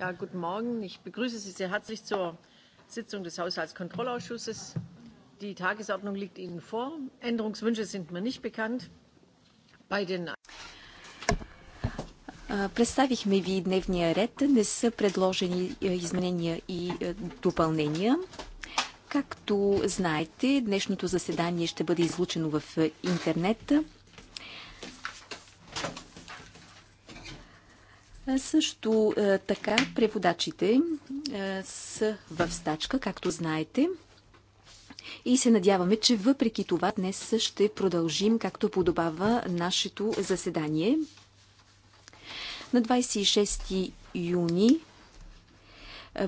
Ja, guten Morgen. Ich begrüße Sie sehr herzlich zur Sitzung des Haushaltskontrollausschusses. Die Tagesordnung liegt Ihnen vor. Änderungswünsche sind mir nicht bekannt. Bei den Представихме ви дневния ред. Не са предложени изменения и допълнения. Както знаете, днешното заседание ще бъде излучено в интернет. Е, също е, така преводачите е, са в стачка, както знаете. И се надяваме, че въпреки това днес ще продължим както подобава нашето заседание. На 26 юни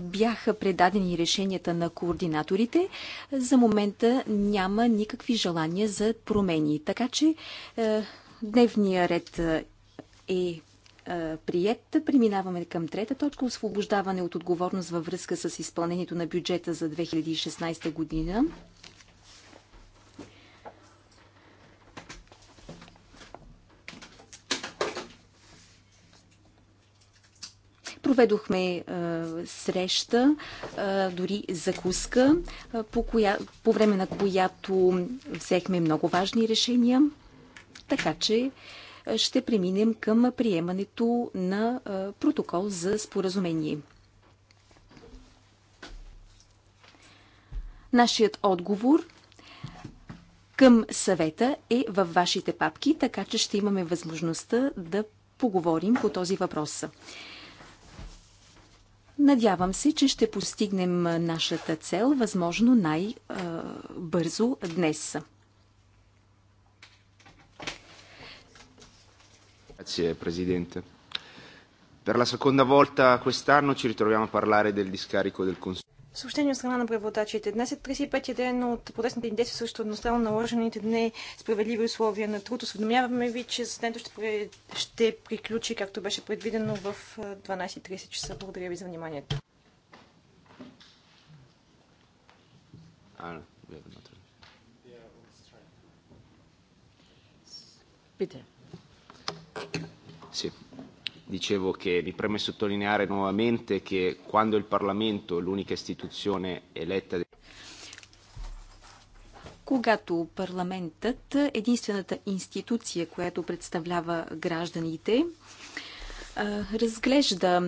бяха предадени решенията на координаторите. За момента няма никакви желания за промени. Така че дневния ред е прият. Преминаваме към трета точка – освобождаване от отговорност във връзка с изпълнението на бюджета за 2016 година. проведохме а, среща, а, дори закуска, а, по, коя, по време на която взехме много важни решения. Така че ще преминем към приемането на протокол за споразумение. Нашият отговор към съвета е във вашите папки, така че ще имаме възможността да поговорим по този въпрос. Надявам се, че ще постигнем нашата цел възможно най-бързо днес. Grazie Presidente. Per la seconda volta quest'anno ci ritroviamo a parlare del discarico del consumo. Съобщение от страна на преводачите. Днес е 35-я ден от протестните ни действия срещу едностранно наложените дни справедливи условия на труд. Осведомяваме ви, че заседанието ще, при... ще приключи, както беше предвидено, в 12.30 часа. Благодаря ви за вниманието. Bitte. Sì. Dicevo che mi preme sottolineare nuovamente che quando il Parlamento, l'unica istituzione eletta. когато парламентът, единствената институция, която представлява гражданите, разглежда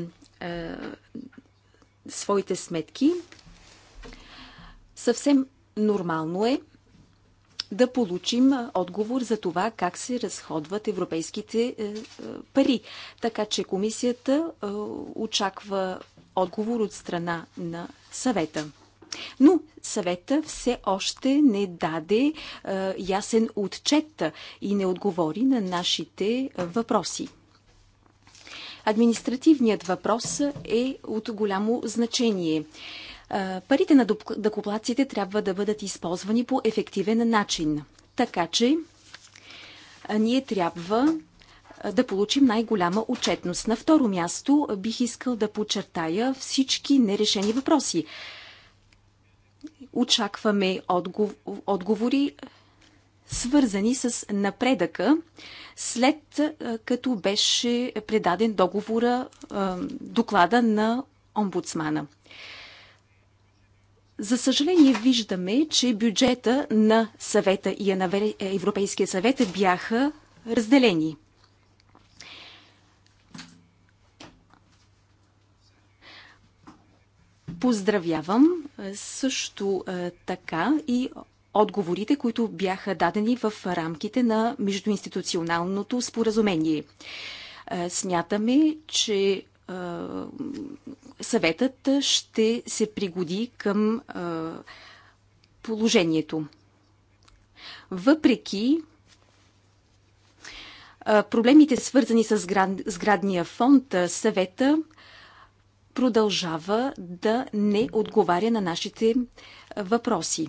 своите сметки, съвсем нормално е да получим отговор за това как се разходват европейските е, е, пари. Така че комисията е, очаква отговор от страна на съвета. Но съвета все още не даде е, ясен отчет и не отговори на нашите въпроси. Административният въпрос е от голямо значение. Парите на дъкоплаците трябва да бъдат използвани по ефективен начин. Така че ние трябва да получим най-голяма отчетност. На второ място бих искал да подчертая всички нерешени въпроси. Очакваме отговори, свързани с напредъка, след като беше предаден договора, доклада на омбудсмана. За съжаление виждаме, че бюджета на съвета и на е, Европейския съвет бяха разделени. Поздравявам също така и отговорите, които бяха дадени в рамките на междуинституционалното споразумение. Смятаме, че съветът ще се пригоди към положението. Въпреки проблемите свързани с сградния фонд, съвета продължава да не отговаря на нашите въпроси.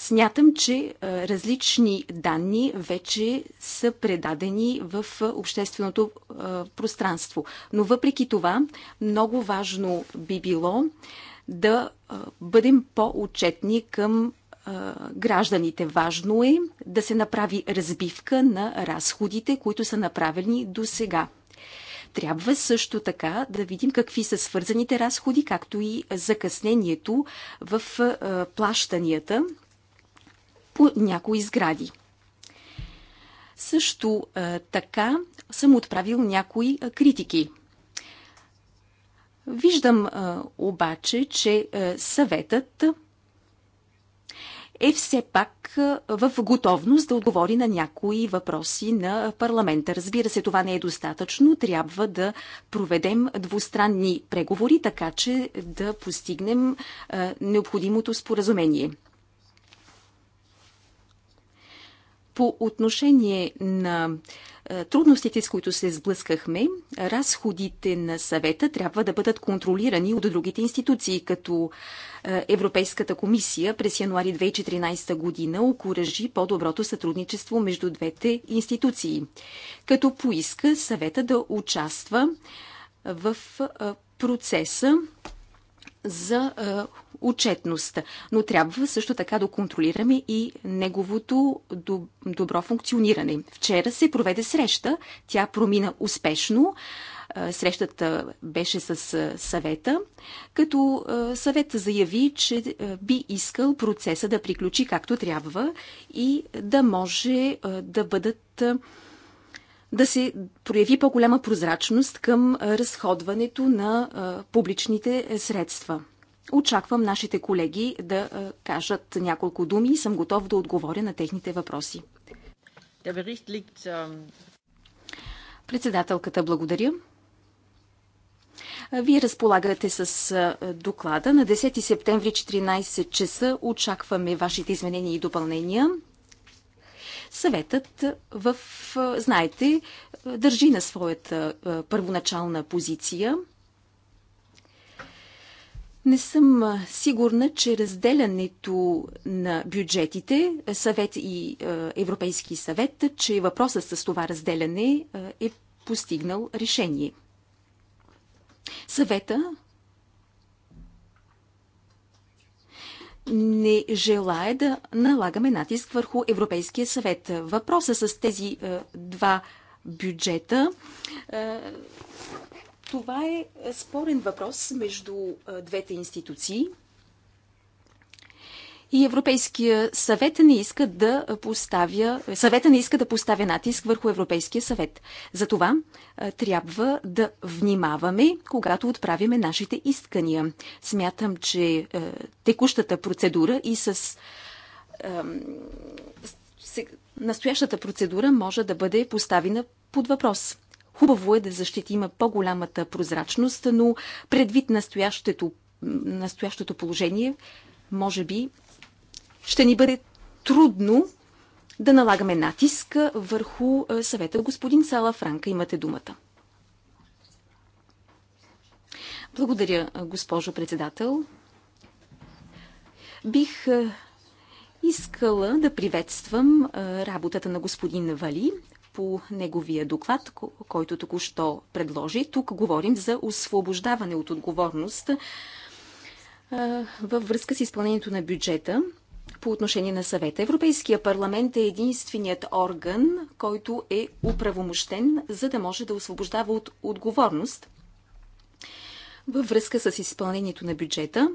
Смятам, че различни данни вече са предадени в общественото пространство. Но въпреки това, много важно би било да бъдем по-отчетни към гражданите. Важно е да се направи разбивка на разходите, които са направени до сега. Трябва също така да видим какви са свързаните разходи, както и закъснението в плащанията по някои сгради. Също е, така съм отправил някои е, критики. Виждам е, обаче, че съветът е все пак в готовност да отговори на някои въпроси на парламента. Разбира се, това не е достатъчно. Трябва да проведем двустранни преговори, така че да постигнем необходимото споразумение. По отношение на е, трудностите, с които се сблъскахме, разходите на съвета трябва да бъдат контролирани от другите институции, като е, Европейската комисия през януари 2014 година окоръжи по-доброто сътрудничество между двете институции, като поиска съвета да участва в е, процеса за а, е, отчетност. Но трябва също така да контролираме и неговото добро функциониране. Вчера се проведе среща, тя промина успешно. Е, срещата беше с е, съвета, като съвет заяви, че би искал процеса да приключи както трябва и да може да бъдат да се прояви по-голяма прозрачност към разходването на публичните е, средства. Очаквам нашите колеги да кажат няколко думи и съм готов да отговоря на техните въпроси. Ähm, Председателката, благодаря. Вие разполагате с доклада. На 10 септември 14 часа очакваме вашите изменения и допълнения. Съветът в, знаете, държи на своята е, първоначална позиция. Не съм сигурна, че разделянето на бюджетите, съвет и е, Европейски съвет, че въпросът с това разделяне е, е постигнал решение. Съвета не желая да налагаме натиск върху Европейския съвет. Въпроса с тези е, два бюджета. Е, това е спорен въпрос между е, двете институции и Европейския съвет не иска да поставя, съвета не иска да поставя натиск върху Европейския съвет. Затова трябва да внимаваме, когато отправяме нашите искания. Смятам, че текущата процедура и с настоящата процедура може да бъде поставена под въпрос. Хубаво е да защитим по-голямата прозрачност, но предвид настоящето, настоящото положение, може би ще ни бъде трудно да налагаме натиск върху е, съвета. Господин Сала Франка, имате думата. Благодаря, е, госпожо председател. Бих е, искала да приветствам работата на господин Вали по неговия доклад, който току-що предложи. Тук говорим за освобождаване от отговорност във връзка с изпълнението на бюджета по отношение на съвета. Европейския парламент е единственият орган, който е управомощен, за да може да освобождава от отговорност във връзка с изпълнението на бюджета.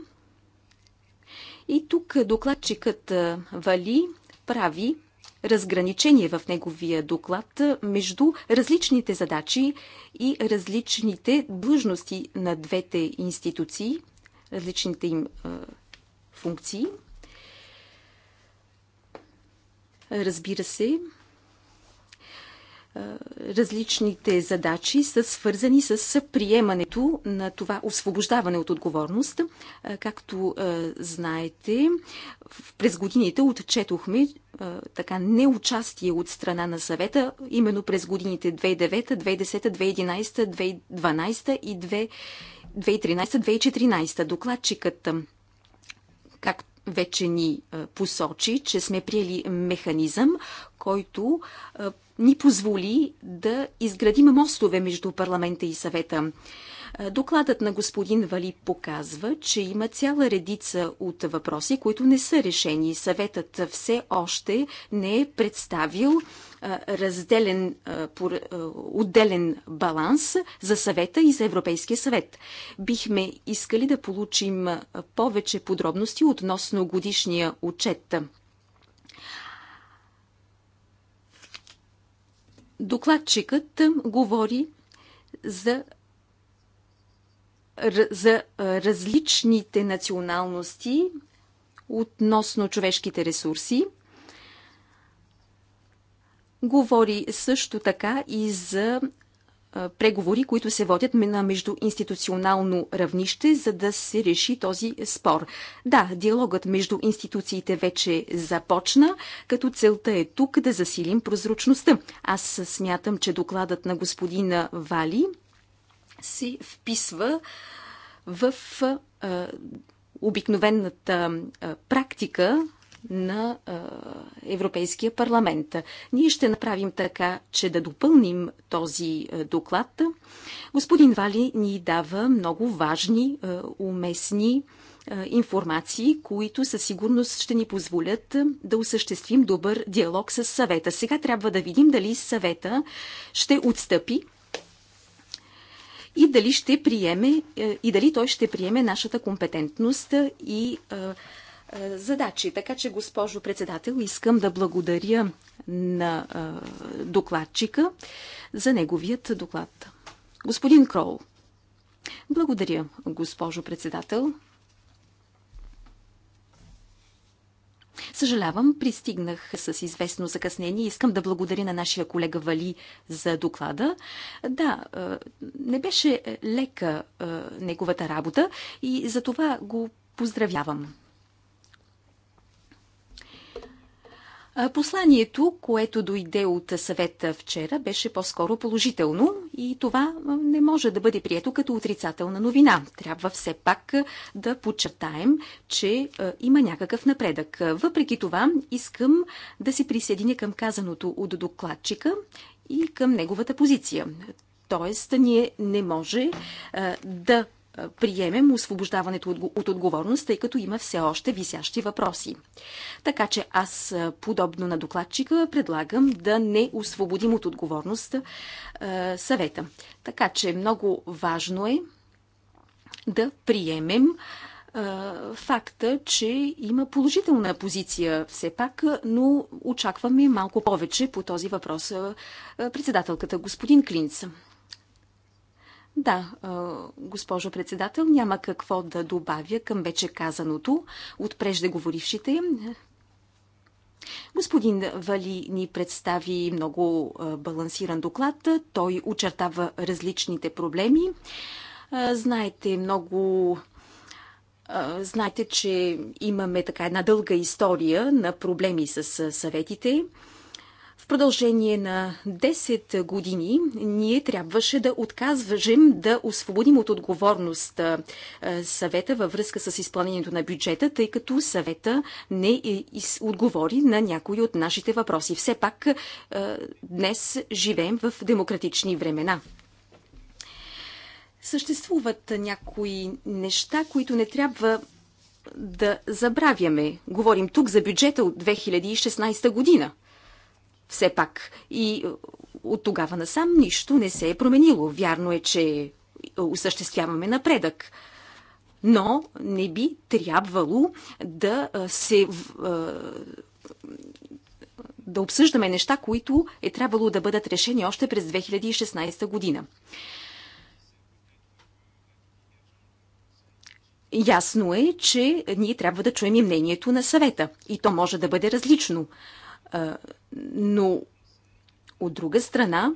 И тук докладчикът Вали прави разграничение в неговия доклад между различните задачи и различните длъжности на двете институции, различните им функции – Разбира се, различните задачи са свързани с приемането на това освобождаване от отговорност. Както знаете, през годините отчетохме така неучастие от страна на съвета, именно през годините 2009, 2010, 2011, 2012 и 2013-2014. Докладчикът вече ни посочи, че сме приели механизъм, който ни позволи да изградим мостове между парламента и съвета. Докладът на господин Вали показва, че има цяла редица от въпроси, които не са решени. Съветът все още не е представил разделен, отделен баланс за съвета и за Европейския съвет. Бихме искали да получим повече подробности относно годишния отчет. Докладчикът говори за за различните националности относно човешките ресурси – Говори също така и за преговори, които се водят на междуинституционално равнище, за да се реши този спор. Да, диалогът между институциите вече започна, като целта е тук да засилим прозрачността. Аз смятам, че докладът на господина Вали се вписва в обикновената практика на Европейския парламент. Ние ще направим така, че да допълним този доклад. Господин Вали ни дава много важни, уместни информации, които със сигурност ще ни позволят да осъществим добър диалог с съвета. Сега трябва да видим дали съвета ще отстъпи и дали ще приеме е, и дали той ще приеме нашата компетентност и е, е, задачи. Така че, госпожо председател, искам да благодаря на е, докладчика за неговият доклад. Господин Крол. Благодаря, госпожо председател. Съжалявам, пристигнах с известно закъснение. Искам да благодаря на нашия колега Вали за доклада. Да, е, не беше лека неговата работа и за това го поздравявам. Посланието, което дойде от съвета вчера, беше по-скоро положително и това не може да бъде прието като отрицателна новина. Трябва все пак да подчертаем, че има някакъв напредък. Въпреки това, искам да се присъединя към казаното от докладчика и към неговата позиция. Тоест, ние не може да приемем освобождаването от отговорност, тъй като има все още висящи въпроси. Така че аз, подобно на докладчика, предлагам да не освободим от отговорност съвета. Така че много важно е да приемем факта, че има положителна позиция все пак, но очакваме малко повече по този въпрос председателката господин Клинц. Да, госпожо председател, няма какво да добавя към вече казаното от преждеговорившите. Господин Вали ни представи много балансиран доклад. Той очертава различните проблеми. Знаете много Знаете, че имаме така една дълга история на проблеми с съветите. В продължение на 10 години ние трябваше да отказвам да освободим от отговорност съвета във връзка с изпълнението на бюджета, тъй като съвета не е отговори на някои от нашите въпроси. Все пак днес живеем в демократични времена. Съществуват някои неща, които не трябва да забравяме. Говорим тук за бюджета от 2016 година – все пак. И е, от тогава насам нищо не се е променило. Вярно е, че е, осъществяваме напредък. Но не би трябвало да е, се да обсъждаме неща, които е трябвало да бъдат решени още през 2016 година. Ясно е, че ние трябва да чуем и мнението на съвета. И то може да бъде различно. Но от друга страна,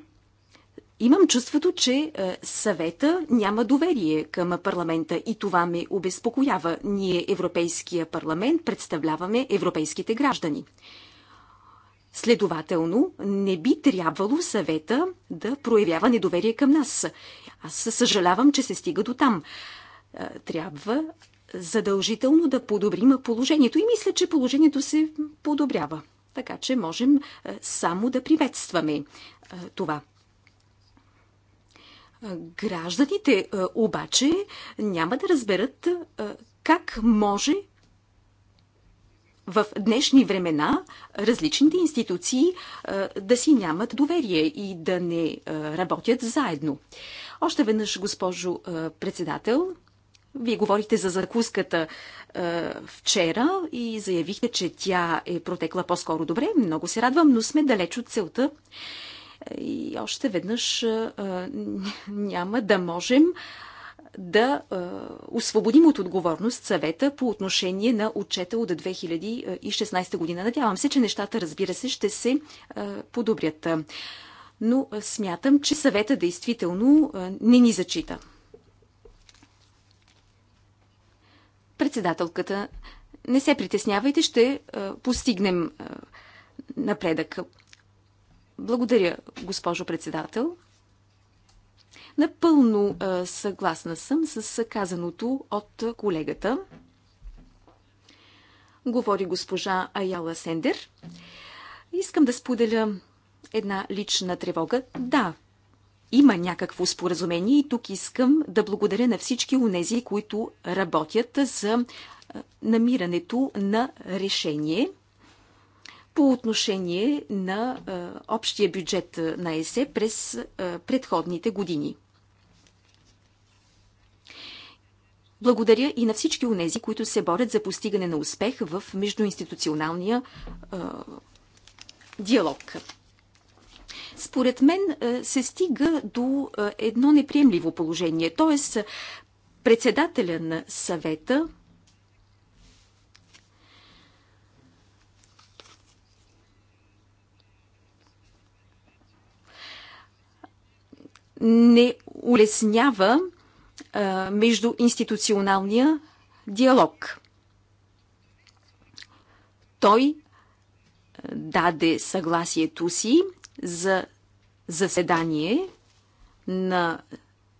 имам чувството, че съвета няма доверие към парламента и това ме обезпокоява. Ние, Европейския парламент, представляваме европейските граждани. Следователно, не би трябвало съвета да проявява недоверие към нас. Аз съжалявам, че се стига до там. Трябва задължително да подобрим положението и мисля, че положението се подобрява така че можем е, само да приветстваме е, това. Гражданите е, обаче няма да разберат как може в днешни времена различните институции да си нямат доверие и да не работят заедно. Още веднъж, госпожо председател, вие говорихте за закуската е, вчера и заявихте, че тя е протекла по-скоро добре. Много се радвам, но сме далеч от целта. И още веднъж е, няма да можем да е, освободим от отговорност съвета по отношение на отчета от 2016 година. Надявам се, че нещата, разбира се, ще се е, подобрят. Но е, смятам, че съвета действително е, не ни зачита. Председателката, не се притеснявайте, ще е, постигнем е, напредък. Благодаря, госпожо председател. Напълно е, съгласна съм с казаното от колегата. Говори госпожа Аяла Сендер. Искам да споделя една лична тревога. Да, има някакво споразумение и тук искам да благодаря на всички унези, които работят за намирането на решение по отношение на общия бюджет на ЕСЕ през предходните години. Благодаря и на всички унези, които се борят за постигане на успех в междуинституционалния диалог според мен е, се стига до е, едно неприемливо положение. Тоест, председателя на съвета не улеснява е, между институционалния диалог. Той даде съгласието си за заседание на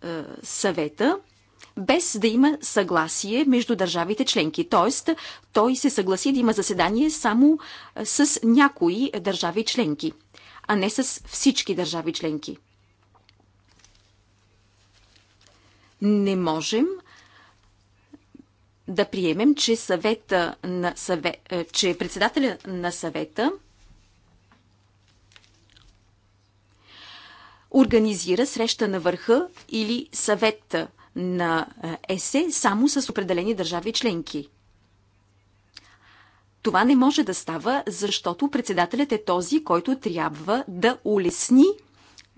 е, съвета, без да има съгласие между държавите членки. Тоест, той се съгласи да има заседание само е, с някои държави членки, а не с всички държави членки. Не можем да приемем, че, съвета на съве... Е, че председателя на съвета организира среща на върха или съвета на е, ЕСЕ само с определени държави членки. Това не може да става, защото председателят е този, който трябва да улесни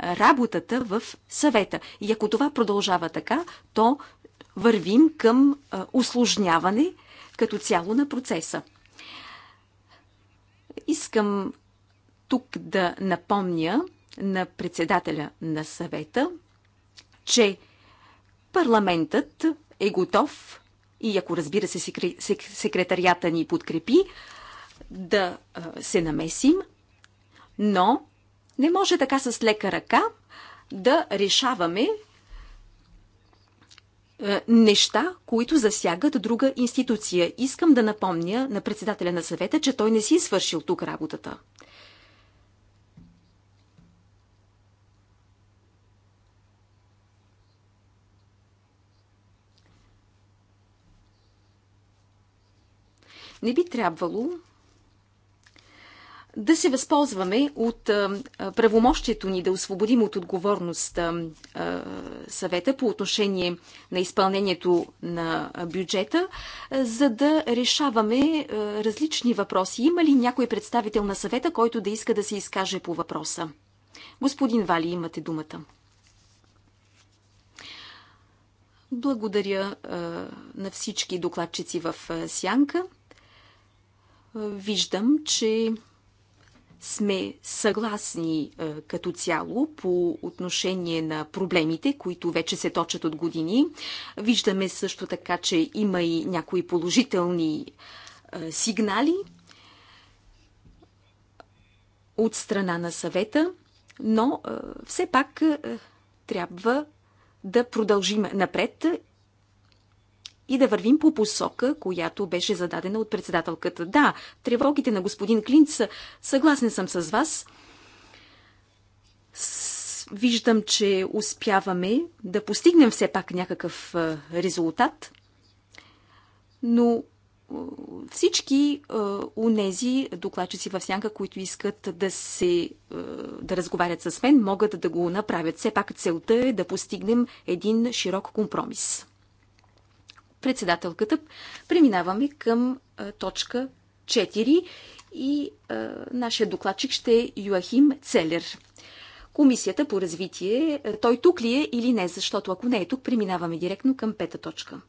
работата в съвета. И ако това продължава така, то вървим към усложняване като цяло на процеса. Искам тук да напомня, на председателя на съвета, че парламентът е готов и ако разбира се секретарията ни подкрепи, да се намесим, но не може така с лека ръка да решаваме неща, които засягат друга институция. Искам да напомня на председателя на съвета, че той не си е свършил тук работата. Не би трябвало да се възползваме от правомощието ни да освободим от отговорност съвета по отношение на изпълнението на бюджета, за да решаваме различни въпроси. Има ли някой представител на съвета, който да иска да се изкаже по въпроса? Господин Вали, имате думата. Благодаря на всички докладчици в Сянка виждам, че сме съгласни е, като цяло по отношение на проблемите, които вече се точат от години. Виждаме също така, че има и някои положителни е, сигнали от страна на съвета, но е, все пак трябва да продължим напред и да вървим по посока, която беше зададена от председателката. Да, тревогите на господин Клинт са, съгласен съм с вас. Виждам, че успяваме да постигнем все пак някакъв резултат, но всички унези, докладчици в сянка, които искат да се да разговарят с мен, могат да го направят. Все пак целта е да постигнем един широк компромис председателката. Преминаваме към а, точка 4 и а, нашия докладчик ще е Юахим Целер. Комисията по развитие, той тук ли е или не, защото ако не е тук, преминаваме директно към пета точка.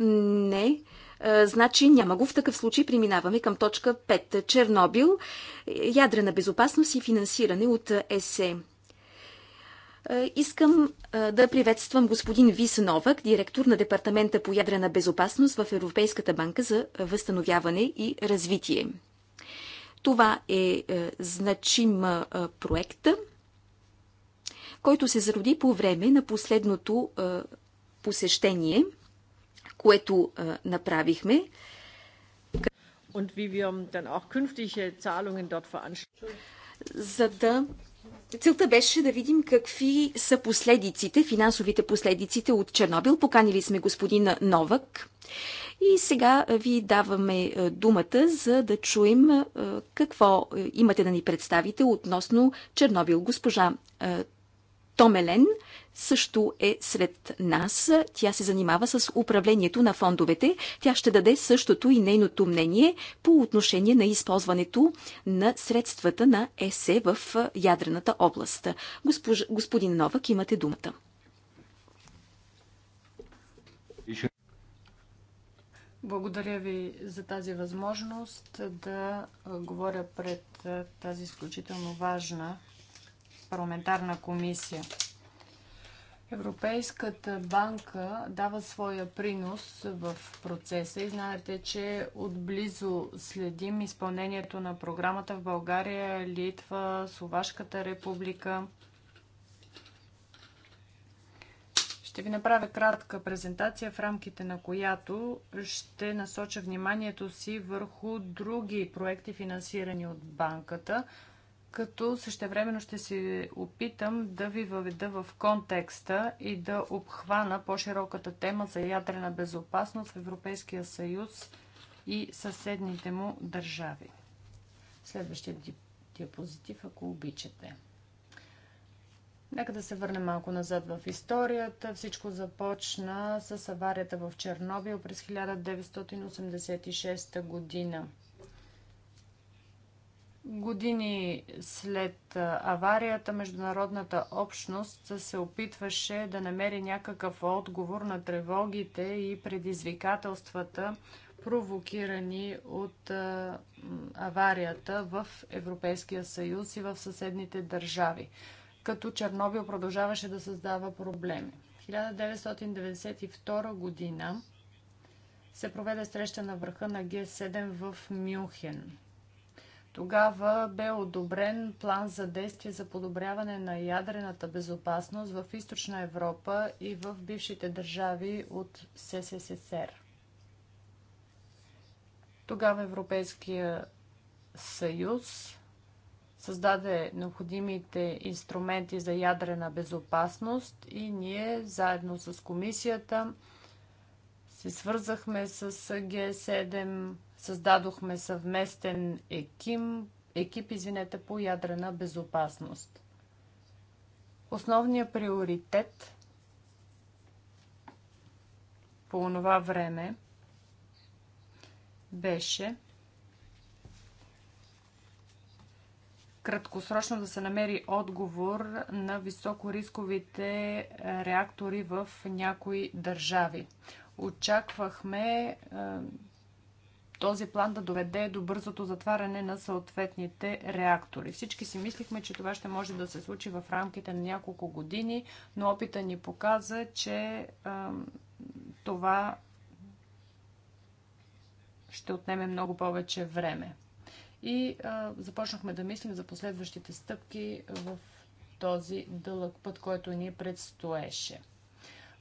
Не. Е, значи няма го. В такъв случай преминаваме към точка 5. Чернобил, ядрена безопасност и финансиране от ЕСЕ. Е, искам е, да приветствам господин Вис Новак, директор на Департамента по ядрена безопасност в Европейската банка за възстановяване и развитие. Това е значим проект, който се зароди по време на последното посещение – което а, направихме. За да Целта беше да видим какви са последиците, финансовите последиците от Чернобил. Поканили сме господин Новак и сега ви даваме думата, за да чуем какво имате да ни представите относно Чернобил. Госпожа Томелен също е сред нас. Тя се занимава с управлението на фондовете. Тя ще даде същото и нейното мнение по отношение на използването на средствата на ЕСЕ в ядрената област. Госпож... Господин Новак, имате думата. Благодаря ви за тази възможност да говоря пред тази изключително важна парламентарна комисия. Европейската банка дава своя принос в процеса и знаете, че отблизо следим изпълнението на програмата в България, Литва, Словашката република. Ще ви направя кратка презентация, в рамките на която ще насоча вниманието си върху други проекти, финансирани от банката – като същевременно ще се опитам да ви въведа в контекста и да обхвана по-широката тема за ядрена безопасност в Европейския съюз и съседните му държави. Следващия диапозитив, ако обичате. Нека да се върнем малко назад в историята. Всичко започна с аварията в Чернобил през 1986 година. Години след аварията, международната общност се опитваше да намери някакъв отговор на тревогите и предизвикателствата, провокирани от аварията в Европейския съюз и в съседните държави, като Чернобил продължаваше да създава проблеми. 1992 година се проведе среща на върха на Г7 в Мюнхен. Тогава бе одобрен план за действие за подобряване на ядрената безопасност в Източна Европа и в бившите държави от СССР. Тогава Европейския съюз създаде необходимите инструменти за ядрена безопасност и ние заедно с комисията се свързахме с Г7 Създадохме съвместен екип, екип извинете, по ядрена безопасност. Основният приоритет по това време беше краткосрочно да се намери отговор на високорисковите реактори в някои държави. Очаквахме е, този план да доведе до бързото затваряне на съответните реактори. Всички си мислихме, че това ще може да се случи в рамките на няколко години, но опита ни показа, че а, това ще отнеме много повече време. И а, започнахме да мислим за последващите стъпки в този дълъг път, който ни предстоеше.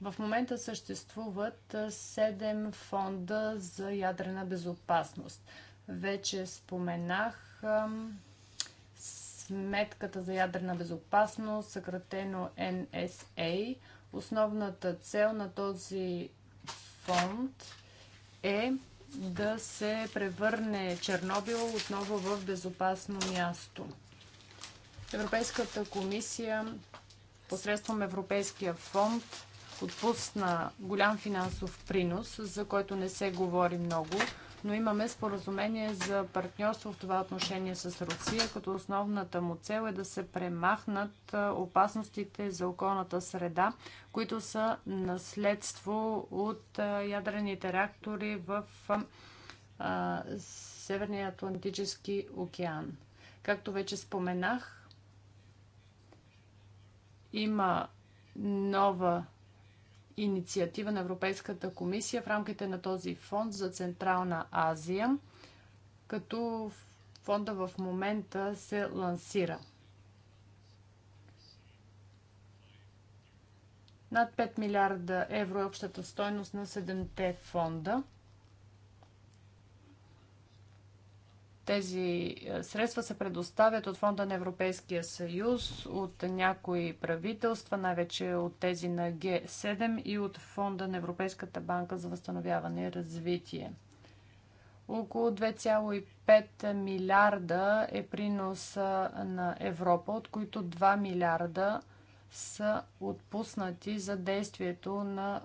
В момента съществуват 7 фонда за ядрена безопасност. Вече споменах сметката за ядрена безопасност, съкратено NSA. Основната цел на този фонд е да се превърне Чернобил отново в безопасно място. Европейската комисия посредством Европейския фонд отпусна голям финансов принос, за който не се говори много, но имаме споразумение за партньорство в това отношение с Русия, като основната му цел е да се премахнат опасностите за околната среда, които са наследство от ядрените реактори в Северния Атлантически океан. Както вече споменах, има нова инициатива на Европейската комисия в рамките на този фонд за Централна Азия, като фонда в момента се лансира. Над 5 милиарда евро е общата стойност на 7-те фонда – Тези е, средства се предоставят от Фонда на Европейския съюз, от някои правителства, най-вече от тези на Г7 и от Фонда на Европейската банка за възстановяване и развитие. Около 2,5 милиарда е принос на Европа, от които 2 милиарда са отпуснати за действието на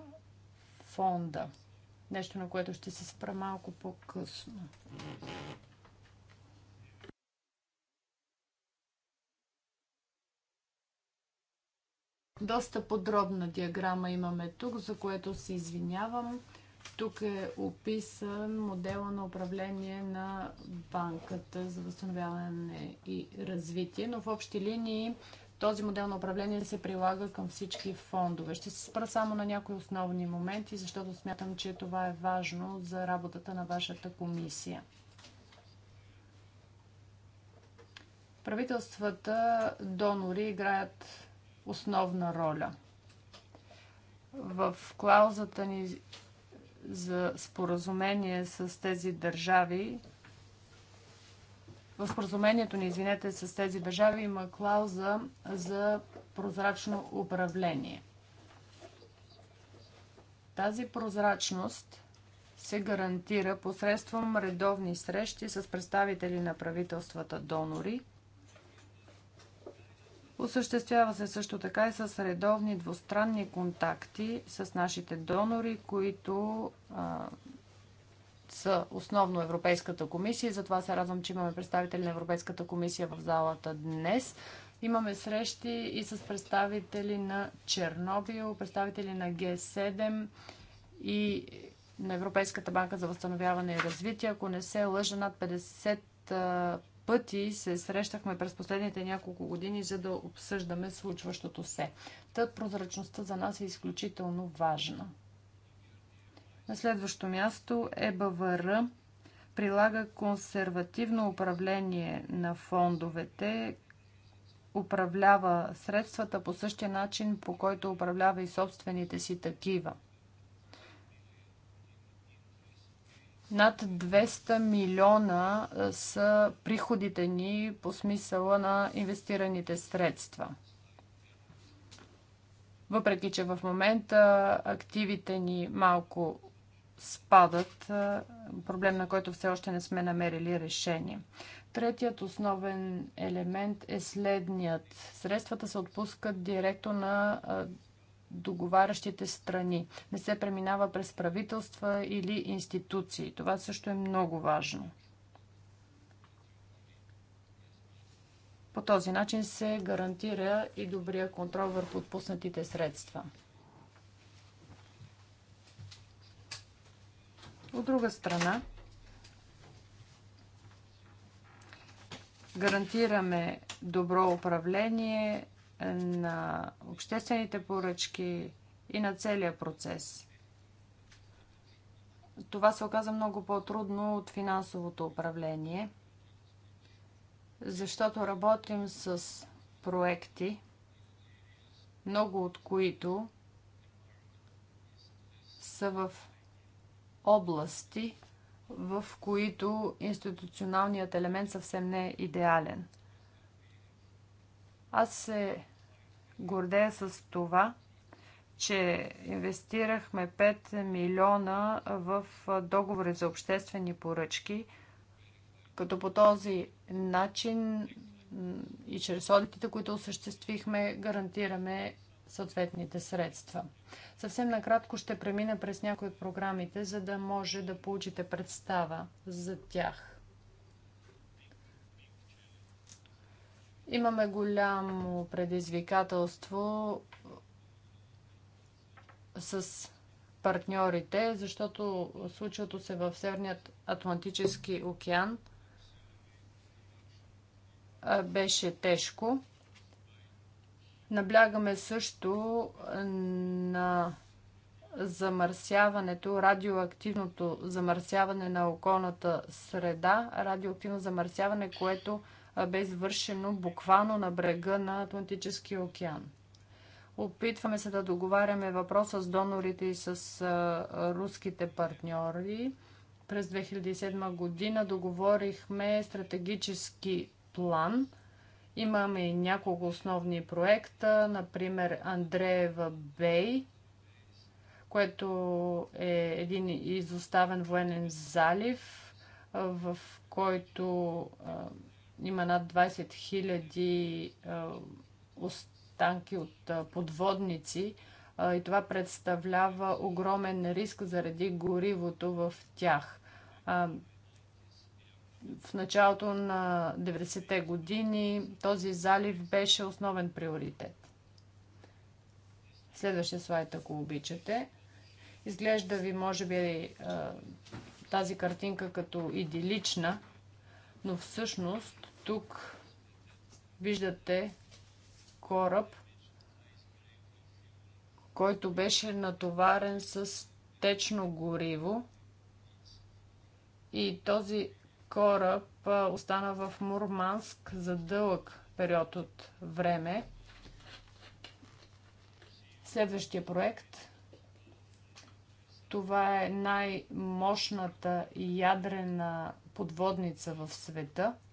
фонда. Нещо, на което ще се спра малко по-късно. Доста подробна диаграма имаме тук, за което се извинявам. Тук е описан модела на управление на банката за възстановяване и развитие, но в общи линии този модел на управление се прилага към всички фондове. Ще се спра само на някои основни моменти, защото смятам, че това е важно за работата на вашата комисия. Правителствата донори играят основна роля. В клаузата ни за споразумение с тези държави, в споразумението ни, извинете, с тези държави има клауза за прозрачно управление. Тази прозрачност се гарантира посредством редовни срещи с представители на правителствата донори – Осъществява се също така и с редовни двустранни контакти с нашите донори, които а, са основно Европейската комисия. затова се радвам, че имаме представители на Европейската комисия в залата днес. Имаме срещи и с представители на Чернобил, представители на Г7 и на Европейската банка за възстановяване и развитие. Ако не се лъжа, над 50 пъти се срещахме през последните няколко години, за да обсъждаме случващото се. Та прозрачността за нас е изключително важна. На следващо място ЕБВР прилага консервативно управление на фондовете, управлява средствата по същия начин, по който управлява и собствените си такива – Над 200 милиона е, са приходите ни по смисъла на инвестираните средства. Въпреки, че в момента активите ни малко спадат, е, проблем на който все още не сме намерили решение. Третият основен елемент е следният. Средствата се отпускат директно на е, договарящите страни. Не се преминава през правителства или институции. Това също е много важно. По този начин се гарантира и добрия контрол върху отпуснатите средства. От друга страна, гарантираме добро управление на обществените поръчки и на целия процес. Това се оказа много по-трудно от финансовото управление, защото работим с проекти, много от които са в области, в които институционалният елемент съвсем не е идеален – аз се гордея с това, че инвестирахме 5 милиона в договори за обществени поръчки, като по този начин и чрез одитите, които осъществихме, гарантираме съответните средства. Съвсем накратко ще премина през някои от програмите, за да може да получите представа за тях. Имаме голямо предизвикателство с партньорите, защото случилото се в Северният Атлантически океан беше тежко. Наблягаме също на замърсяването, радиоактивното замърсяване на околната среда, радиоактивно замърсяване, което бе извършено буквално на брега на Атлантическия океан. Опитваме се да договаряме въпроса с донорите и с руските партньори. През 2007 година договорихме стратегически план. Имаме и няколко основни проекта, например Андреева Бей, което е един изоставен военен залив, в който има над 20 хиляди останки от подводници и това представлява огромен риск заради горивото в тях. В началото на 90-те години този залив беше основен приоритет. Следващия слайд, ако обичате. Изглежда ви, може би, тази картинка като идилична, но всъщност тук виждате кораб, който беше натоварен с течно гориво и този кораб остана в Мурманск за дълъг период от време. Следващия проект. Това е най-мощната ядрена подводница в света –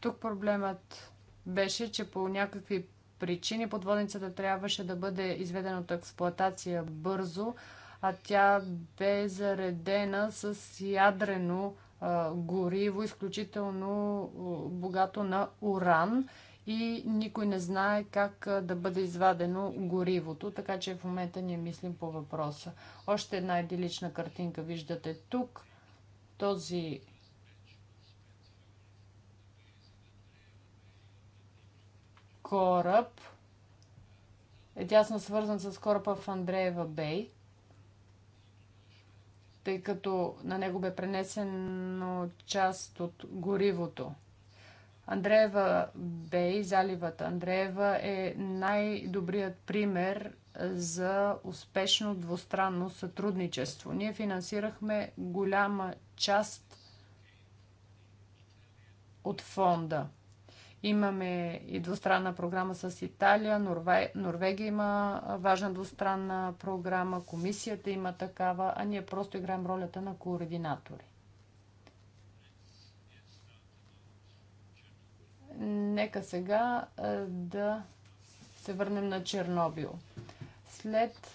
Тук проблемът беше, че по някакви причини подводницата трябваше да бъде изведена от експлоатация бързо, а тя бе заредена с ядрено а, гориво, изключително а, богато на уран и никой не знае как а, да бъде извадено горивото, така че в момента ние мислим по въпроса. Още една идилична картинка виждате тук. Този кораб е тясно свързан с кораба в Андреева Бей, тъй като на него бе пренесено част от горивото. Андреева Бей, заливата Андреева е най-добрият пример за успешно двустранно сътрудничество. Ние финансирахме голяма част от фонда – Имаме и двустранна програма с Италия, Норве... Норвегия има важна двустранна програма, комисията има такава, а ние просто играем ролята на координатори. Нека сега да се върнем на Чернобил. След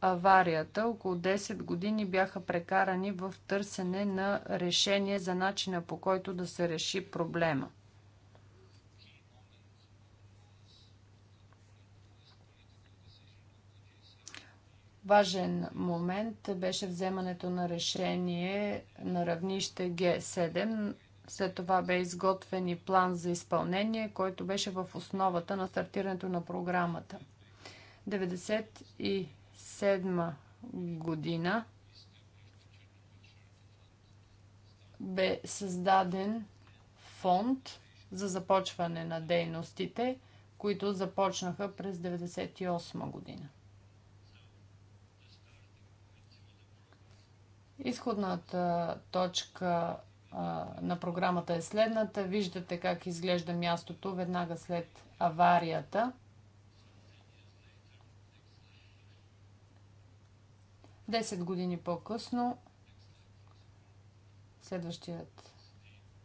аварията около 10 години бяха прекарани в търсене на решение за начина по който да се реши проблема – Важен момент беше вземането на решение на равнище Г7. След това бе изготвен и план за изпълнение, който беше в основата на стартирането на програмата. 1997 година бе създаден фонд за започване на дейностите, които започнаха през 1998 година. Изходната точка на програмата е следната. Виждате как изглежда мястото веднага след аварията. Десет години по-късно, следващият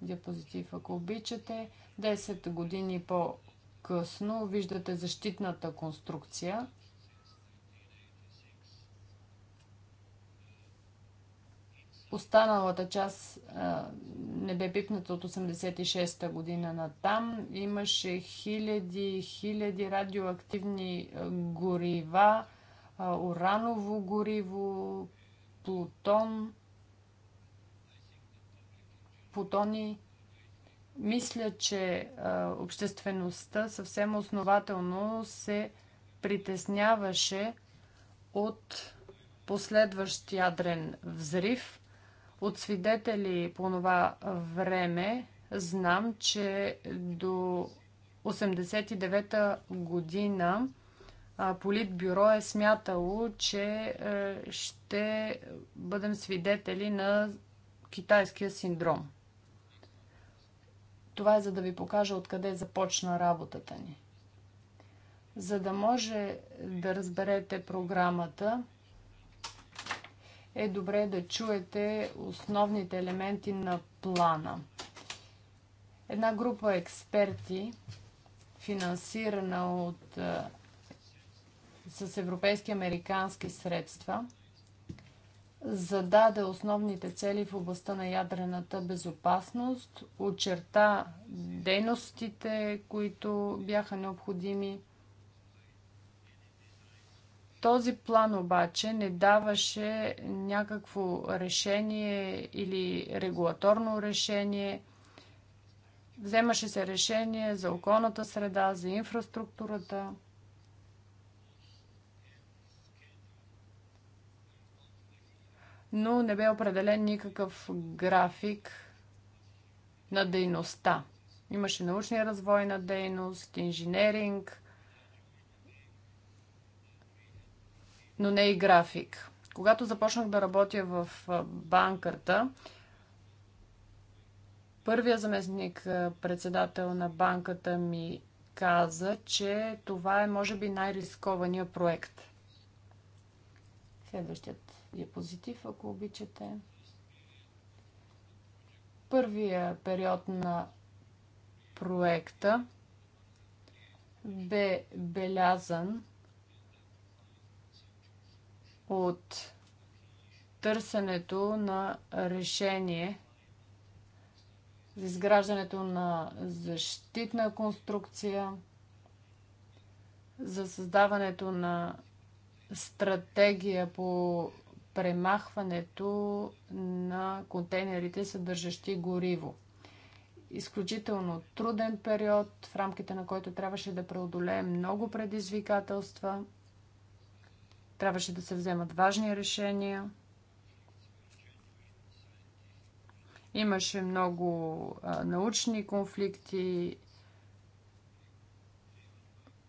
диапозитив, ако обичате, 10 години по-късно виждате защитната конструкция – Останалата част а, не бе пипната от 86-та година на там. Имаше хиляди и хиляди радиоактивни горива, а, ураново гориво, плутон, плутони. Мисля, че а, обществеността съвсем основателно се притесняваше от последващ ядрен взрив – от свидетели по това време знам, че до 89-та година Политбюро е смятало, че е, ще бъдем свидетели на китайския синдром. Това е за да ви покажа откъде започна работата ни. За да може да разберете програмата, е добре да чуете основните елементи на плана. Една група експерти, финансирана от, е, с европейски американски средства, зададе основните цели в областта на ядрената безопасност, очерта дейностите, които бяха необходими този план обаче не даваше някакво решение или регулаторно решение. Вземаше се решение за околната среда, за инфраструктурата. Но не бе определен никакъв график на дейността. Имаше научния развой на дейност, инженеринг – но не и график. Когато започнах да работя в банката, първия заместник председател на банката ми каза, че това е може би най-рискования проект. Следващият диапозитив, ако обичате. Първия период на проекта бе белязан от търсенето на решение за изграждането на защитна конструкция, за създаването на стратегия по премахването на контейнерите, съдържащи гориво. Изключително труден период, в рамките на който трябваше да преодолеем много предизвикателства – Трябваше да се вземат важни решения. Имаше много а, научни конфликти,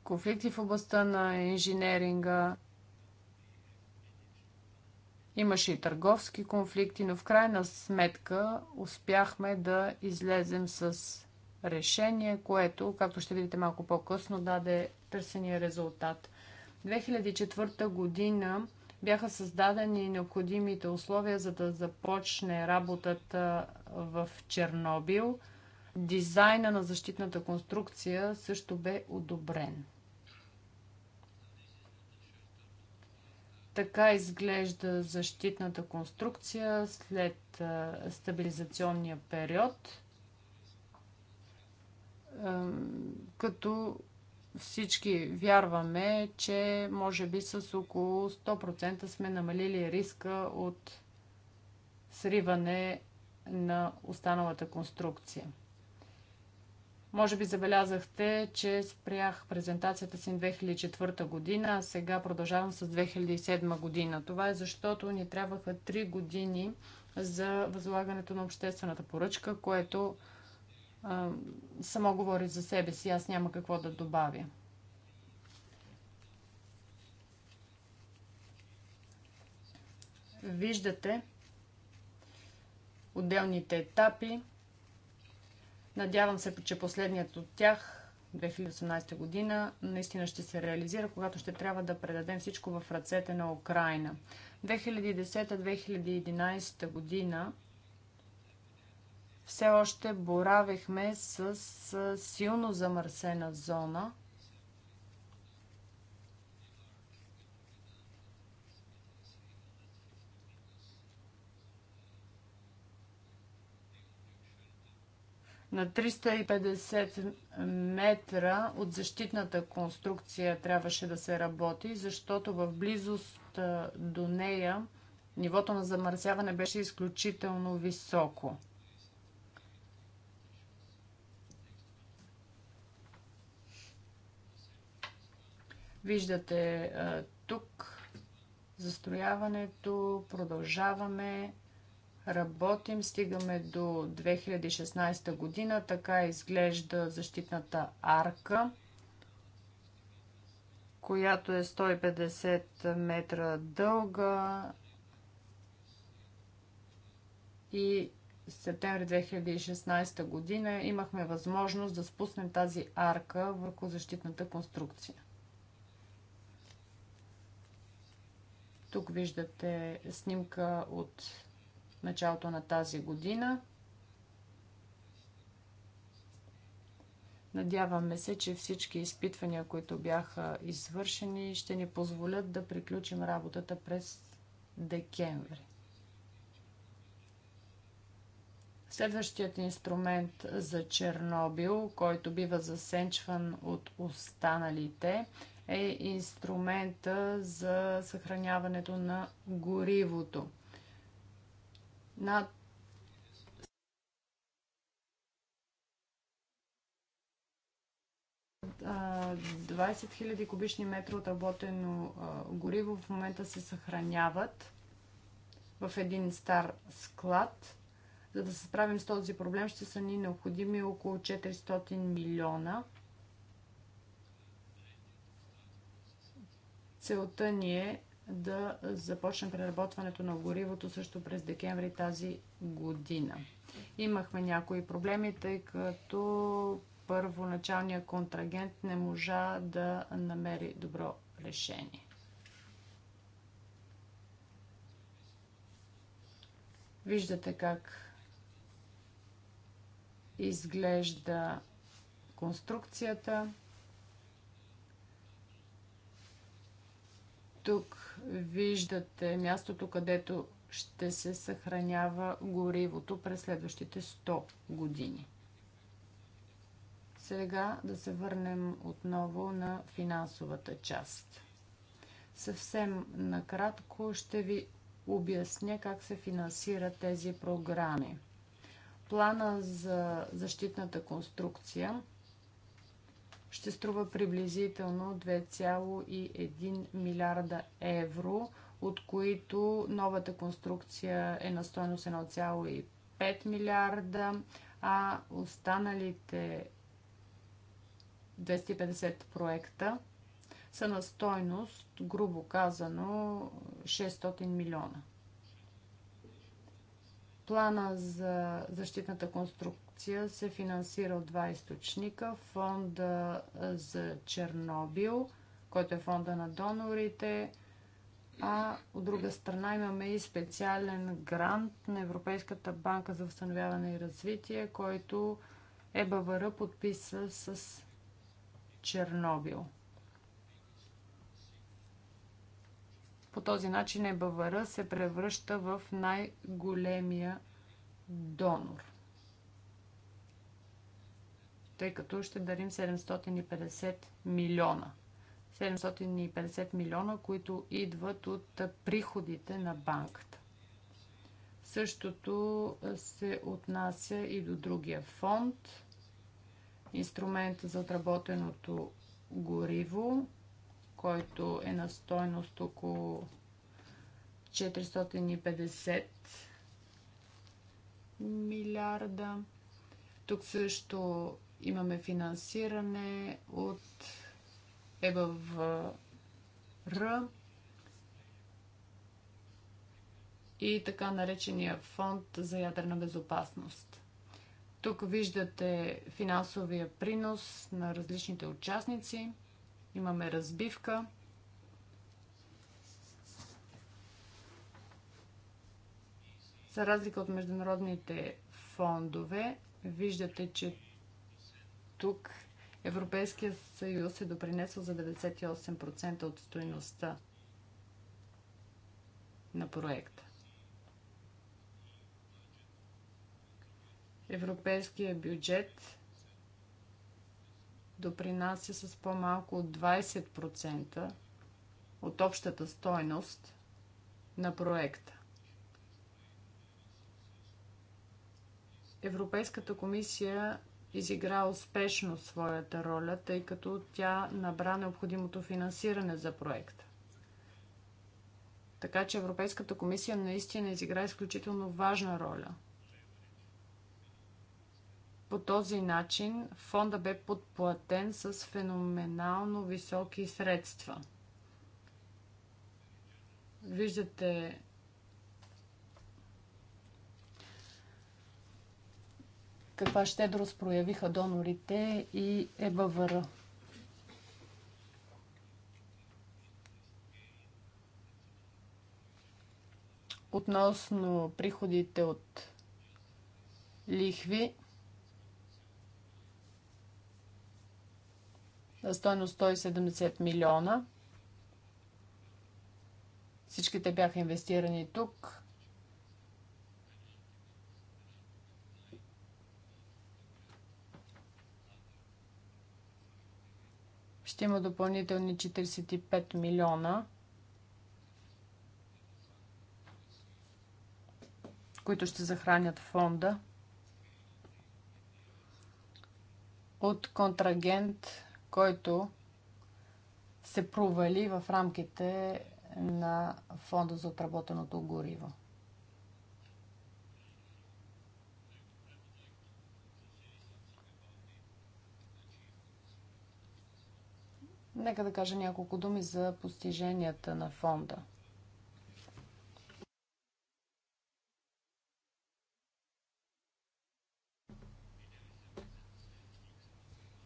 конфликти в областта на инженеринга. Имаше и търговски конфликти, но в крайна сметка успяхме да излезем с решение, което, както ще видите малко по-късно, даде търсения резултат. 2004 година бяха създадени необходимите условия, за да започне работата в Чернобил. Дизайна на защитната конструкция също бе одобрен. Така изглежда защитната конструкция след стабилизационния период, като всички вярваме, че може би с около 100% сме намалили риска от сриване на останалата конструкция. Може би забелязахте, че спрях презентацията си 2004 година, а сега продължавам с 2007 година. Това е защото ни трябваха 3 години за възлагането на обществената поръчка, което само говори за себе си, аз няма какво да добавя. Виждате отделните етапи. Надявам се, че последният от тях, 2018 година, наистина ще се реализира, когато ще трябва да предадем всичко в ръцете на Украина. 2010-2011 година все още боравехме с силно замърсена зона. На 350 метра от защитната конструкция трябваше да се работи, защото в близост до нея нивото на замърсяване беше изключително високо. Виждате тук застрояването, продължаваме, работим, стигаме до 2016 година, така изглежда защитната арка, която е 150 метра дълга и септември 2016 година имахме възможност да спуснем тази арка върху защитната конструкция. Тук виждате снимка от началото на тази година. Надяваме се, че всички изпитвания, които бяха извършени, ще ни позволят да приключим работата през декември. Следващият инструмент за Чернобил, който бива засенчван от останалите, е инструмента за съхраняването на горивото. Над Uh, 20 000 кубични метра отработено uh, гориво в момента се съхраняват в един стар склад. За да се справим с този проблем ще са ни необходими около 400 милиона. Целта ни е да започнем преработването на горивото също през декември тази година. Имахме някои проблеми, тъй като първоначалният контрагент не можа да намери добро решение. Виждате как изглежда конструкцията. Тук виждате мястото, където ще се съхранява горивото през следващите 100 години. Сега да се върнем отново на финансовата част. Съвсем накратко ще ви обясня как се финансират тези програми. Плана за защитната конструкция – ще струва приблизително 2,1 милиарда евро, от които новата конструкция е на стоеност 1,5 милиарда, а останалите 250 проекта са на стойност, грубо казано, 600 милиона. Плана за защитната конструкция акция се финансира от два източника. Фонда за Чернобил, който е фонда на донорите, а от друга страна имаме и специален грант на Европейската банка за възстановяване и развитие, който ЕБВР подписа с Чернобил. По този начин ЕБВР се превръща в най-големия донор тъй като ще дарим 750 милиона. 750 милиона, които идват от приходите на банката. Същото се отнася и до другия фонд. Инструмент за отработеното гориво, който е на стойност около 450 милиарда. Тук също Имаме финансиране от ЕБВР и така наречения фонд за ядрена безопасност. Тук виждате финансовия принос на различните участници. Имаме разбивка. За разлика от международните фондове, виждате, че тук Европейският съюз е допринесъл за 98% от стоеността на проекта. Европейският бюджет допринася с по-малко от 20% от общата стойност на проекта. Европейската комисия изигра успешно своята роля, тъй като тя набра необходимото финансиране за проекта. Така че Европейската комисия наистина изигра изключително важна роля. По този начин фонда бе подплатен с феноменално високи средства. Виждате каква щедрост проявиха донорите и ЕБВР. Относно приходите от лихви на стойност 170 милиона. Всичките бяха инвестирани тук ще има допълнителни 45 милиона, които ще захранят фонда от контрагент, който се провали в рамките на фонда за отработеното гориво. Нека да кажа няколко думи за постиженията на фонда.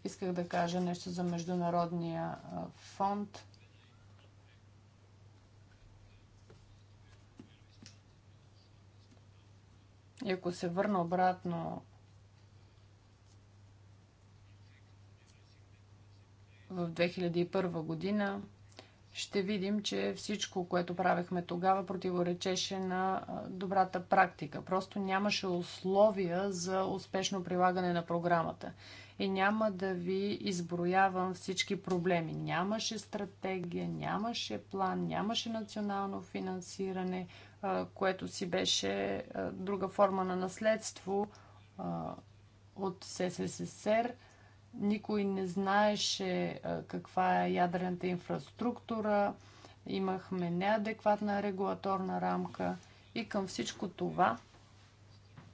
Исках да кажа нещо за Международния фонд. И ако се върна обратно в 2001 година, ще видим, че всичко, което правехме тогава, противоречеше на добрата практика. Просто нямаше условия за успешно прилагане на програмата. И няма да ви изброявам всички проблеми. Нямаше стратегия, нямаше план, нямаше национално финансиране, което си беше друга форма на наследство от СССР – никой не знаеше каква е ядрената инфраструктура, имахме неадекватна регулаторна рамка и към всичко това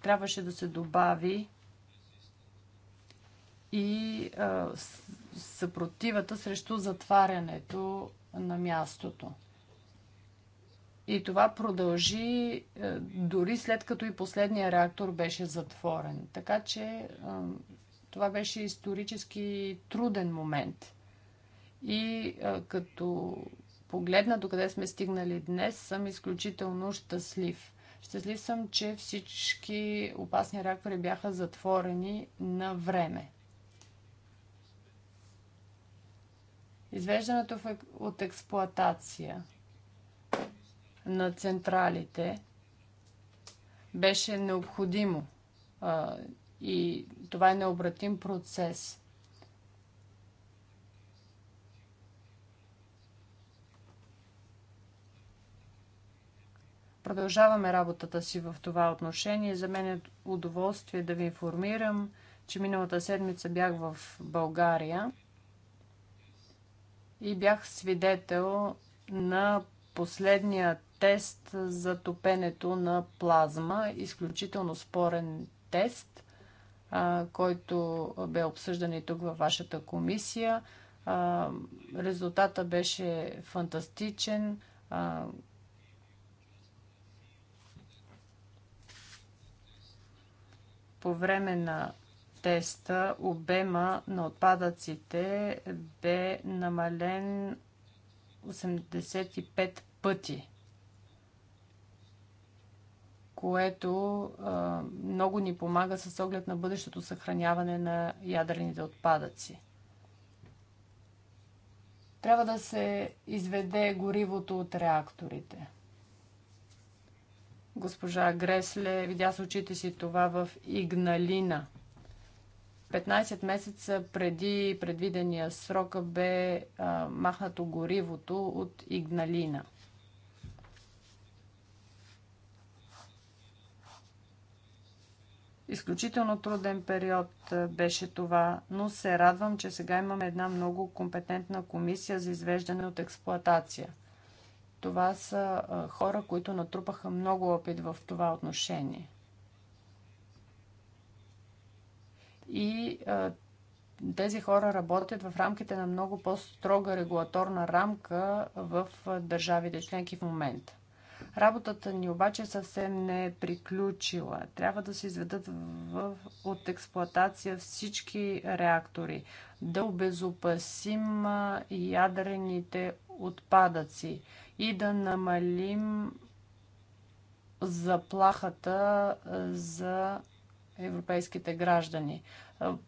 трябваше да се добави и съпротивата срещу затварянето на мястото. И това продължи дори след като и последния реактор беше затворен. Така че това беше исторически труден момент. И а, като погледна до къде сме стигнали днес, съм изключително щастлив. Щастлив съм, че всички опасни ракори бяха затворени на време. Извеждането от експлоатация на централите беше необходимо. И това е необратим процес – Продължаваме работата си в това отношение. За мен е удоволствие да ви информирам, че миналата седмица бях в България и бях свидетел на последния тест за топенето на плазма. Изключително спорен тест, който бе обсъждан и тук във вашата комисия. Резултата беше фантастичен. По време на теста обема на отпадъците бе намален 85 пъти което а, много ни помага с оглед на бъдещото съхраняване на ядрените отпадъци. Трябва да се изведе горивото от реакторите. Госпожа Гресле видя с очите си това в Игналина. 15 месеца преди предвидения срок бе а, махнато горивото от Игналина. Изключително труден период беше това, но се радвам, че сега имаме една много компетентна комисия за извеждане от експлоатация. Това са хора, които натрупаха много опит в това отношение. И тези хора работят в рамките на много по-строга регулаторна рамка в държавите членки в момента. Работата ни обаче съвсем не е приключила. Трябва да се изведат в, от експлоатация всички реактори, да обезопасим ядрените отпадъци и да намалим заплахата за европейските граждани.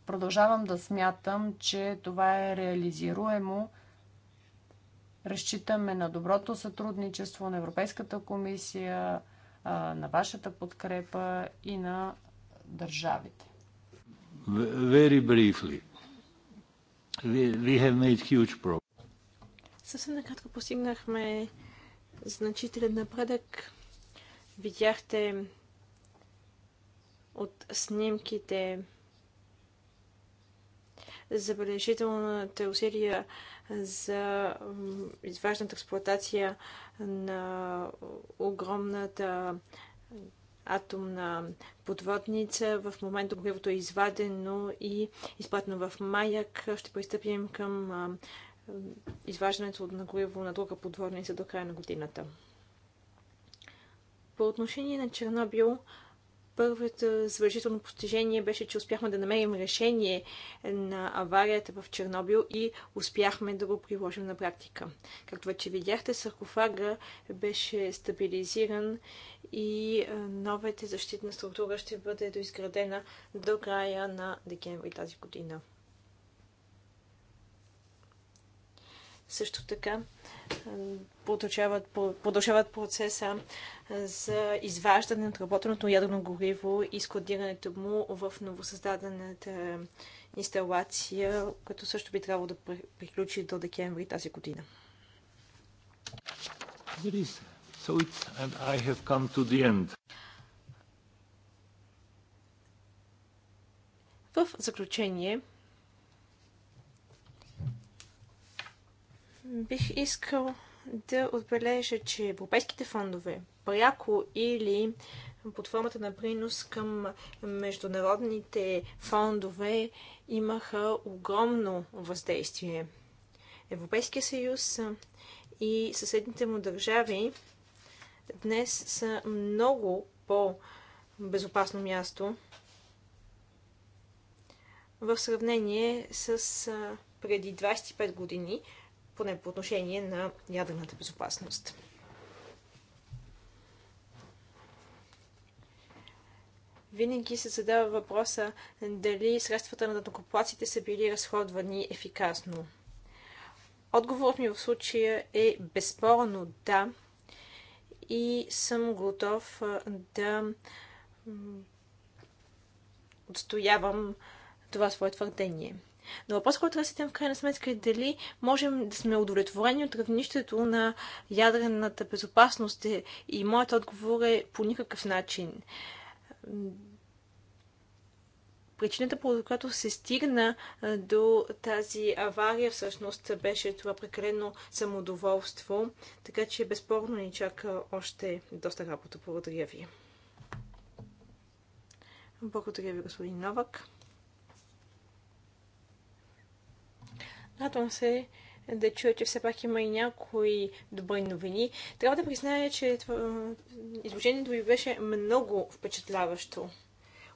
Продължавам да смятам, че това е реализируемо Разчитаме на доброто сътрудничество на Европейската комисия, на вашата подкрепа и на държавите. Very briefly. We, have made huge progress. Съвсем накратко постигнахме значителен напредък. Видяхте от снимките забележителните усилия за изваждането експлуатация на огромната атомна подводница. В момента горивото е извадено и изплатено в маяк. Ще пристъпим към изваждането на гориво на друга подводница до края на годината. По отношение на Чернобил, Първото завършително постижение беше, че успяхме да намерим решение на аварията в Чернобил и успяхме да го приложим на практика. Както вече видяхте, саркофага беше стабилизиран и новата защитна структура ще бъде доизградена до края на декември тази година. Също така продължават, продължават процеса за изваждане на работеното ядрено гориво и складирането му в новосъздадената инсталация, като също би трябвало да приключи до декември тази година. So it's, and I have come to the end. В заключение, Бих искал да отбележа, че европейските фондове, пряко или под формата на принос към международните фондове, имаха огромно въздействие. Европейския съюз и съседните му държави днес са много по-безопасно място в сравнение с преди 25 години, поне по отношение на ядрената безопасност. винаги се задава въпроса дали средствата на докоплаците са били разходвани ефикасно. Отговорът ми в случая е безспорно да и съм готов да отстоявам това свое твърдение. Но въпросът, който трябва в крайна сметка е дали можем да сме удовлетворени от равнището на ядрената безопасност и моят отговор е по никакъв начин. Причината, по която се стигна до тази авария, всъщност беше това прекалено самодоволство, така че безспорно ни чака още доста работа. Благодаря ви. Благодаря ви, господин Новак. Радвам се да чуя, че все пак има и някои добри новини. Трябва да призная, че изложението ви беше много впечатляващо.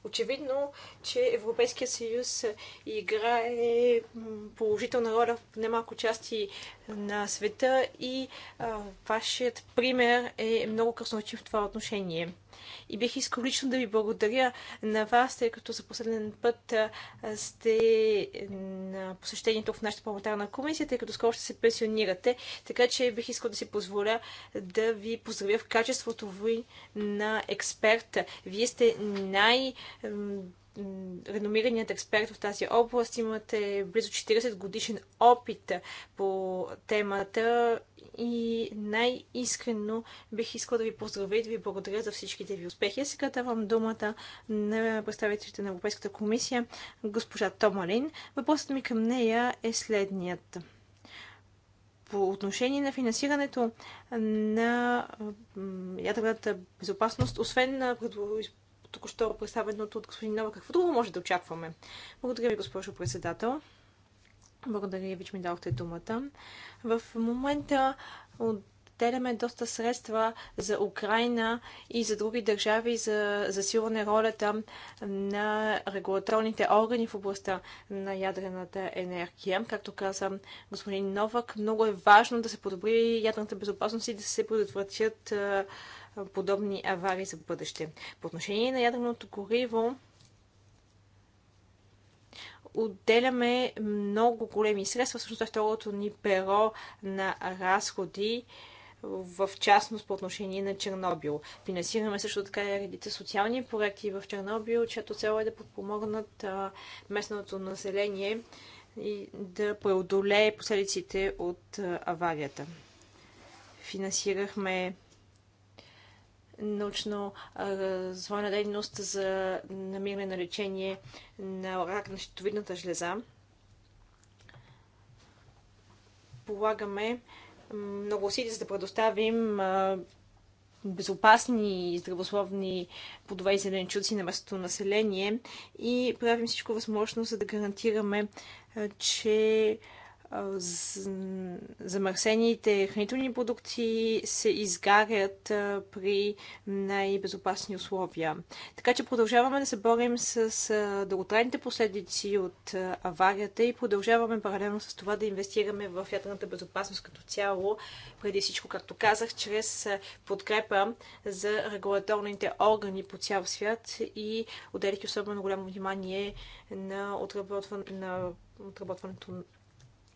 Очевидно, че Европейския съюз играе положителна роля в немалко части на света и а, вашият пример е много красноречив в това отношение. И бих искал лично да ви благодаря на вас, тъй като за последен път сте на посещението в нашата парламентарна комисия, тъй като скоро ще се пенсионирате. Така че бих искал да си позволя да ви поздравя в качеството ви на експерт. Вие сте най- реномираният експерт в тази област. Имате близо 40 годишен опит по темата и най-искрено бих искала да ви поздравя и да ви благодаря за всичките ви успехи. сега давам думата на представителите на Европейската комисия, госпожа Томалин. Въпросът ми към нея е следният по отношение на финансирането на ядрената безопасност, освен на току-що представеното от господин Нова. Какво друго може да очакваме? Благодаря ви, госпожо председател. Благодаря ви, че ми дадохте думата. В момента отделяме доста средства за Украина и за други държави за засилване ролята на регулаторните органи в областта на ядрената енергия. Както каза господин Новак, много е важно да се подобри ядрената безопасност и да се предотвратят подобни аварии за бъдеще. По отношение на ядреното гориво, отделяме много големи средства, всъщност е второто ни перо на разходи в частност по отношение на Чернобил. Финансираме също така и редица социални проекти в Чернобил, чето цел е да подпомогнат местното население и да преодолее последиците от аварията. Финансирахме научно-развойна дейност за намиране на лечение на рак на щитовидната жлеза. Полагаме много усилия, за да предоставим безопасни и здравословни плодове и зеленчуци на местното население и правим всичко възможно, за да гарантираме, че замърсените хранителни продукти се изгарят при най-безопасни условия. Така че продължаваме да се борим с дълготрайните последици от аварията и продължаваме паралелно с това да инвестираме в ядрената безопасност като цяло, преди всичко, както казах, чрез подкрепа за регулаторните органи по цял свят и отделяйки особено голямо внимание на, отработването на отработването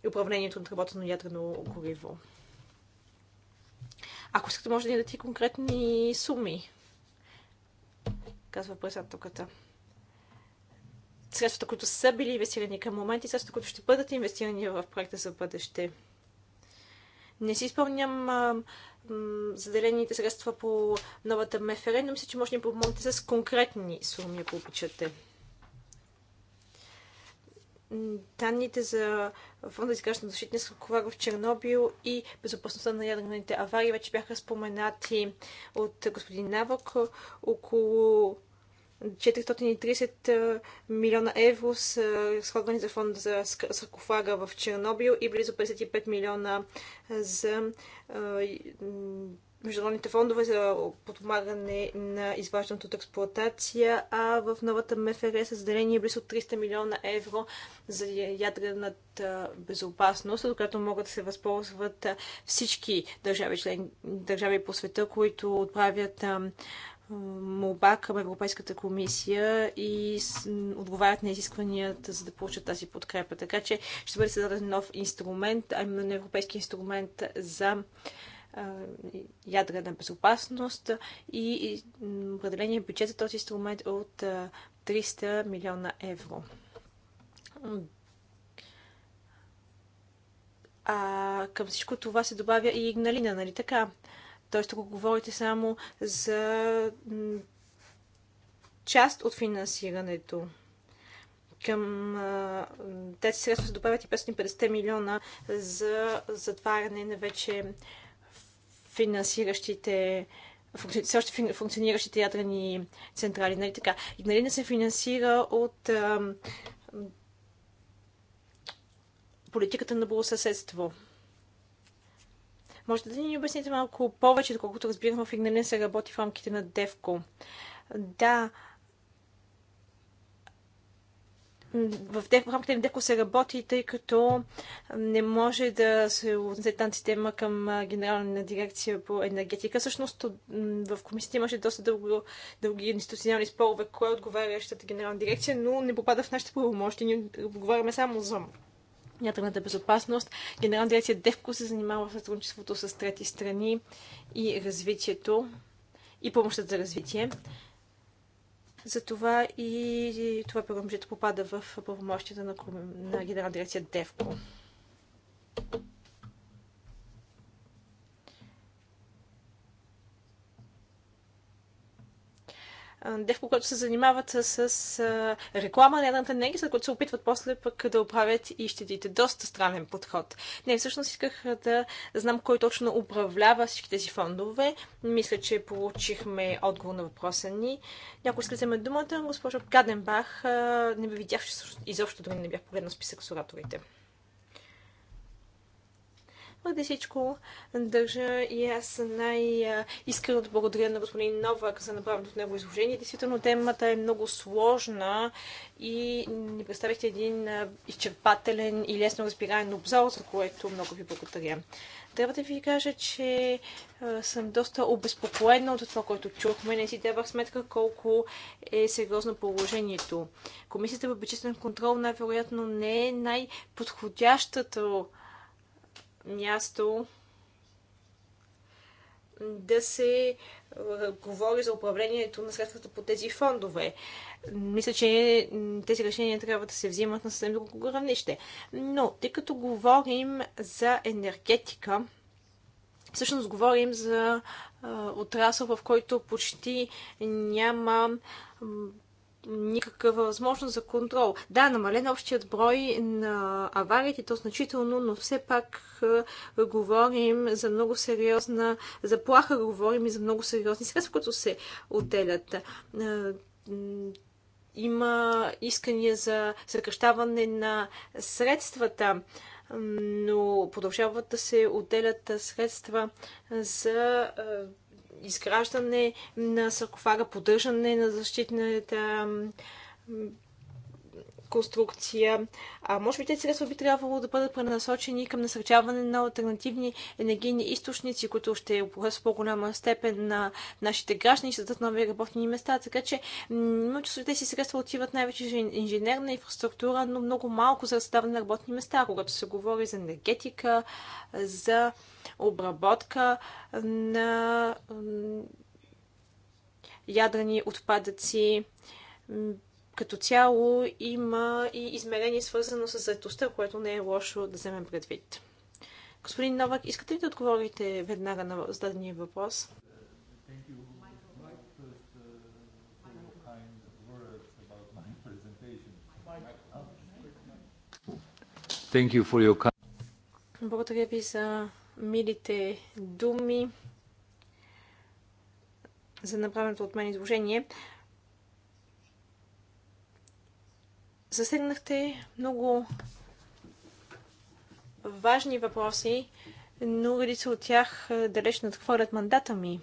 и управлението на работено ядрено гориво. Ако искате, може да ни дадете конкретни суми, казва председателката. Средствата, които са били инвестирани към момента и средствата, които ще бъдат инвестирани в проекта за бъдеще. Не си изпълням заделените средства по новата МФР, но мисля, че може да ни помогнете с конкретни суми, ако обичате данните за фонда за на защита на в Чернобил и безопасността на ядрените аварии вече бяха споменати от господин Навок. Около 430 милиона евро са разходвани за фонда за саркофага в Чернобил и близо 55 милиона за международните фондове за подпомагане на изваждането от експлуатация, а в новата МФР е са заделени близо 300 милиона евро за ядрената безопасност, от която могат да се възползват всички държави, член, държави по света, които отправят молба към Европейската комисия и отговарят на изискванията, за да получат тази подкрепа. Така че ще бъде създаден нов инструмент, а именно Европейски инструмент за ядрена безопасност и определения бюджет за този инструмент е от 300 милиона евро. А към всичко това се добавя и Игналина, нали така? Тоест, ако говорите само за част от финансирането, към тези средства се добавят и 550 милиона за затваряне на вече финансиращите все още функциониращите ядрени централи. Нали така? Игналина се финансира от ам, политиката на благосъседство? Може да ни обясните малко повече, доколкото разбирам, в Игналина се работи в рамките на ДЕВКО. Да, в, дев, в рамките на Девко се работи, тъй като не може да се отнесе тази тема към Генерална дирекция по енергетика. Всъщност в комисията имаше доста дълго, дълги институционални спорове, кой е отговарящата Генерална дирекция, но не попада в нашите правомощи. Ние говориме само за ядрената безопасност. Генерална дирекция Девко се занимава с сътрудничеството с трети страни и развитието и помощта за развитие. Затова и това програмчето попада в правомощията на, на генерална дирекция ДЕВКО. девко, който се занимават с реклама на едната енергия, за които се опитват после пък да оправят и щетите. Доста странен подход. Не, всъщност исках да знам кой точно управлява всички тези фондове. Мисля, че получихме отговор на въпроса ни. Някой иска да вземе думата. Госпожо Каденбах, не ви видях, че изобщо дори не бях погледнал списък с ораторите. Преди всичко държа и аз най-искрено да благодаря на господин Новак за направеното в него изложение. Действително темата е много сложна и ни представихте един изчерпателен и лесно разбираем обзор, за което много ви благодаря. Трябва да ви кажа, че съм доста обезпокоена от това, което чухме. Не си давах сметка колко е сериозно положението. Комисията по бюджетен контрол най-вероятно не е най-подходящата място да се говори за управлението на средствата по тези фондове. Мисля, че тези решения трябва да се взимат на съвсем друго равнище. Но, тъй като говорим за енергетика, всъщност говорим за отрасъл, в който почти няма никаква възможност за контрол. Да, намален общият брой на авариите, то значително, но все пак говорим за много сериозна заплаха, говорим и за много сериозни средства, които се отделят. има искания за съкръщаване на средствата, но продължават да се отделят средства за изграждане на саркофага, поддържане на защитната конструкция. А може би тези средства би трябвало да бъдат пренасочени към насърчаване на альтернативни енергийни източници, които ще облагат в по-голяма степен на нашите граждани, ще дадат нови работни места. Така че имам чувство, тези средства отиват най-вече за инженерна инфраструктура, но много малко за създаване на работни места, когато се говори за енергетика, за обработка на ядрени отпадъци като цяло има и изменение свързано с заедостта, което не е лошо да вземем предвид. Господин Новак, искате ли да отговорите веднага на зададения въпрос? You your... Благодаря ви за милите думи за направеното от мен изложение. Засегнахте много важни въпроси, но редица от тях е, далеч надхвърлят мандата ми.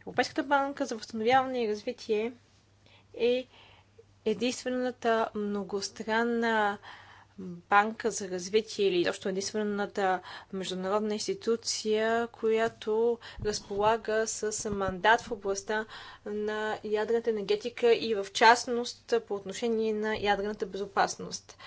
Европейската банка за възстановяване и развитие е единствената многостранна банка за развитие или точно единствената международна институция, която разполага с мандат в областта на ядрената енергетика и в частност по отношение на ядрената безопасност.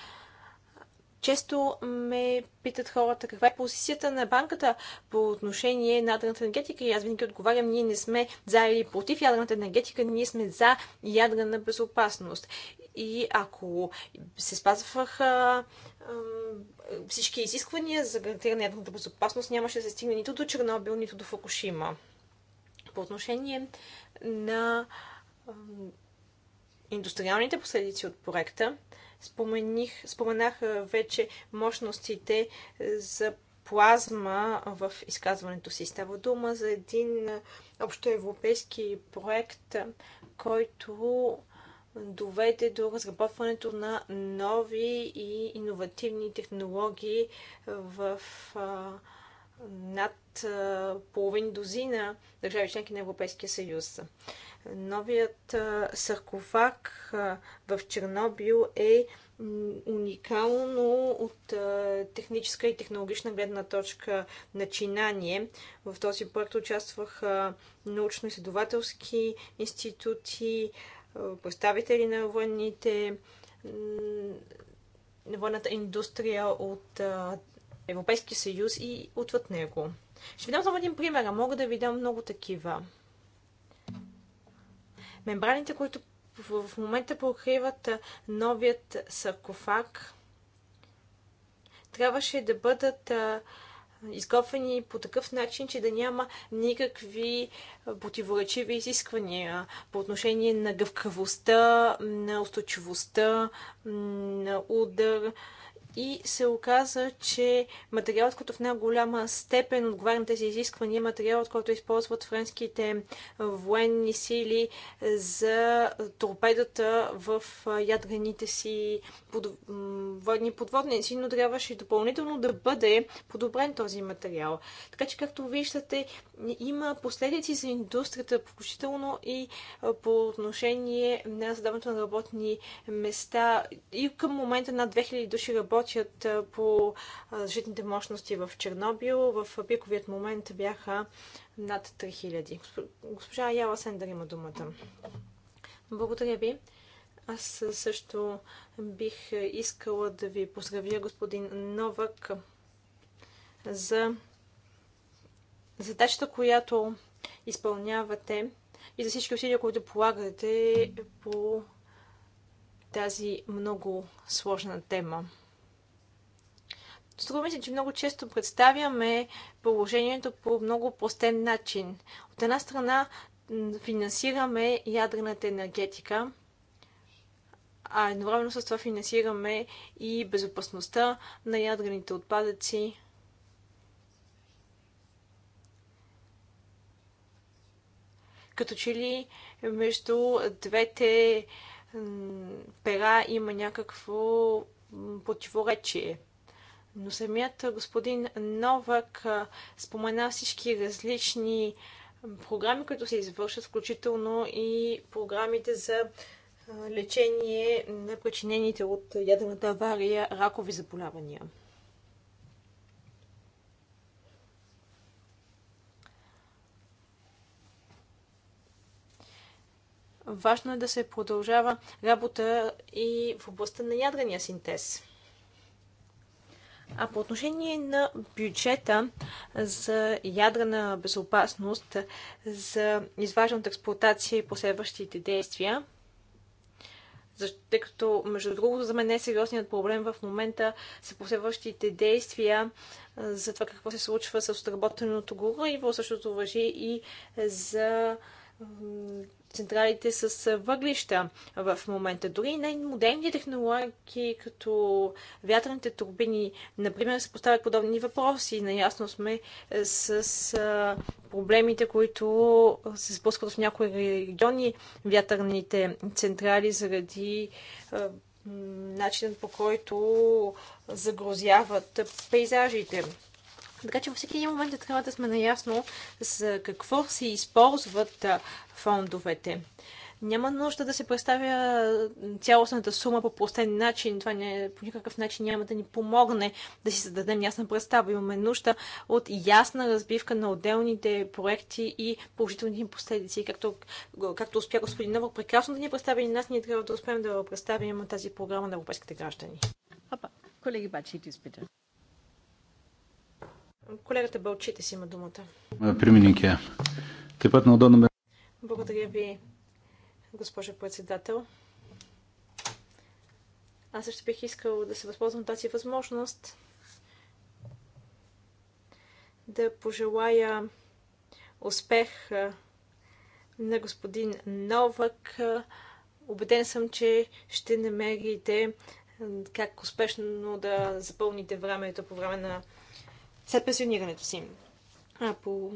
Често ме питат хората каква е позицията на банката по отношение на ядрената енергетика и аз винаги отговарям, ние не сме за или против ядрената енергетика, ние сме за ядрена безопасност. И ако се спазваха всички изисквания за гарантиране на безопасност, нямаше да се стигне нито до Чернобил, нито до Фукушима. По отношение на индустриалните последици от проекта, спомених, споменах вече мощностите за плазма в изказването си. Става дума за един общоевропейски проект, който доведе до разработването на нови и иновативни технологии в над половин дозина държави членки на Европейския съюз. Новият саркофаг в Чернобил е уникално от техническа и технологична гледна точка начинание. В този проект участваха научно-изследователски институти, представители на военните на военната индустрия от Европейския съюз и отвъд него. Ще ви дам само един пример, а мога да ви дам много такива. Мембраните, които в момента покриват новият саркофаг, трябваше да бъдат изготвени по такъв начин, че да няма никакви противоречиви изисквания по отношение на гъвкавостта, на устойчивостта, на удар, и се оказа, че материалът, който в най-голяма степен отговаря на тези изисквания, е материалът, който използват френските военни сили за торпедата в ядрените си под... водни подводници, но трябваше допълнително да бъде подобрен този материал. Така че, както виждате, има последици за индустрията, включително и по отношение на задаването на работни места. И към момента над 2000 души работят работят по житните мощности в Чернобил. В пиковият момент бяха над 3000. Госпожа Яла Сендър има думата. Благодаря ви. Аз също бих искала да ви поздравя, господин Новак, за задачата, която изпълнявате и за всички усилия, които полагате по тази много сложна тема. Струва ми се, че много често представяме положението по много простен начин. От една страна финансираме ядрената енергетика, а едновременно с това финансираме и безопасността на ядрените отпадъци. Като че ли между двете пера има някакво противоречие. Но самият господин Новак спомена всички различни програми, които се извършват, включително и програмите за лечение на причинените от ядрената авария ракови заболявания. Важно е да се продължава работа и в областта на ядрения синтез. А по отношение на бюджета за ядрена безопасност, за изваждане от експлуатация и последващите действия, тъй като, между другото, за мен е сериозният проблем в момента са последващите действия за това какво се случва с отработеното гориво. Същото въжи и за централите с въглища в момента. Дори най-модерни технологии, като вятърните турбини, например, се поставят подобни въпроси. Наясно сме с проблемите, които се спускат в някои региони вятърните централи заради начинът по който загрозяват пейзажите. Така че във всеки един момент трябва да сме наясно с какво се използват фондовете. Няма нужда да се представя цялостната сума по простен начин. Това не, по никакъв начин няма да ни помогне да си създадем ясна представа. Имаме нужда от ясна разбивка на отделните проекти и положителни им последици. Както, както успя господин Новак прекрасно да ни представи и нас, ние трябва да успеем да представим тази програма на европейските граждани. Опа, колеги Бачитис, питам. Колегата Бълчите си има думата. Примененке. път на удобно Благодаря ви, госпожа председател. Аз също бих искал да се възползвам тази възможност да пожелая успех на господин Новак. Обеден съм, че ще намерите как успешно да запълните времето по време на след пенсионирането си. А по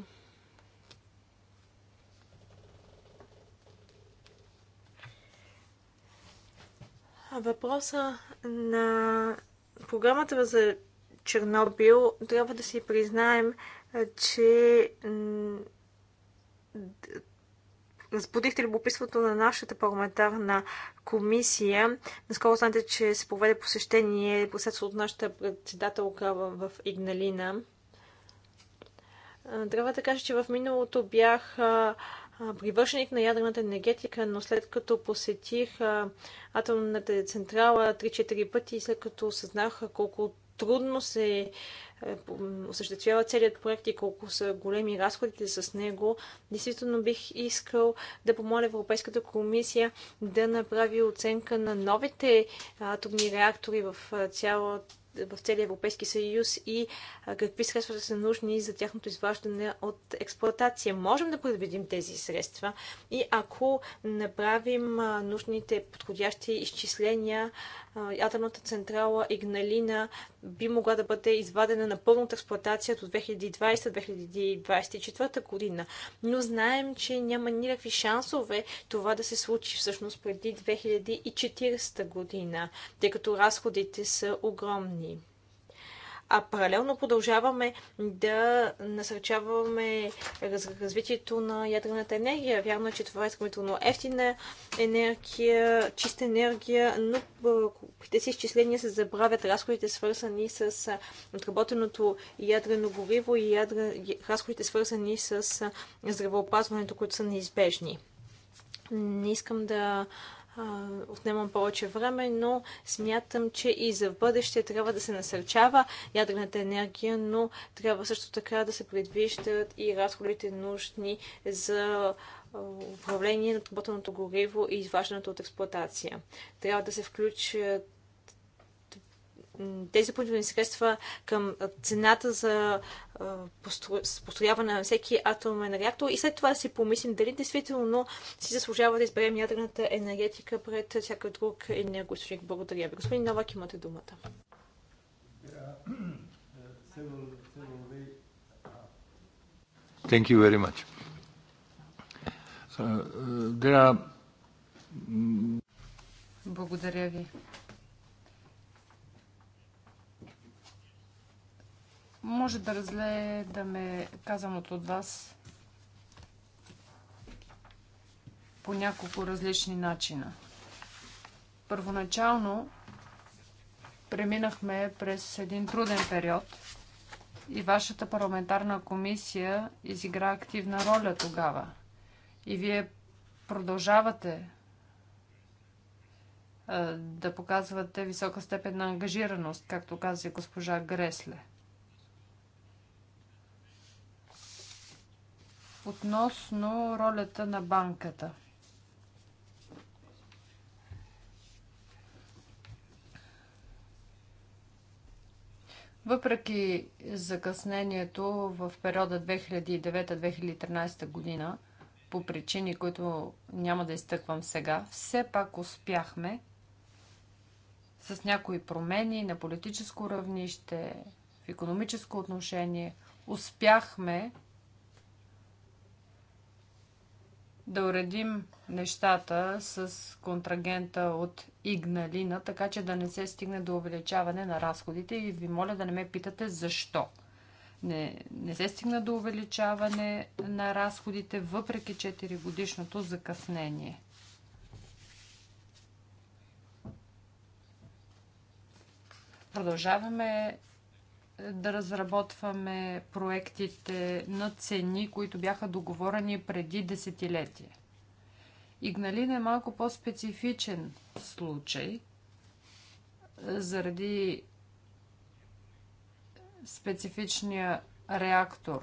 въпроса на програмата за Чернобил, трябва да си признаем, че Разбудихте любопитството на нашата парламентарна комисия. Наскоро знаете, че се проведе посещение посредство от нашата председателка в Игналина. Трябва да кажа, че в миналото бях привършеник на ядрената енергетика, но след като посетих атомната централа 3-4 пъти и след като осъзнах колко трудно се е, осъществява целият проект и колко са големи разходите с него, действително бих искал да помоля Европейската комисия да направи оценка на новите атомни реактори в цялата в целия Европейски съюз и какви средства са нужни за тяхното изваждане от експлоатация. Можем да предвидим тези средства и ако направим нужните подходящи изчисления, ядрената централа Игналина би могла да бъде извадена на пълната експлоатация до 2020-2024 година. Но знаем, че няма никакви шансове това да се случи всъщност преди 2040 година, тъй като разходите са огромни а паралелно продължаваме да насърчаваме развитието на ядрената енергия. Вярно е, че това е изключително ефтина енергия, чиста енергия, но при тези изчисления се забравят разходите свързани с отработеното ядрено гориво и ядрен... разходите свързани с здравеопазването, които са неизбежни. Не искам да отнемам повече време, но смятам, че и за бъдеще трябва да се насърчава ядрената енергия, но трябва също така да се предвиждат и разходите нужни за управление на отработеното гориво и изваждането от експлоатация. Трябва да се включат тези допълнителни средства към цената за построяване на всеки атомен реактор и след това си помислим дали действително си заслужава да изберем ядрената енергетика пред всяка друг енергоисточник. Благодаря ви. Господин Новак, имате думата. Thank you very much. Uh, there are... Благодаря ви. може да разгледаме казаното от вас по няколко различни начина. Първоначално преминахме през един труден период и вашата парламентарна комисия изигра активна роля тогава. И вие продължавате да показвате висока степен на ангажираност, както каза госпожа Гресле – относно ролята на банката. Въпреки закъснението в периода 2009-2013 година, по причини, които няма да изтъквам сега, все пак успяхме с някои промени на политическо равнище, в економическо отношение, успяхме да уредим нещата с контрагента от Игналина, така че да не се стигне до увеличаване на разходите и ви моля да не ме питате защо. Не, не се стигна до увеличаване на разходите въпреки 4 годишното закъснение. Продължаваме да разработваме проектите на цени, които бяха договорени преди десетилетие. Игналин е малко по-специфичен случай е, заради специфичния реактор.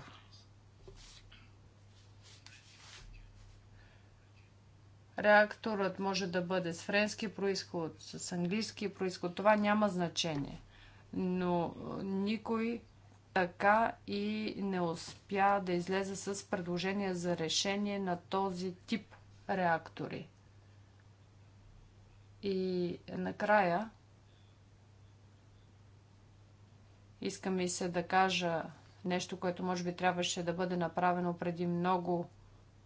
Реакторът може да бъде с френски происход, с английски происход. Това няма значение – но никой така и не успя да излезе с предложение за решение на този тип реактори. И накрая искам и се да кажа нещо, което може би трябваше да бъде направено преди много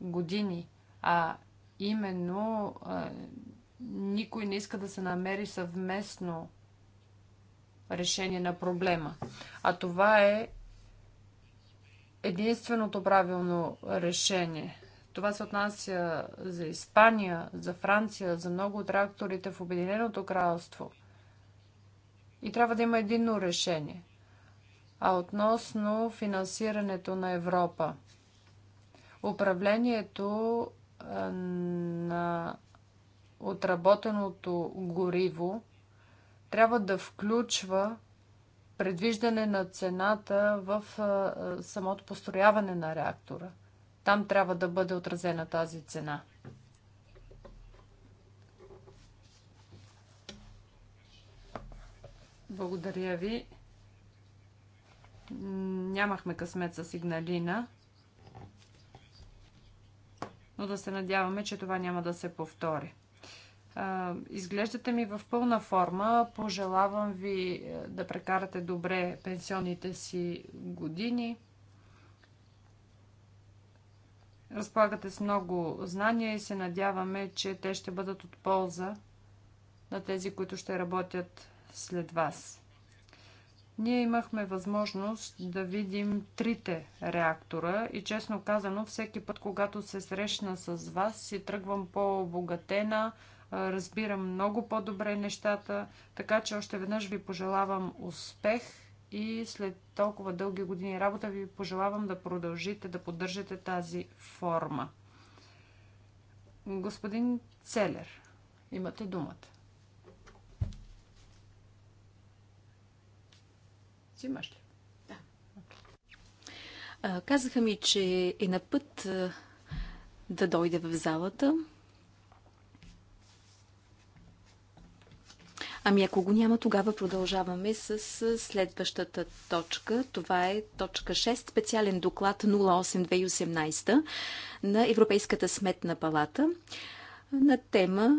години, а именно никой не иска да се намери съвместно решение на проблема. А това е единственото правилно решение. Това се отнася за Испания, за Франция, за много от реакторите в Обединеното кралство. И трябва да има единно решение. А относно финансирането на Европа, управлението на отработеното гориво – трябва да включва предвиждане на цената в самото построяване на реактора. Там трябва да бъде отразена тази цена. Благодаря ви. Нямахме късмет с сигналина, но да се надяваме, че това няма да се повтори. Изглеждате ми в пълна форма. Пожелавам ви е, да прекарате добре пенсионните си години. Разполагате с много знания и се надяваме, че те ще бъдат от полза на тези, които ще работят след вас. Ние имахме възможност да видим трите реактора и честно казано, всеки път, когато се срещна с вас, си тръгвам по-обогатена, по обогатена разбирам много по-добре нещата, така че още веднъж ви пожелавам успех и след толкова дълги години работа ви пожелавам да продължите да поддържате тази форма. Господин Целер, имате думата. Взимаш ли? Да. Казаха ми, че е на път да дойде в залата. Ами ако го няма, тогава продължаваме с следващата точка. Това е точка 6, специален доклад 08-2018 на Европейската сметна палата на тема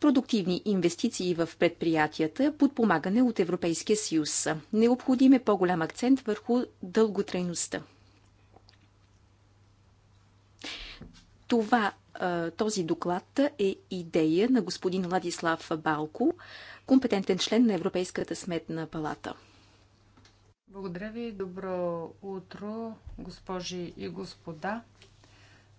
продуктивни инвестиции в предприятията, подпомагане от Европейския съюз. Необходим е по-голям акцент върху дълготрайността. Това този доклад е идея на господин Владислав Балко, компетентен член на Европейската сметна палата. Благодаря ви. Добро утро, госпожи и господа.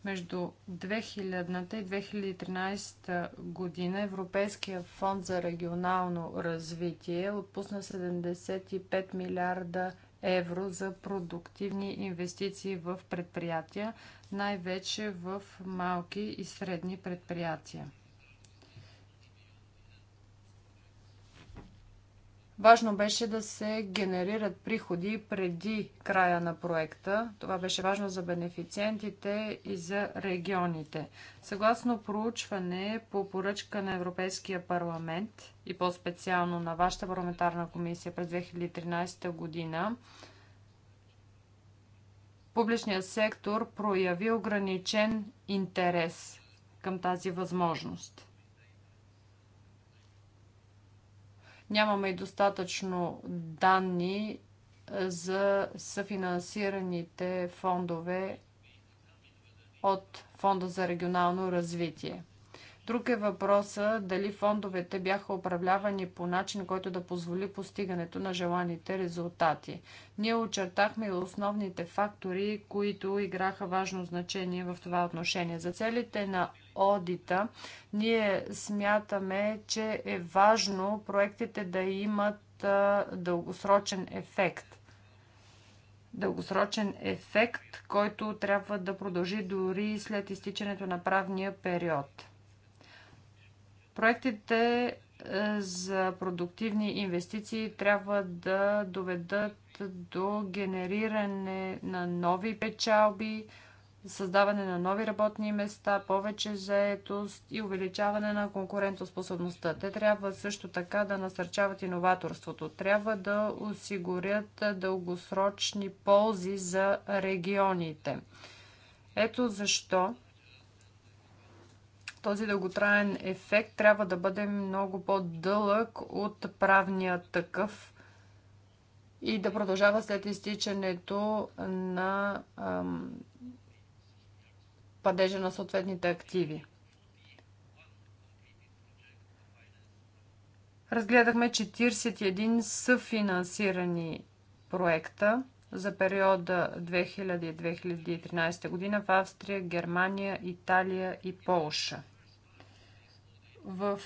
Между 2000 и 2013 година Европейския фонд за регионално развитие отпусна 75 милиарда евро за продуктивни инвестиции в предприятия, най-вече в малки и средни предприятия. Важно беше да се генерират приходи преди края на проекта. Това беше важно за бенефициентите и за регионите. Съгласно проучване по поръчка на Европейския парламент и по-специално на вашата парламентарна комисия през 2013 година, публичният сектор прояви ограничен интерес към тази възможност. Нямаме и достатъчно данни за съфинансираните фондове от Фонда за регионално развитие. Друг е въпроса дали фондовете бяха управлявани по начин, който да позволи постигането на желаните резултати. Ние очертахме и основните фактори, които играха важно значение в това отношение. За целите на одита, ние смятаме, че е важно проектите да имат дългосрочен ефект. Дългосрочен ефект, който трябва да продължи дори след изтичането на правния период. Проектите е, за продуктивни инвестиции трябва да доведат до генериране на нови печалби, създаване на нови работни места, повече заетост и увеличаване на конкурентоспособността. Те трябва също така да насърчават иноваторството. Трябва да осигурят дългосрочни ползи за регионите. Ето защо този дълготраен ефект трябва да бъде много по-дълъг от правния такъв и да продължава след изтичането на ам, падежа на съответните активи. Разгледахме 41 съфинансирани проекта за периода 2000-2013 година в Австрия, Германия, Италия и Полша. В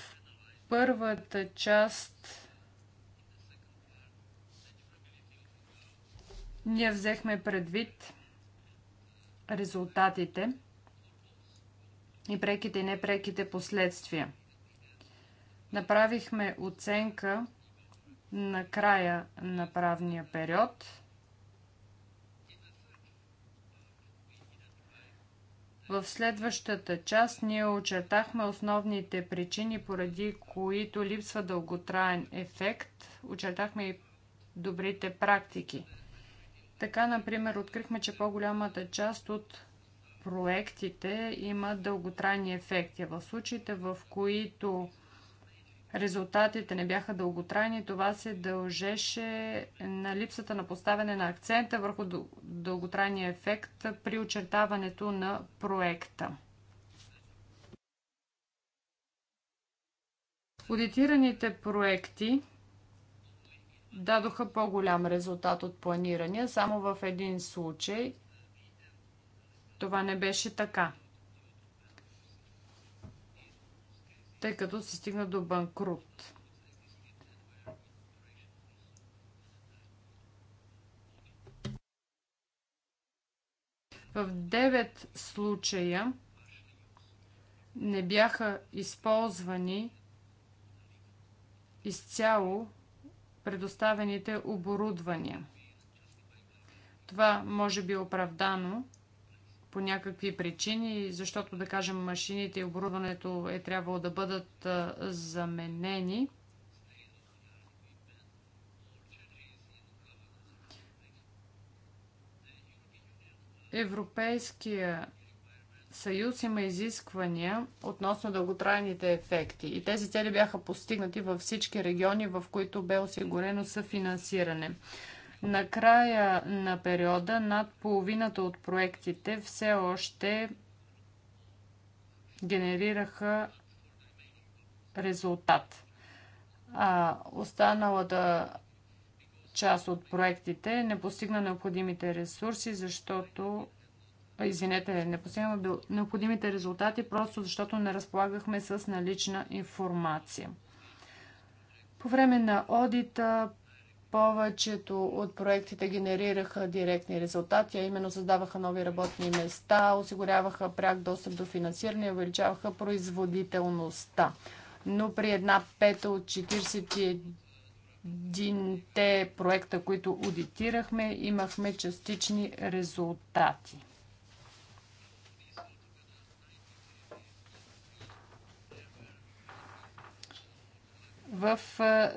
първата част ние взехме предвид резултатите и преките и непреките последствия. Направихме оценка на края на правния период – В следващата част ние очертахме основните причини, поради които липсва дълготраен ефект. Очертахме и добрите практики. Така, например, открихме, че по-голямата част от проектите имат дълготрайни ефекти. В случаите, в които Резултатите не бяха дълготрайни. Това се дължеше на липсата на поставяне на акцента върху дълготрайния ефект при очертаването на проекта. Аудитираните проекти дадоха по-голям резултат от планирания, само в един случай това не беше така. тъй като се стигна до банкрут. В 9 случая не бяха използвани изцяло предоставените оборудвания. Това може би е оправдано, по някакви причини, защото, да кажем, машините и оборудването е трябвало да бъдат заменени. Европейския съюз има изисквания относно дълготрайните ефекти. И тези цели бяха постигнати във всички региони, в които бе осигурено съфинансиране. финансиране края на периода над половината от проектите все още генерираха резултат. А останалата част от проектите не постигна необходимите ресурси, защото извинете, не постигна необходимите резултати, просто защото не разполагахме с налична информация. По време на одита повечето от проектите генерираха директни резултати, а именно създаваха нови работни места, осигуряваха пряк достъп до финансиране и увеличаваха производителността. Но при една пета от 41-те проекта, които аудитирахме, имахме частични резултати. В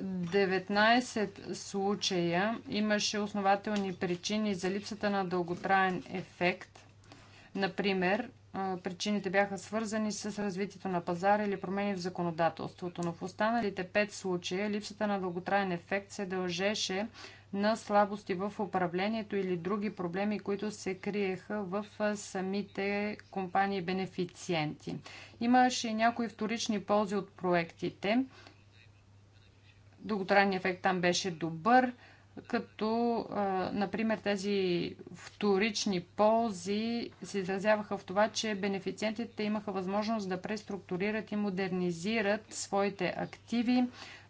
19 случая имаше основателни причини за липсата на дълготраен ефект. Например, причините бяха свързани с развитието на пазара или промени в законодателството, но в останалите 5 случая липсата на дълготраен ефект се дължеше на слабости в управлението или други проблеми, които се криеха в самите компании бенефициенти. Имаше и някои вторични ползи от проектите – дълготрайният ефект там беше добър, като, например, тези вторични ползи се изразяваха в това, че бенефициентите имаха възможност да преструктурират и модернизират своите активи,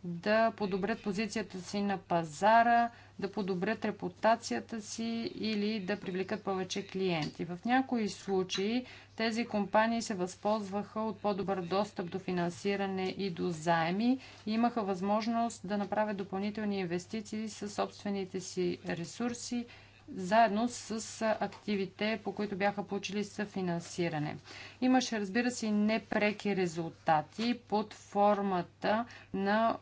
да подобрят позицията си на пазара, да подобрят репутацията си или да привлекат повече клиенти. В някои случаи тези компании се възползваха от по-добър достъп до финансиране и до заеми и имаха възможност да направят допълнителни инвестиции със собствените си ресурси, заедно с активите, по които бяха получили съфинансиране. Имаше, разбира се, непреки резултати под формата на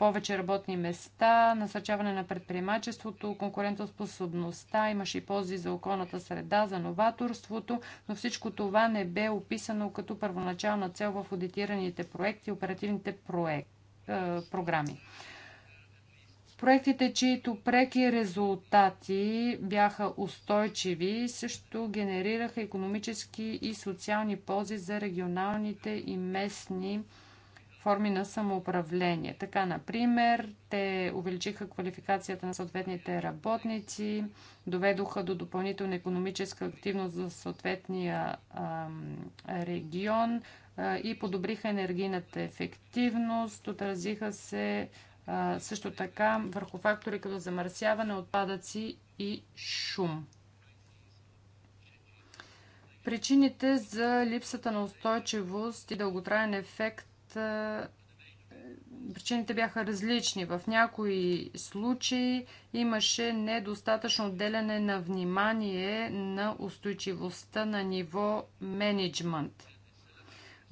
повече работни места, насърчаване на предприемачеството, конкурентоспособността, имаше и ползи за околната среда, за новаторството, но всичко това не бе описано като първоначална цел в аудитираните проекти и оперативните проект, е, програми. Проектите, чието преки резултати бяха устойчиви, също генерираха економически и социални ползи за регионалните и местни форми на самоуправление. Така, например, те увеличиха квалификацията на съответните работници, доведоха до допълнителна економическа активност за съответния а, регион а, и подобриха енергийната ефективност, отразиха се а, също така върху фактори като замърсяване, отпадъци и шум. Причините за липсата на устойчивост и дълготраен ефект причините бяха различни. В някои случаи имаше недостатъчно отделяне на внимание на устойчивостта на ниво менеджмент.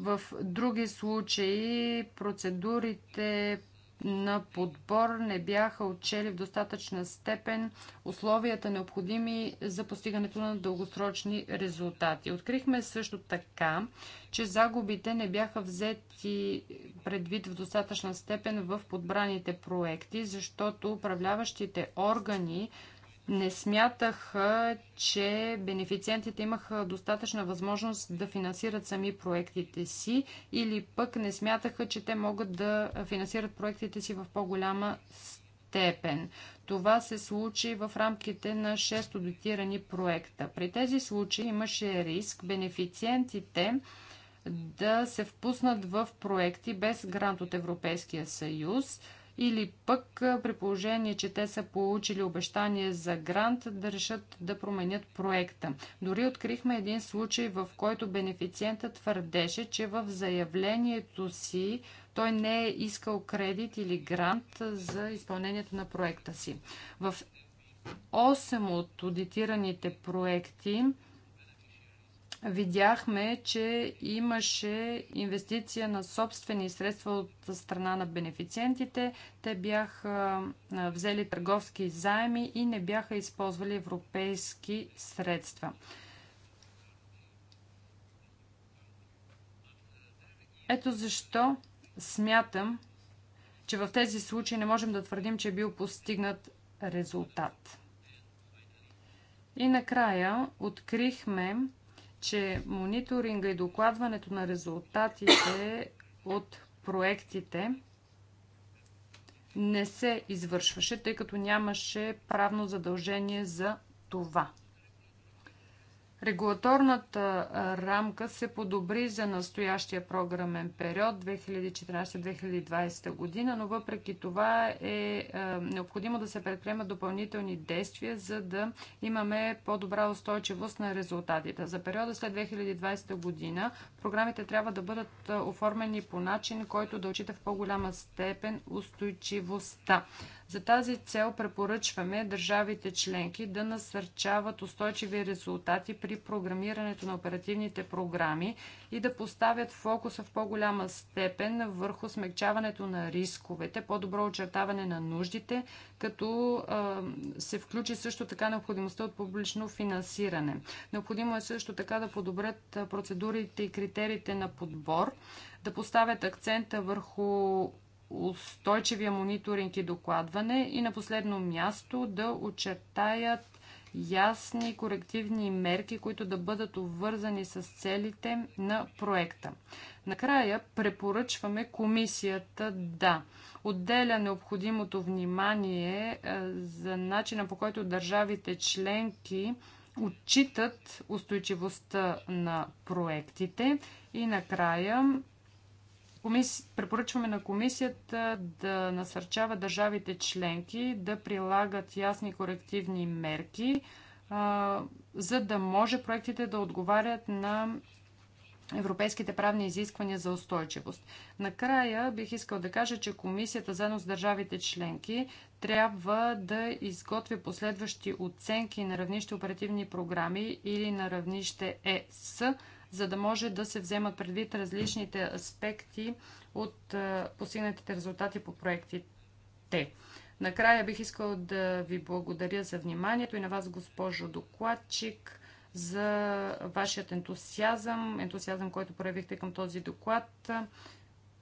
В други случаи процедурите на подбор не бяха отчели в достатъчна степен условията необходими за постигането на дългосрочни резултати. Открихме също така, че загубите не бяха взети предвид в достатъчна степен в подбраните проекти, защото управляващите органи не смятаха, че бенефициентите имаха достатъчна възможност да финансират сами проектите си или пък не смятаха, че те могат да финансират проектите си в по-голяма степен. Това се случи в рамките на 6 аудитирани проекта. При тези случаи имаше риск бенефициентите да се впуснат в проекти без грант от Европейския съюз – или пък при положение, че те са получили обещание за грант, да решат да променят проекта. Дори открихме един случай, в който бенефициента твърдеше, че в заявлението си той не е искал кредит или грант за изпълнението на проекта си. В 8 от аудитираните проекти видяхме, че имаше инвестиция на собствени средства от страна на бенефициентите. Те бяха взели търговски заеми и не бяха използвали европейски средства. Ето защо смятам, че в тези случаи не можем да твърдим, че е бил постигнат резултат. И накрая открихме, че мониторинга и докладването на резултатите от проектите не се извършваше, тъй като нямаше правно задължение за това. Регулаторната рамка се подобри за настоящия програмен период 2014-2020 година, но въпреки това е необходимо да се предприемат допълнителни действия, за да имаме по-добра устойчивост на резултатите. За периода след 2020 година програмите трябва да бъдат оформени по начин, който да очита в по-голяма степен устойчивостта. За тази цел препоръчваме държавите членки да насърчават устойчиви резултати при програмирането на оперативните програми и да поставят фокуса в по-голяма степен върху смягчаването на рисковете, по-добро очертаване на нуждите, като се включи също така необходимостта от публично финансиране. Необходимо е също така да подобрят процедурите и критериите на подбор, да поставят акцента върху устойчивия мониторинг и докладване и на последно място да очертаят ясни корективни мерки, които да бъдат обвързани с целите на проекта. Накрая препоръчваме комисията да отделя необходимото внимание е, за начина по който държавите членки отчитат устойчивостта на проектите и накрая Комиси... Препоръчваме на комисията да насърчава държавите членки да прилагат ясни корективни мерки, а, за да може проектите да отговарят на европейските правни изисквания за устойчивост. Накрая бих искал да кажа, че комисията заедно с държавите членки трябва да изготви последващи оценки на равнище оперативни програми или на равнище ЕС, за да може да се вземат предвид различните аспекти от постигнатите резултати по проектите. Накрая бих искал да ви благодаря за вниманието и на вас, госпожо докладчик, за вашият ентусиазъм, ентусиазъм, който проявихте към този доклад.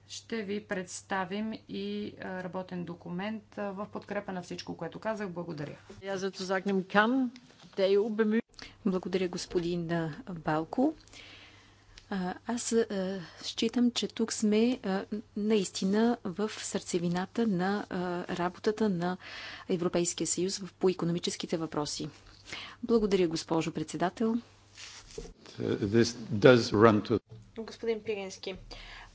Ще ви представим и работен документ в подкрепа на всичко, което казах. Благодаря. Благодаря, господин Балко. Аз считам, че тук сме наистина в сърцевината на работата на Европейския съюз по економическите въпроси. Благодаря, госпожо председател. Господин Пирински,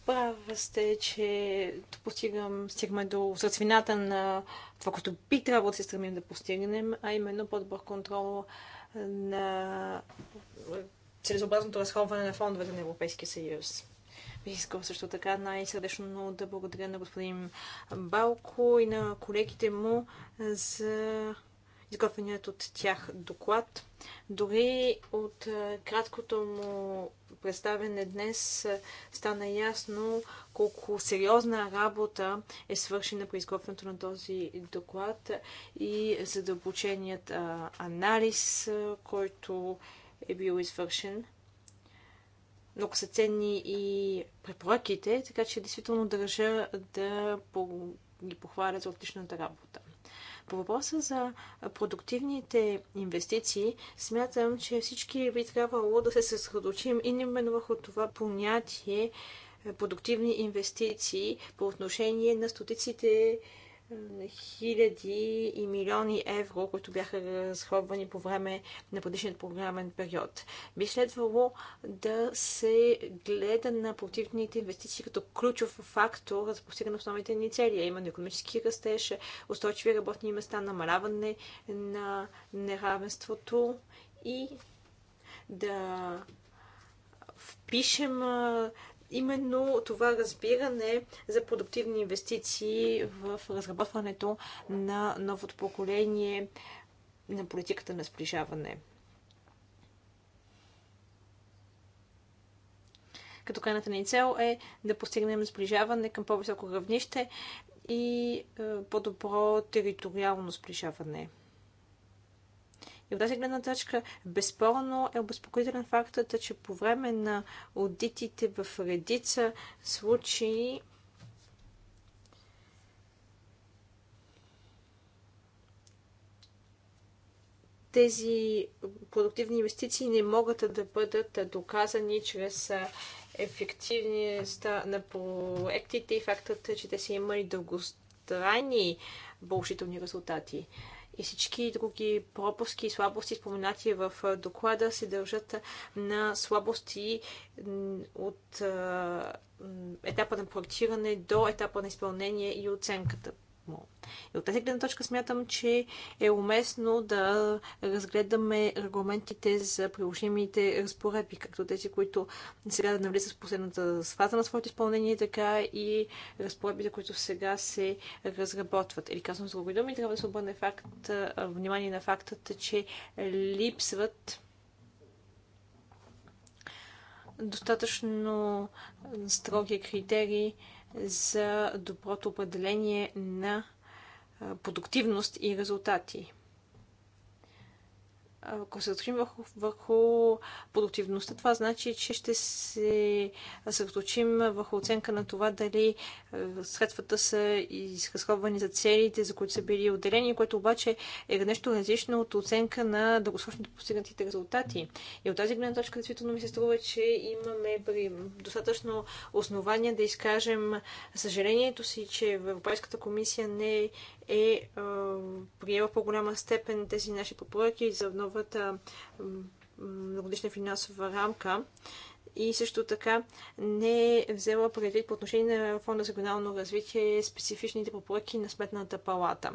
права сте, че постигам, стигаме до сърцевината на това, което би трябвало да се стремим да постигнем, а именно по-добър контрол на целесообразното разходване на фондовете на Европейския съюз. Бих искал също така най-сърдечно да благодаря на господин Балко и на колегите му за изготвеният от тях доклад. Дори от краткото му представене днес стана ясно колко сериозна работа е свършена при изготвянето на този доклад и задълбоченият анализ, който е е бил извършен. Много са ценни и препоръките, така че действително държа да ги похваля за отличната работа. По въпроса за продуктивните инвестиции, смятам, че всички би трябвало да се съсредоточим именно върху това понятие продуктивни инвестиции по отношение на стотиците хиляди и милиони евро, които бяха разходвани по време на предишният програмен период. Би следвало да се гледа на противните инвестиции като ключов фактор за постигане на основните ни цели, а именно економически растеж, устойчиви работни места, намаляване на неравенството и да впишем именно това разбиране за продуктивни инвестиции в разработването на новото поколение на политиката на сближаване. Като крайната ни цел е да постигнем сближаване към по-високо равнище и е, по-добро териториално сближаване. И от тази гледна точка, безспорно е обезпокоителен фактът, че по време на аудитите в редица случаи тези продуктивни инвестиции не могат да бъдат доказани чрез ефективността на проектите и фактът, че те са имали дългостранни положителни резултати и всички други пропуски и слабости, споменати в доклада, се дължат на слабости от етапа на проектиране до етапа на изпълнение и оценката. И от тази гледна точка смятам, че е уместно да разгледаме регламентите за приложимите разпоредби, както тези, които сега да навлизат в последната фаза на своето изпълнение, така и разпоредбите, които сега се разработват. Или казвам с други думи, трябва да се обърне факт, внимание на факта, че липсват достатъчно строги критерии за доброто определение на продуктивност и резултати. Ако съсредоточим върху, върху продуктивността, това значи, че ще се съсредоточим върху оценка на това дали е, средствата са изразходвани за целите, за които са били отделени, което обаче е нещо различно от оценка на дългосрочните постигнатите резултати. И от тази гледна точка, действително ми се струва, че имаме достатъчно основания да изкажем съжалението си, че Европейската комисия не е, е приела по-голяма степен тези наши препоръки за нова новата многодишна финансова рамка и също така не е взела предвид по отношение на Фонда за регионално развитие специфичните препоръки на Сметната палата.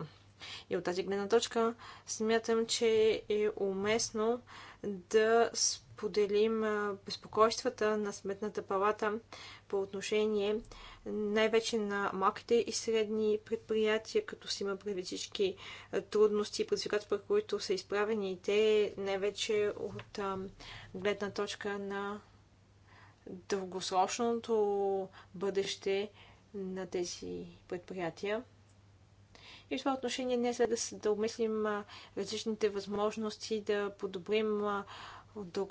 И от тази гледна точка смятам, че е уместно да спомням споделим безпокойствата на Сметната палата по отношение най-вече на малките и средни предприятия, като си има преди всички трудности и предизвикателства, които са изправени и те най-вече от гледна точка на дългосрочното бъдеще на тези предприятия. И в това отношение не е след да, да обмислим различните възможности да подобрим от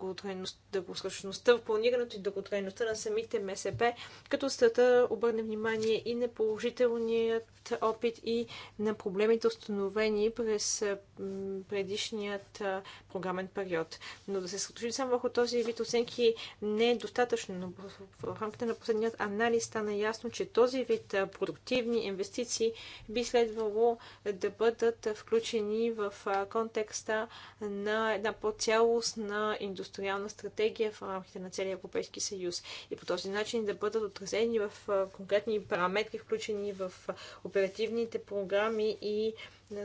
дългосрочността, в планирането и дълготрайността на самите МСП, като стата обърне внимание и на положителният опит и на проблемите установени през предишният програмен период. Но да се съсредоточи само върху този вид оценки не е достатъчно, но в рамките на последният анализ стана ясно, че този вид продуктивни инвестиции би следвало да бъдат включени в контекста на една по-цялостна индустриална стратегия в рамките на целия Европейски съюз и по този начин да бъдат отразени в конкретни параметри, включени в оперативните програми и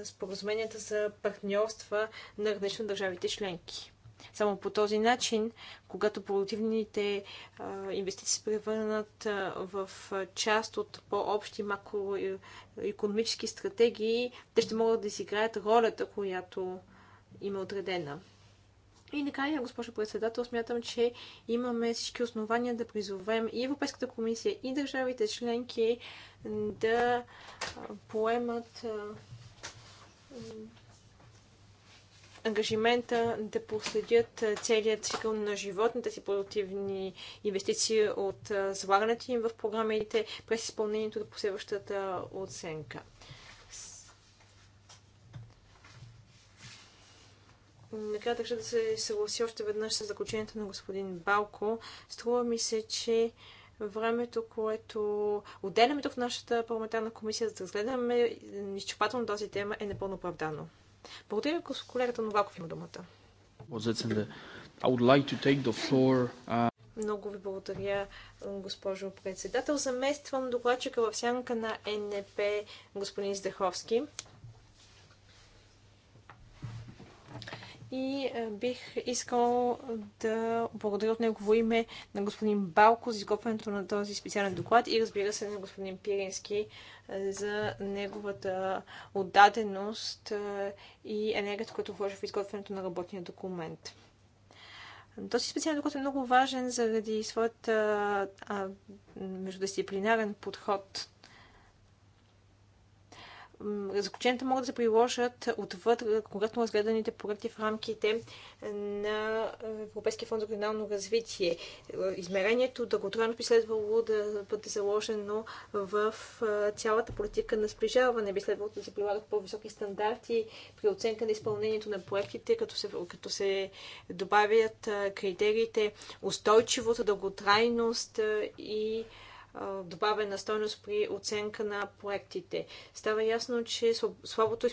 споразуменията за партньорства на различни държавите членки. Само по този начин, когато продуктивните инвестиции се превърнат в част от по-общи макроекономически стратегии, те ще могат да изиграят ролята, която им е отредена. И накрая, госпожо председател, смятам, че имаме всички основания да призовем и Европейската комисия, и държавите членки да поемат ангажимента да последят целият цикъл на животните си продуктивни инвестиции от залагането им в програмите през изпълнението на последващата оценка. Накрая така да се съгласи още веднъж с заключението на господин Балко. Струва ми се, че времето, което отделяме тук в нашата парламентарна комисия, за да разгледаме изчерпателно тази тема, е непълно оправдано. Благодаря, колегата Новаков има думата. Uh, Много ви благодаря, госпожо председател. Замествам докладчика в сянка на НП господин Здеховски. и е, бих искал да благодаря от негово име на господин Балко за изготвянето на този специален доклад и разбира се на господин Пирински е, за неговата отдаденост е, и енергията, която вложи в изготвянето на работния документ. Този специален доклад е много важен заради своята междудисциплинарен подход заключенията могат да се приложат отвъд конкретно разгледаните проекти в рамките на Европейския фонд за регионално развитие. Измерението дълготрайно би следвало да бъде заложено в цялата политика на сближаване. Би следвало да се прилагат по-високи стандарти при оценка на изпълнението на проектите, като се, като се добавят критериите устойчивост, дълготрайност и добавена стойност при оценка на проектите. Става ясно, че слабото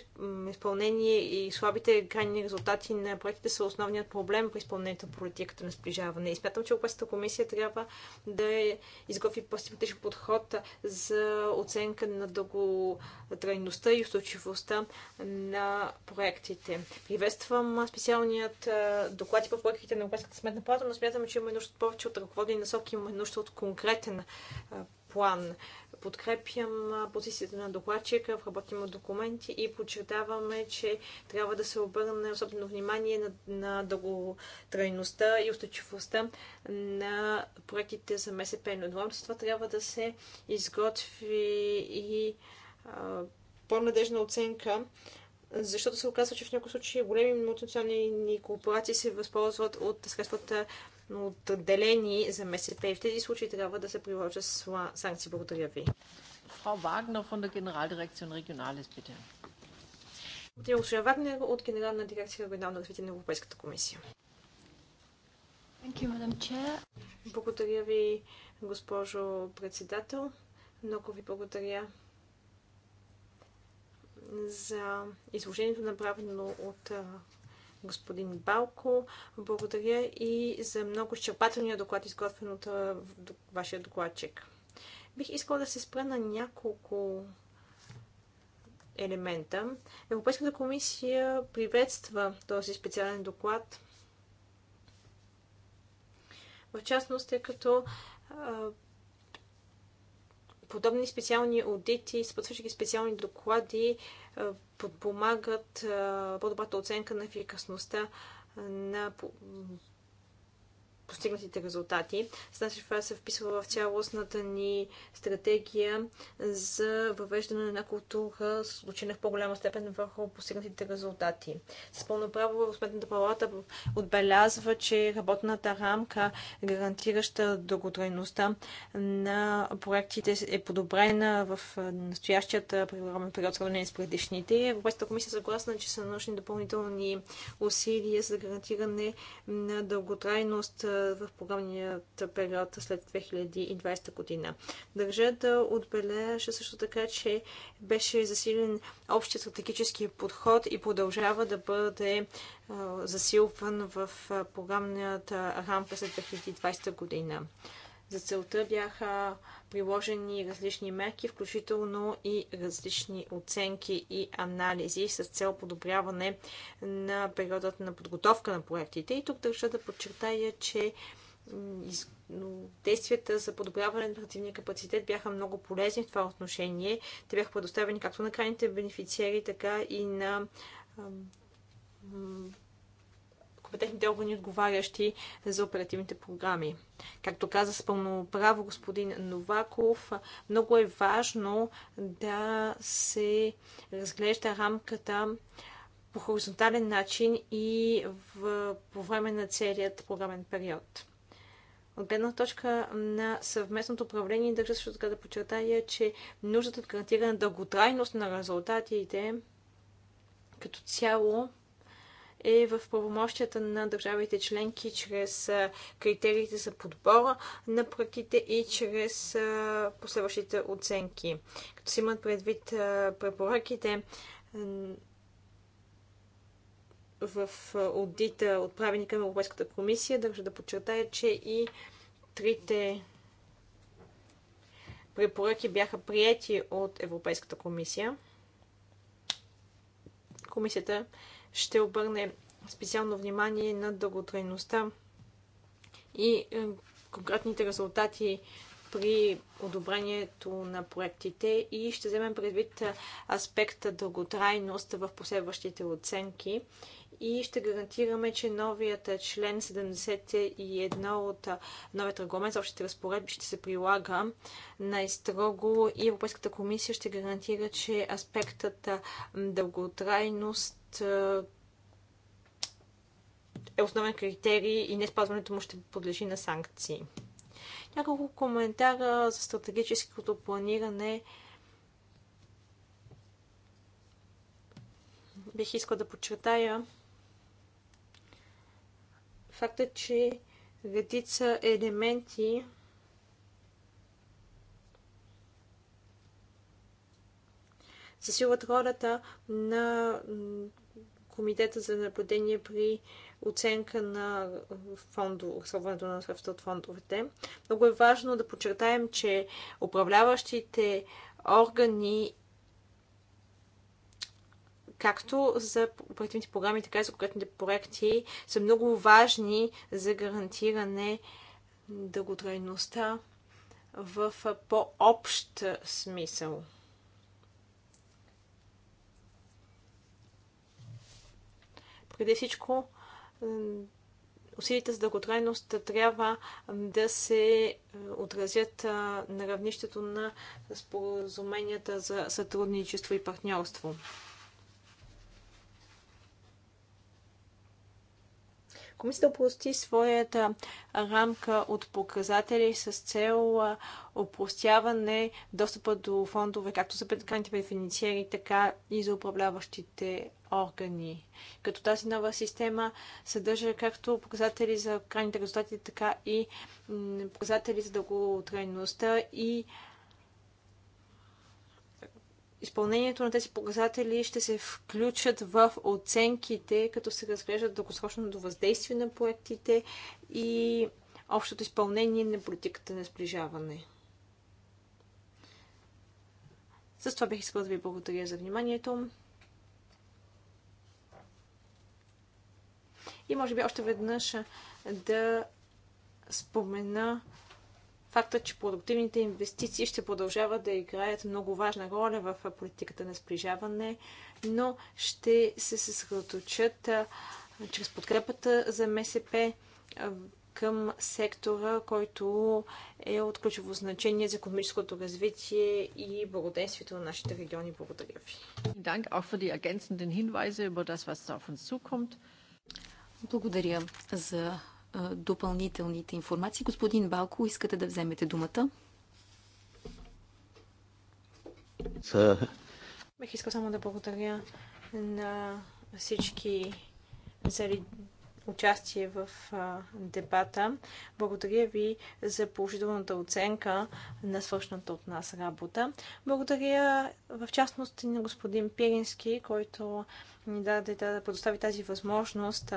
изпълнение и слабите крайни резултати на проектите са основният проблем при изпълнението на политиката на сближаване. И смятам, че Европейската комисия трябва да е, изготви по-стратегически подход за оценка на дълготрайността и устойчивостта на проектите. Приветствам специалният доклад и по проектите на Европейската сметна палата, но смятам, че има нужда повече от ръководни насоки, има нужда от конкретен план. Подкрепям позицията на докладчика в му документи и подчертаваме, че трябва да се обърне особено внимание на, на дълготрайността и устойчивостта на проектите за МСП. Но с това трябва да се изготви и по-надежна оценка защото се оказва, че в някои случаи големи мултинационални корпорации се възползват от средствата отделени за МСП. И в тези случаи трябва да се приложат санкции. Благодаря ви. Frau Wagner von der Generaldirektion Regionales, Госпожа Вагнер от Генерална дирекция Регионално развитие на Европейската комисия. You, благодаря ви, госпожо председател. Много ви благодаря за изложението, направено от господин Балко. Благодаря и за много изчерпателния доклад, изготвен от вашия докладчик. Бих искала да се спра на няколко елемента. Европейската комисия приветства този специален доклад. В частност, тъй като подобни специални аудити, съпътстващи специални доклади е, подпомагат е, по-добрата оценка на ефикасността на постигнатите резултати. Значи това се вписва в цялостната ни стратегия за въвеждане на една култура, случена в по-голяма степен върху постигнатите резултати. С пълно право в Сметната палата отбелязва, че работната рамка, гарантираща дълготрайността на проектите е подобрена в настоящият програмен период, сравнение с предишните. Европейската комисия е съгласна, че са нужни допълнителни усилия за гарантиране на дълготрайност в програмния период след 2020 година. Държа да отбележа също така, че беше засилен общия стратегически подход и продължава да бъде засилван в програмната рамка след 2020 година. За целта бяха приложени различни мерки, включително и различни оценки и анализи с цел подобряване на периодът на подготовка на проектите. И тук държа да подчертая, че действията за подобряване на оперативния капацитет бяха много полезни в това отношение. Те бяха предоставени както на крайните бенефициери, така и на компетентните органи, отговарящи за оперативните програми. Както каза с пълно право господин Новаков, много е важно да се разглежда рамката по хоризонтален начин и в, по време на целият програмен период. От гледна точка на съвместното управление, държа също така да подчертая, че нуждата от гарантиране дълготрайност на резултатите като цяло е в правомощията на държавите членки чрез критериите за подбора на проектите и чрез последващите оценки. Като се имат предвид препоръките в аудита, отправени към Европейската комисия, държа да подчертая, че и трите препоръки бяха прияти от Европейската комисия. Комисията ще обърне специално внимание на дълготрайността и е, конкретните резултати при одобрението на проектите и ще вземем предвид е, аспекта дълготрайност в последващите оценки и ще гарантираме, че новият е, член 71 от новият регламент за общите разпоредби ще се прилага най-строго и Европейската комисия ще гарантира, че аспектът дълготрайност е основен критерий и не спазването му ще подлежи на санкции. Няколко коментара за стратегическото планиране. Бих искал да подчертая факта, че редица елементи засилват ролята на Комитета за наблюдение при оценка на фондо, разходването на средства от фондовете. Много е важно да подчертаем, че управляващите органи както за оперативните програми, така и за конкретните проекти са много важни за гарантиране дълготрайността в по-общ смисъл. преди всичко усилите за дълготрайност трябва да се е, отразят на равнището на споразуменията за сътрудничество и партньорство. Комисията опрости своята рамка от показатели с цел опростяване достъпа до фондове, както за предканите бенефициери, така и за управляващите органи. Като тази нова система съдържа както показатели за крайните резултати, така и показатели за дълготрайността и изпълнението на тези показатели ще се включат в оценките, като се разглеждат дългосрочното въздействие на проектите и общото изпълнение на политиката на сближаване. С това бих искала да ви благодаря за вниманието. И може би още веднъж да спомена факта, че продуктивните инвестиции ще продължават да играят много важна роля в политиката на сближаване, но ще се съсредоточат чрез подкрепата за МСП към сектора, който е от ключово значение за економическото развитие и благоденствието на нашите региони. Благодаря ви. Благодаря за допълнителните информации. Господин Балко, искате да вземете думата? Бих искал само да благодаря на всички за участие в дебата. Благодаря ви за положителната оценка на свършната от нас работа. Благодаря в частност на господин Пирински, който ни даде да предостави тази възможност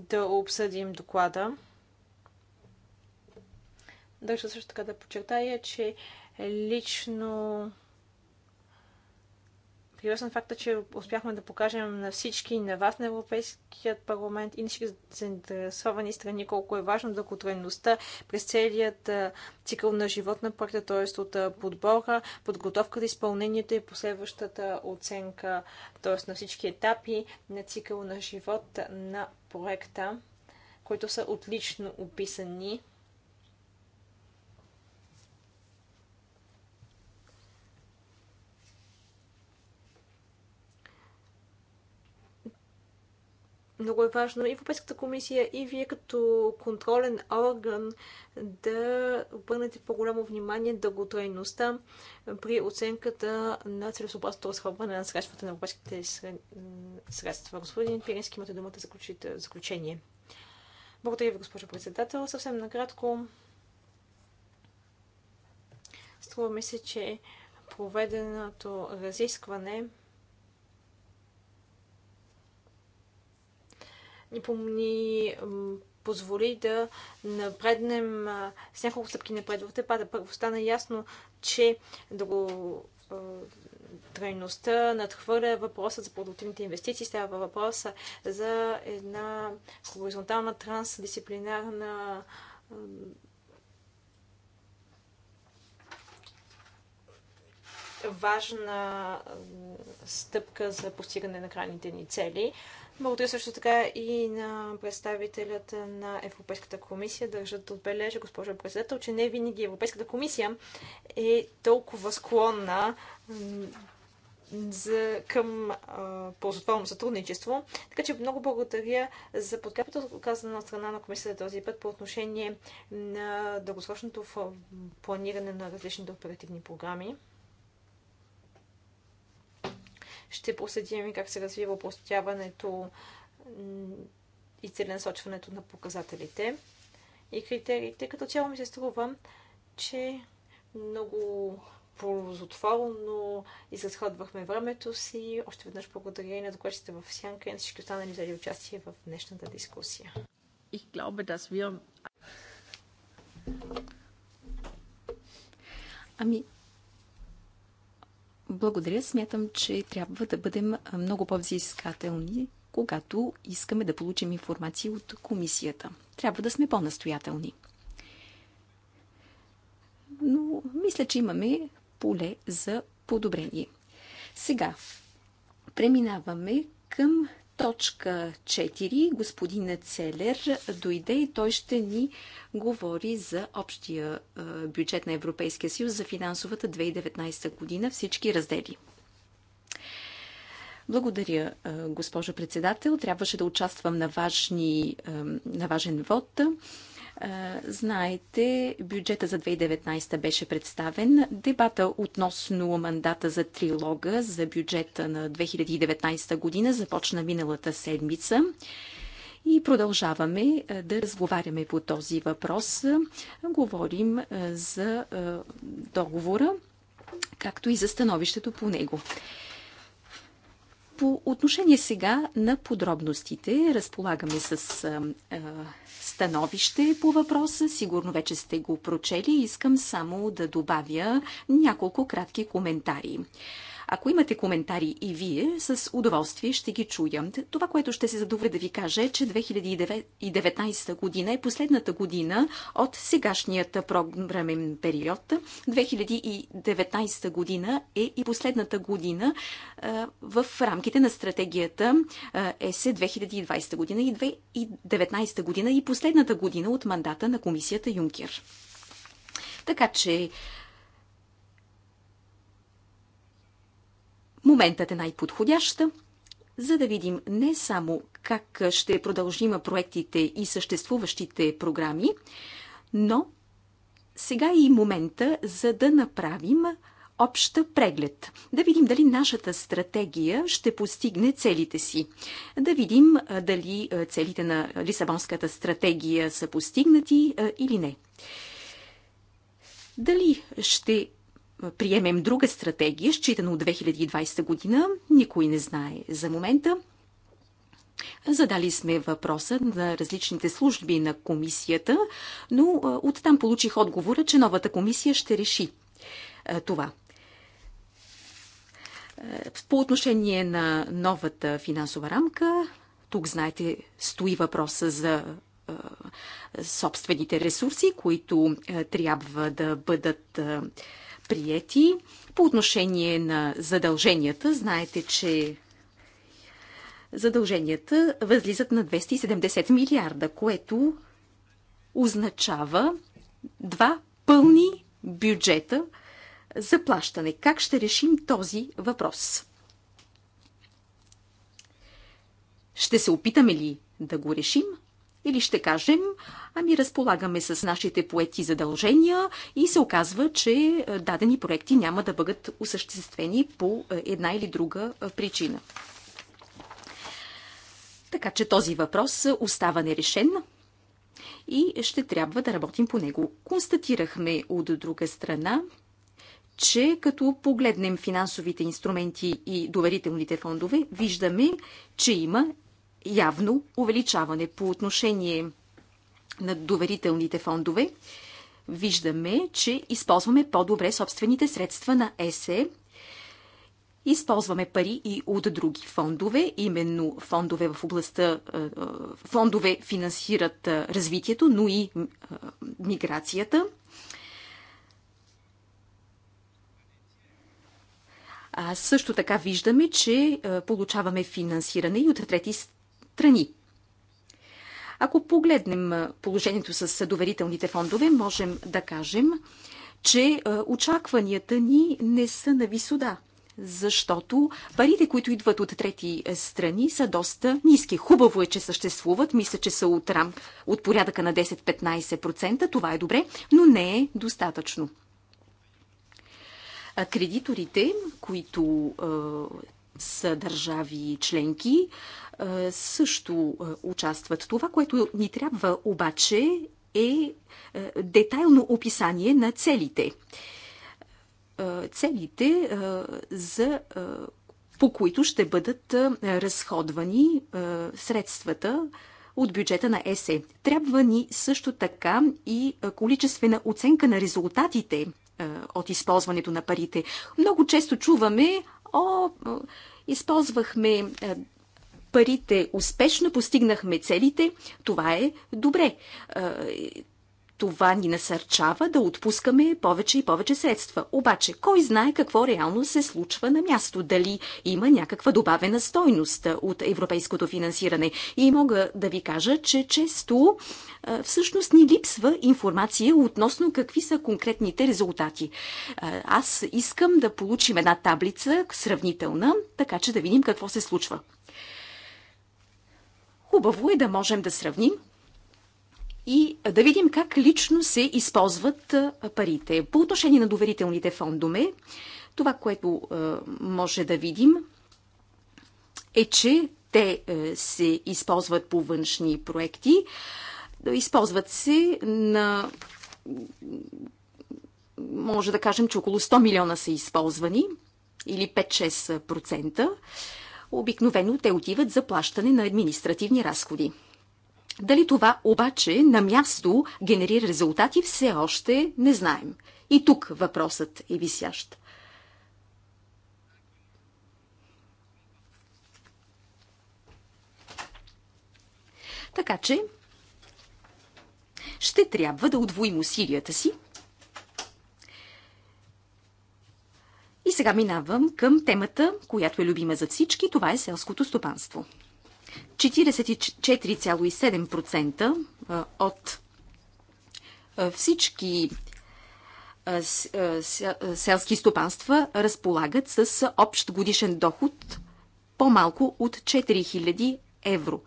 да обсъдим доклада. Държа също така да подчертая, че лично сериозен факт че успяхме да покажем на всички, на вас, на Европейският парламент и на всички заинтересовани страни, колко е важно да тройността през целият цикъл на живот на проекта, т.е. от подбора, подготовка за изпълнението и последващата оценка, т.е. на всички етапи на цикъл на живот на проекта, които са отлично описани много е важно и Европейската комисия, и вие като контролен орган да обърнете по-голямо внимание дълготрайността при оценката на целесообразното разходване на средствата на европейските средства. Господин Пирински, имате думата за заключение. Благодаря ви, госпожо председател. Съвсем накратко. Струва ми се, че проведеното разискване ни, ни позволи да напреднем с няколко стъпки напред в да Първо стана ясно, че друго трайността надхвърля въпроса за продуктивните инвестиции. Става въпроса за една хоризонтална трансдисциплинарна важна стъпка за постигане на крайните ни цели. Благодаря също така и на представителята на Европейската комисия. Държа да отбележа, госпожа председател, че не винаги Европейската комисия е толкова склонна за, към ползотворно сътрудничество. Така че много благодаря за подкрепата, оказана от страна на комисията този път по отношение на дългосрочното планиране на различните оперативни програми ще проследим как се развива опростяването и целенасочването на показателите и критериите. Като цяло ми се струва, че много ползотворно изразходвахме времето си. Още веднъж благодаря и на докладчите в Сянка и на всички останали взели участие в днешната дискусия. И glaube, да wir... Ами, благодаря. Смятам, че трябва да бъдем много по-взискателни, когато искаме да получим информация от комисията. Трябва да сме по-настоятелни. Но мисля, че имаме поле за подобрение. Сега преминаваме към точка 4 господин Целер дойде и той ще ни говори за общия е, бюджет на Европейския съюз за финансовата 2019 година, всички раздели. Благодаря, е, госпожо председател. Трябваше да участвам на, важни, е, на важен вод. Знаете, бюджета за 2019 беше представен. Дебата относно мандата за трилога за бюджета на 2019 година започна миналата седмица. И продължаваме да разговаряме по този въпрос. Говорим за договора, както и за становището по него. По отношение сега на подробностите, разполагаме с а, а, становище по въпроса. Сигурно вече сте го прочели. Искам само да добавя няколко кратки коментари. Ако имате коментари и вие, с удоволствие ще ги чуя. Това, което ще се задоволя да ви кажа е, че 2019 година е последната година от сегашният програмен период. 2019 година е и последната година в рамките на стратегията ЕСЕ 2020 година и 2019 година и последната година от мандата на комисията Юнкер. Така че Моментът е най-подходящ, за да видим не само как ще продължим проектите и съществуващите програми, но сега е и момента, за да направим обща преглед. Да видим дали нашата стратегия ще постигне целите си. Да видим дали целите на Лисабонската стратегия са постигнати или не. Дали ще приемем друга стратегия, считана от 2020 година. Никой не знае за момента. Задали сме въпроса на различните служби на комисията, но оттам получих отговора, че новата комисия ще реши това. По отношение на новата финансова рамка, тук, знаете, стои въпроса за собствените ресурси, които трябва да бъдат прияти. По отношение на задълженията, знаете, че задълженията възлизат на 270 милиарда, което означава два пълни бюджета за плащане. Как ще решим този въпрос? Ще се опитаме ли да го решим? Или ще кажем, ами разполагаме с нашите поети задължения и се оказва, че е, дадени проекти няма да бъдат осъществени по е, една или друга е, причина. Така че този въпрос остава нерешен и ще трябва да работим по него. Констатирахме от друга страна, че като погледнем финансовите инструменти и доверителните фондове, виждаме, че има явно увеличаване по отношение на доверителните фондове. Виждаме, че използваме по-добре собствените средства на ЕСЕ. Използваме пари и от други фондове, именно фондове в областта, е, е, фондове финансират е, развитието, но и миграцията. А също така виждаме, че получаваме финансиране и от трети страни. Ако погледнем положението с доверителните фондове, можем да кажем, че очакванията ни не са на висода, защото парите, които идват от трети страни, са доста ниски. Хубаво е, че съществуват. Мисля, че са от, рам, от порядъка на 10-15%. Това е добре, но не е достатъчно кредиторите, които са държави членки, също участват. Това, което ни трябва обаче е детайлно описание на целите. Целите за по които ще бъдат разходвани средствата от бюджета на ЕСЕ. Трябва ни също така и количествена оценка на резултатите е, от използването на парите. Много често чуваме, о, използвахме е, парите успешно, постигнахме целите, това е добре. Е, това ни насърчава да отпускаме повече и повече средства. Обаче, кой знае какво реално се случва на място? Дали има някаква добавена стойност от европейското финансиране? И мога да ви кажа, че често всъщност ни липсва информация относно какви са конкретните резултати. Аз искам да получим една таблица сравнителна, така че да видим какво се случва. Хубаво е да можем да сравним и да видим как лично се използват парите. По отношение на доверителните фондове, това, което може да видим, е, че те се използват по външни проекти, използват се на може да кажем, че около 100 милиона са използвани или 5-6%. Обикновено те отиват за плащане на административни разходи. Дали това обаче на място генерира резултати, все още не знаем. И тук въпросът е висящ. Така че ще трябва да удвоим усилията си. И сега минавам към темата, която е любима за всички. Това е селското стопанство. 44,7% от всички селски стопанства разполагат с общ годишен доход по-малко от 4000 евро.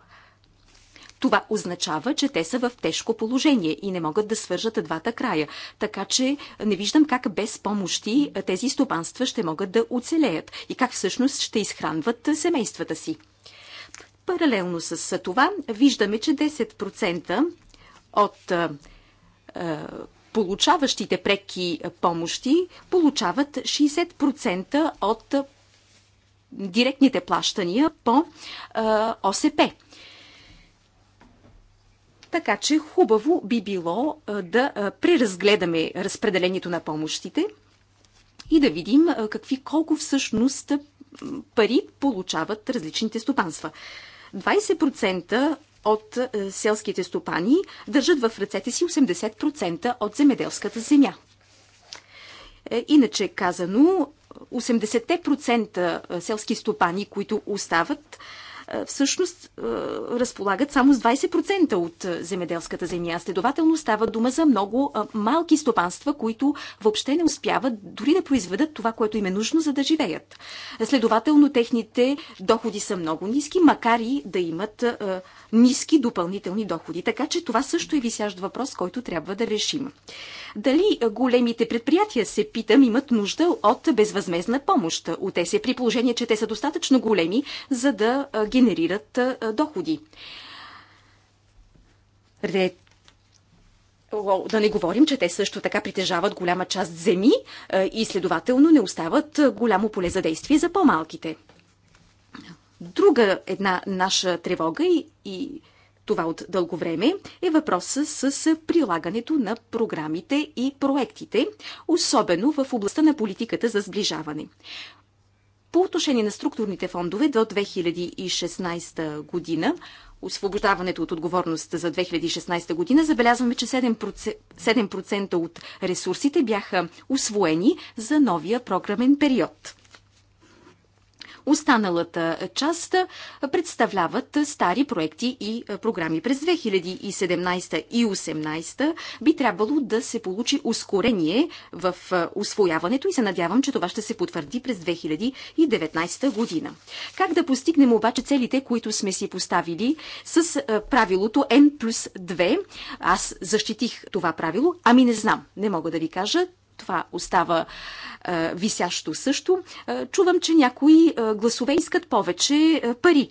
Това означава, че те са в тежко положение и не могат да свържат двата края. Така че не виждам как без помощи тези стопанства ще могат да оцелеят и как всъщност ще изхранват семействата си. Паралелно с това виждаме, че 10% от получаващите преки помощи получават 60% от директните плащания по ОСП. Така че хубаво би било да преразгледаме разпределението на помощите и да видим какви колко всъщност пари получават различните стопанства. 20% от е, селските стопани държат в ръцете си 80% от земеделската земя. Е, иначе казано, 80% е, селски стопани, които остават, всъщност разполагат само с 20% от земеделската земя. Следователно става дума за много малки стопанства, които въобще не успяват дори да произведат това, което им е нужно, за да живеят. Следователно техните доходи са много ниски, макар и да имат ниски допълнителни доходи. Така че това също е висящ въпрос, който трябва да решим. Дали големите предприятия, се питам, имат нужда от безвъзмезна помощ от ЕСЕ, при положение, че те са достатъчно големи, за да ги генерират доходи. Ред да не говорим, че те също така притежават голяма част земи и следователно не остават голямо поле за действие за по-малките. Друга една наша тревога и, и това от дълго време е въпроса с прилагането на програмите и проектите, особено в областта на политиката за сближаване. По отношение на структурните фондове до 2016 година, освобождаването от отговорност за 2016 година, забелязваме, че 7%, 7% от ресурсите бяха освоени за новия програмен период. Останалата част представляват стари проекти и програми. През 2017 и 2018 би трябвало да се получи ускорение в освояването и се надявам, че това ще се потвърди през 2019 година. Как да постигнем обаче целите, които сме си поставили с е, правилото N плюс 2? Аз защитих това правило, ами не знам. Не мога да ви кажа това остава е, висящо също. Е, чувам, че някои е, гласове искат повече пари.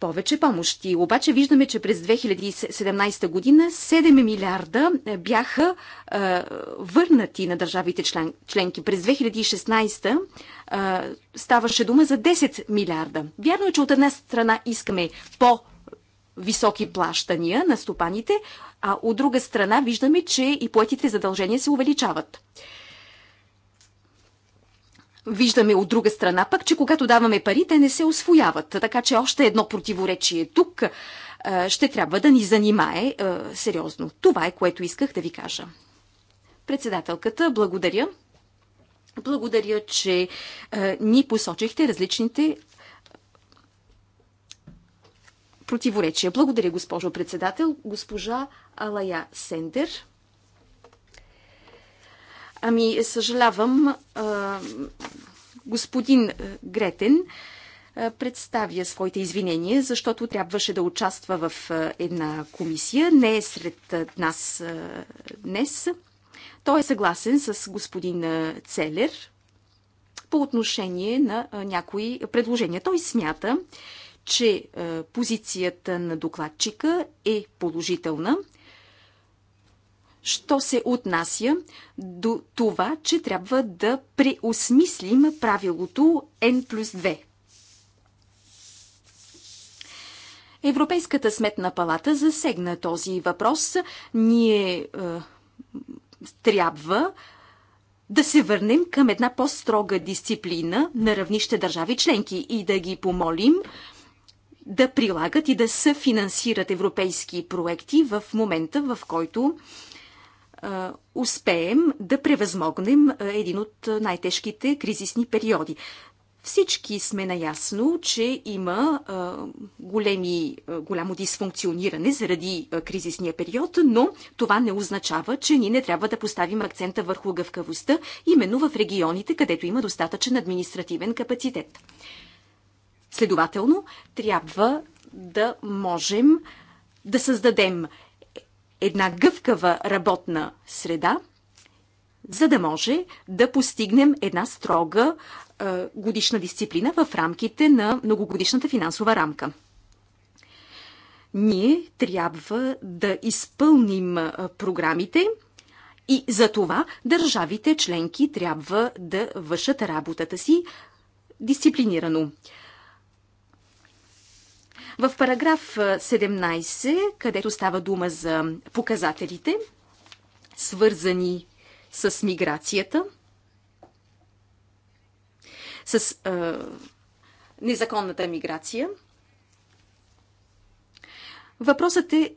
Повече помощи. Обаче виждаме, че през 2017 година 7 милиарда бяха е, върнати на държавите член, членки. През 2016 е, ставаше дума за 10 милиарда. Вярно е, че от една страна искаме по високи плащания на стопаните, а от друга страна виждаме, че и платите задължения се увеличават. Виждаме от друга страна пък, че когато даваме пари, те не се освояват. Така че още едно противоречие тук ще трябва да ни занимае сериозно. Това е което исках да ви кажа. Председателката, благодаря. Благодаря, че ни посочихте различните противоречия. Благодаря, госпожо председател. Госпожа Алая Сендер. Ами, съжалявам, господин Гретен представя своите извинения, защото трябваше да участва в една комисия. Не е сред нас днес. Той е съгласен с господин Целер по отношение на някои предложения. Той смята, че е, позицията на докладчика е положителна що се отнася до това, че трябва да преосмислим правилото N плюс 2. Европейската сметна палата засегна този въпрос. Ние е, трябва да се върнем към една по-строга дисциплина на равнище държави членки и да ги помолим е, да прилагат и да съфинансират европейски проекти в момента, в който успеем да превъзмогнем един от най-тежките кризисни периоди. Всички сме наясно, че има големи, голямо дисфункциониране заради кризисния период, но това не означава, че ние не трябва да поставим акцента върху гъвкавостта, именно в регионите, където има достатъчен административен капацитет. Следователно, трябва да можем да създадем една гъвкава работна среда, за да може да постигнем една строга е, годишна дисциплина в рамките на многогодишната финансова рамка. Ние трябва да изпълним е, програмите и за това държавите членки трябва да вършат работата си дисциплинирано. В параграф 17, където става дума за показателите, свързани с миграцията, с е, незаконната миграция, въпросът е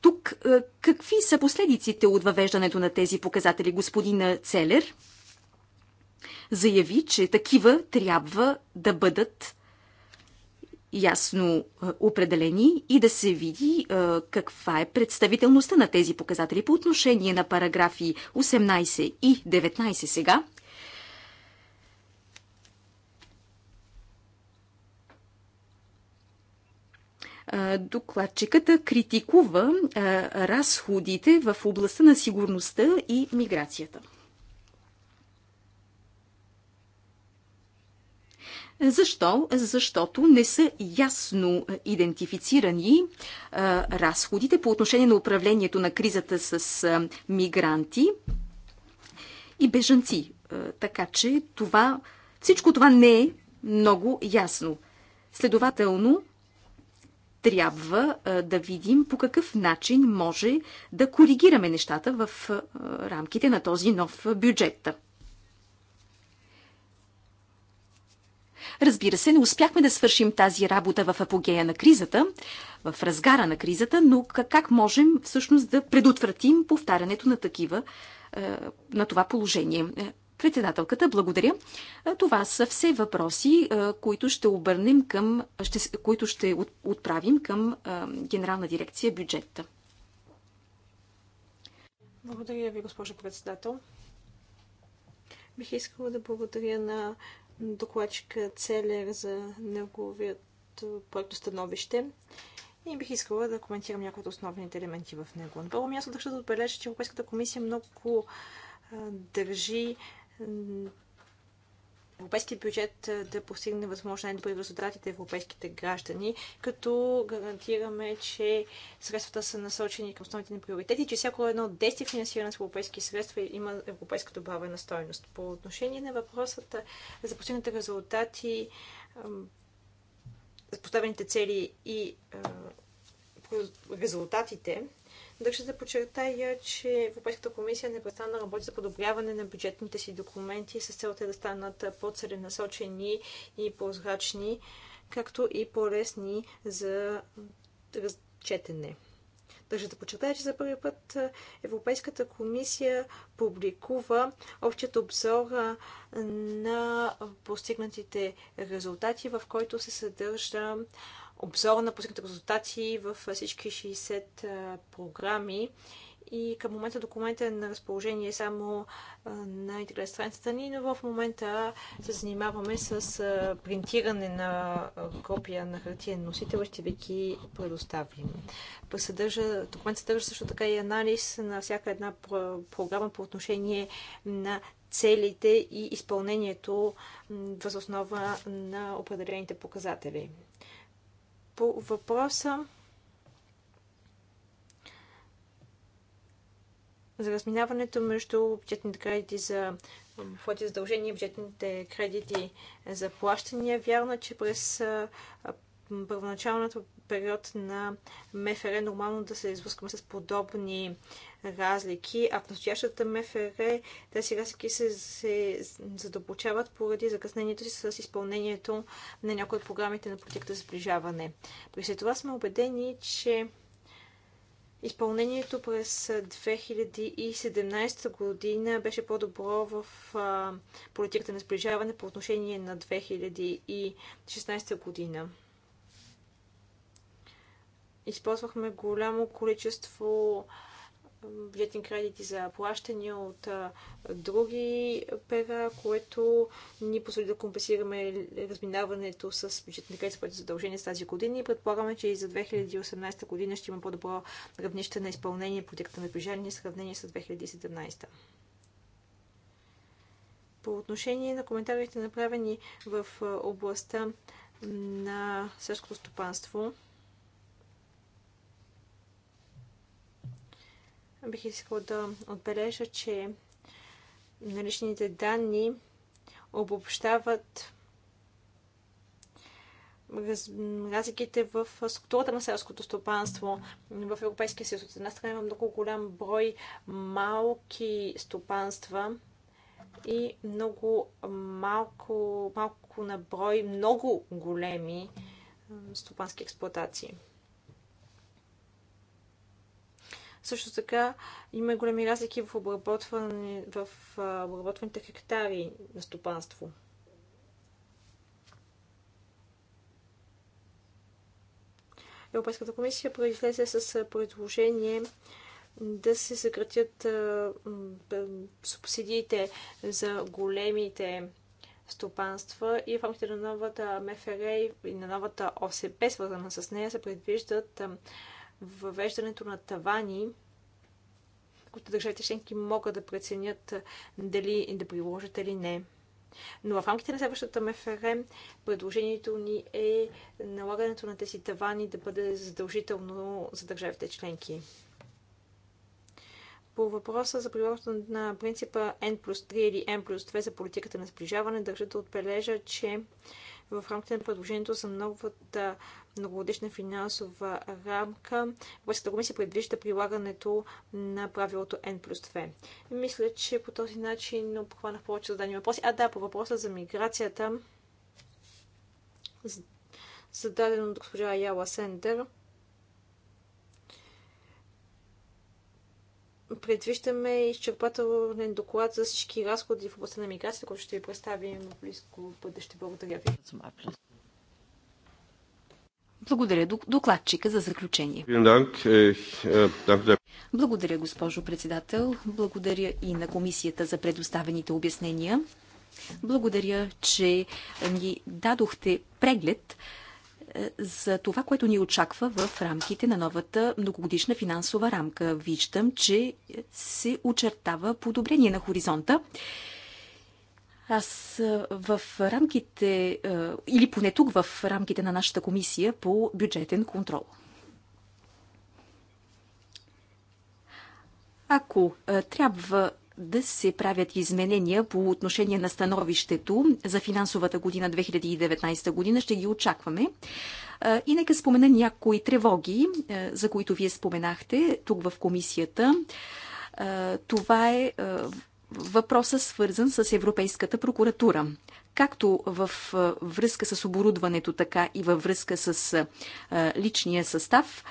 тук какви са последиците от въвеждането на тези показатели? Господин Целер заяви, че такива трябва да бъдат ясно определени и да се види каква е представителността на тези показатели по отношение на параграфи 18 и 19 сега. Докладчиката критикува разходите в областта на сигурността и миграцията. Защо? Защото не са ясно идентифицирани разходите по отношение на управлението на кризата с мигранти и бежанци. Така че това, всичко това не е много ясно. Следователно, трябва да видим по какъв начин може да коригираме нещата в рамките на този нов бюджет. Разбира се, не успяхме да свършим тази работа в апогея на кризата, в разгара на кризата, но как можем всъщност да предотвратим повтарянето на такива, е, на това положение? Е, председателката, благодаря. Е, това са все въпроси, които ще обърнем към, ще, които ще отправим към Генерална дирекция бюджета. Благодаря ви, госпожо председател. Бих искала да благодаря на докладчика Целер за неговият проект становище и бих искала да коментирам някои от основните елементи в него. На първо място държа да отбележа, че Европейската комисия много държи европейския бюджет да постигне възможно най-добри резултати за европейските граждани, като гарантираме, че средствата са насочени към основните ни приоритети, че всяко едно действие финансиране с европейски средства има европейска добавена стоеност. По отношение на въпросът за постигнатите резултати, за поставените цели и резултатите, Държа да подчертая, че Европейската комисия престана работи за подобряване на бюджетните си документи с целта да станат по-целенасочени и прозрачни, както и по-лесни за разчетене. Държа да подчертая, че за първи път Европейската комисия публикува общият обзор на постигнатите резултати, в който се съдържа обзора на постигнатите резултати в всички 60 програми. И към момента документът е на разположение само на интернет страницата ни, но в момента се занимаваме с принтиране на копия на хартиен носител ще ви ги предоставим. Съдържа, документът съдържа също така и анализ на всяка една програма по отношение на целите и изпълнението въз основа на определените показатели по въпроса за разминаването между бюджетните кредити за поети задължения и бюджетните кредити за плащания. Вярно, че през първоначалната период на МФР е нормално да се изблъскаме с подобни разлики, а в настоящата МФР тези разлики се, се задълбочават поради закъснението си с изпълнението на някои от програмите на политиката за сближаване. При след това сме убедени, че изпълнението през 2017 година беше по-добро в политиката на сближаване по отношение на 2016 година. Използвахме голямо количество бюджетни кредити за плащания от други пера, което ни позволи да компенсираме разминаването с бюджетни кредити, което задължения с тази година и предполагаме, че и за 2018 година ще има по-добро равнище на изпълнение по на бюджетни в сравнение с 2017. По отношение на коментарите, направени в областта на селското стопанство, бих искал да отбележа, че наличните данни обобщават разликите в структурата на селското стопанство в Европейския съюз. От една страна има много голям брой малки стопанства и много малко, малко на брой много големи стопански експлуатации. Също така има големи разлики в, обработване, в обработваните хектари на стопанство. Европейската комисия произлезе с предложение да се съкратят субсидиите за големите стопанства и в рамките на новата МФР и на новата ОСП, свързана с нея, се предвиждат въвеждането на тавани, които държавите членки могат да преценят дали да приложат или не. Но в рамките на следващата МФР предложението ни е налагането на тези тавани да бъде задължително за държавите членки. По въпроса за прилагането на принципа N плюс 3 или N плюс 2 за политиката на сближаване, държа да отбележа, че в рамките на предложението за новата многогодишна финансова рамка, Българската комисия предвижда прилагането на правилото N плюс 2. Мисля, че по този начин обхванах повече зададени въпроси. А да, по въпроса за миграцията, зададен от госпожа Яла Сендер, предвиждаме изчерпателен доклад за всички разходи в областта на миграцията, който ще ви представим в близко бъдеще. Благодаря ви. Благодаря докладчика за заключение. Äh, Благодаря, госпожо председател. Благодаря и на комисията за предоставените обяснения. Благодаря, че ни дадохте преглед е, за това, което ни очаква в рамките на новата многогодишна финансова рамка. Виждам, че се очертава подобрение на хоризонта аз в рамките, или поне тук в рамките на нашата комисия по бюджетен контрол. Ако трябва да се правят изменения по отношение на становището за финансовата година 2019 година. Ще ги очакваме. И нека спомена някои тревоги, за които вие споменахте тук в комисията. Това е въпроса свързан с Европейската прокуратура. Както в връзка с оборудването, така и във връзка с личния състав,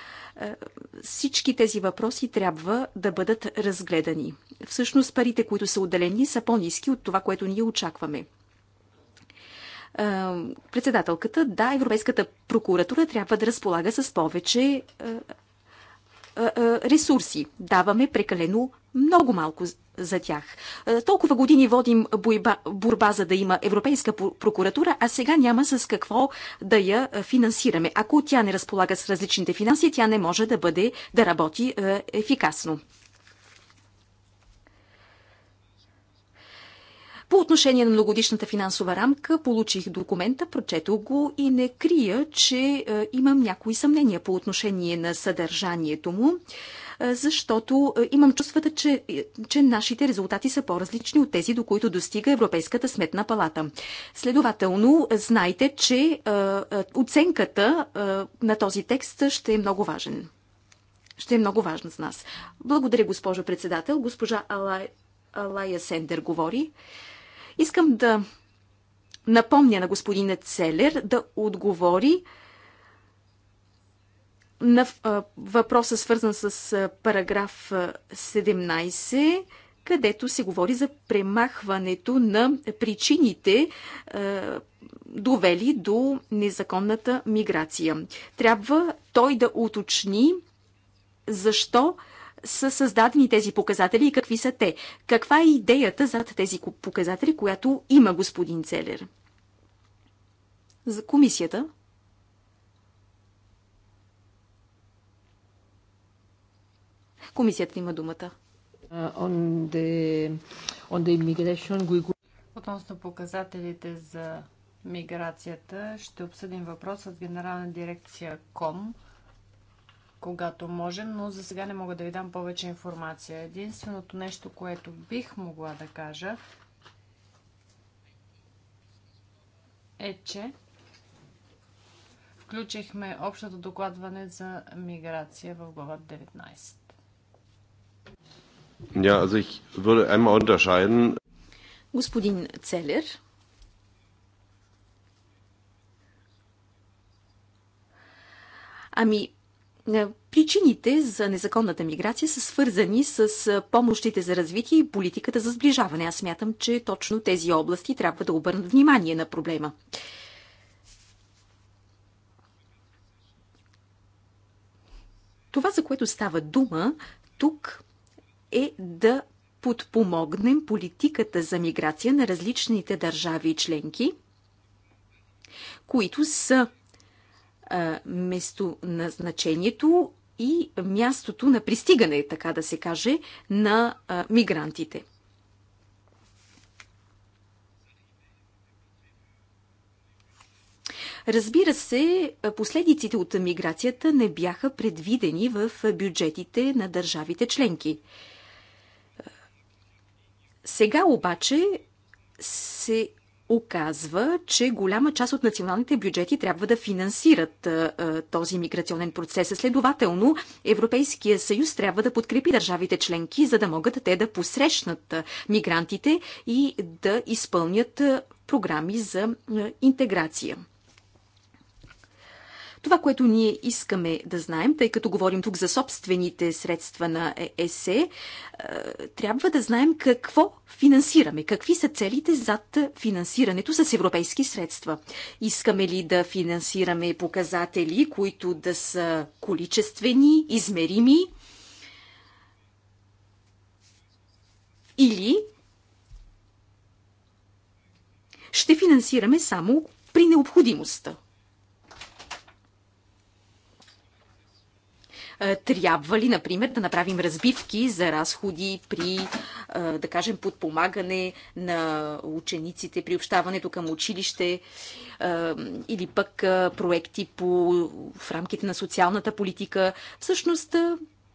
всички тези въпроси трябва да бъдат разгледани. Всъщност парите, които са отделени, са по-низки от това, което ние очакваме председателката, да, Европейската прокуратура трябва да разполага с повече ресурси. Даваме прекалено много малко за тях. Е, толкова години водим бойба, борба за да има Европейска прокуратура, а сега няма с какво да я е, финансираме. Ако тя не разполага с различните финанси, тя не може да бъде да работи е, ефикасно. По отношение на многодишната финансова рамка получих документа, прочетох го и не крия, че имам някои съмнения по отношение на съдържанието му защото имам чувствата, че, е, че нашите резултати са по-различни от тези, до които достига Европейската сметна палата. Следователно, знайте, че оценката на този текст ще е много важен. Ще е много важна за нас. Благодаря, госпожо председател. Госпожа Алай... Алая Сендер говори. Искам да напомня на господина Целер да отговори на въпроса свързан с параграф 17, където се говори за премахването на причините, довели до незаконната миграция. Трябва той да уточни защо са създадени тези показатели и какви са те. Каква е идеята зад тези показатели, която има господин Целер? За комисията. Комисията има думата. Uh, Относно показателите за миграцията, ще обсъдим въпрос с генерална дирекция КОМ, когато можем, но за сега не мога да ви дам повече информация. Единственото нещо, което бих могла да кажа, е, че включихме общото докладване за миграция в глава 19. Ja, also ich würde einmal unterscheiden. Господин Целер. Ами, причините за незаконната миграция са свързани с помощите за развитие и политиката за сближаване. Аз смятам, че точно тези области трябва да обърнат внимание на проблема. Това, за което става дума тук, е да подпомогнем политиката за миграция на различните държави и членки, които са а, местоназначението и мястото на пристигане, така да се каже, на а, мигрантите. Разбира се, последиците от миграцията не бяха предвидени в бюджетите на държавите членки. Сега обаче се оказва, че голяма част от националните бюджети трябва да финансират а, а, този миграционен процес. Следователно, Европейския съюз трябва да подкрепи държавите членки, за да могат те да посрещнат мигрантите и да изпълнят програми за интеграция. Това, което ние искаме да знаем, тъй като говорим тук за собствените средства на ЕСЕ, е, трябва да знаем какво финансираме, какви са целите зад финансирането с европейски средства. Искаме ли да финансираме показатели, които да са количествени, измерими, или ще финансираме само при необходимостта. Е, трябва ли, например, да направим разбивки за разходи при, е, да кажем, подпомагане на учениците, при общаването към училище е, или пък проекти по, в рамките на социалната политика? Всъщност,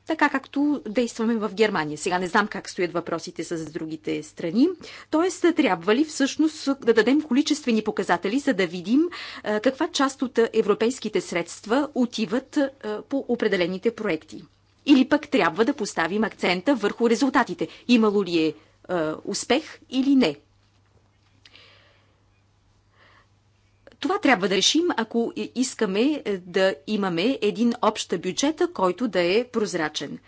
така както действаме в Германия. Сега не знам как стоят въпросите с другите страни. Тоест, трябва ли всъщност да дадем количествени показатели, за да видим е, каква част от европейските средства отиват е, по определените проекти? Или пък трябва да поставим акцента върху резултатите. Имало ли е, е успех или не? Това трябва да решим, ако искаме е, да имаме един общ бюджет, който да е прозрачен.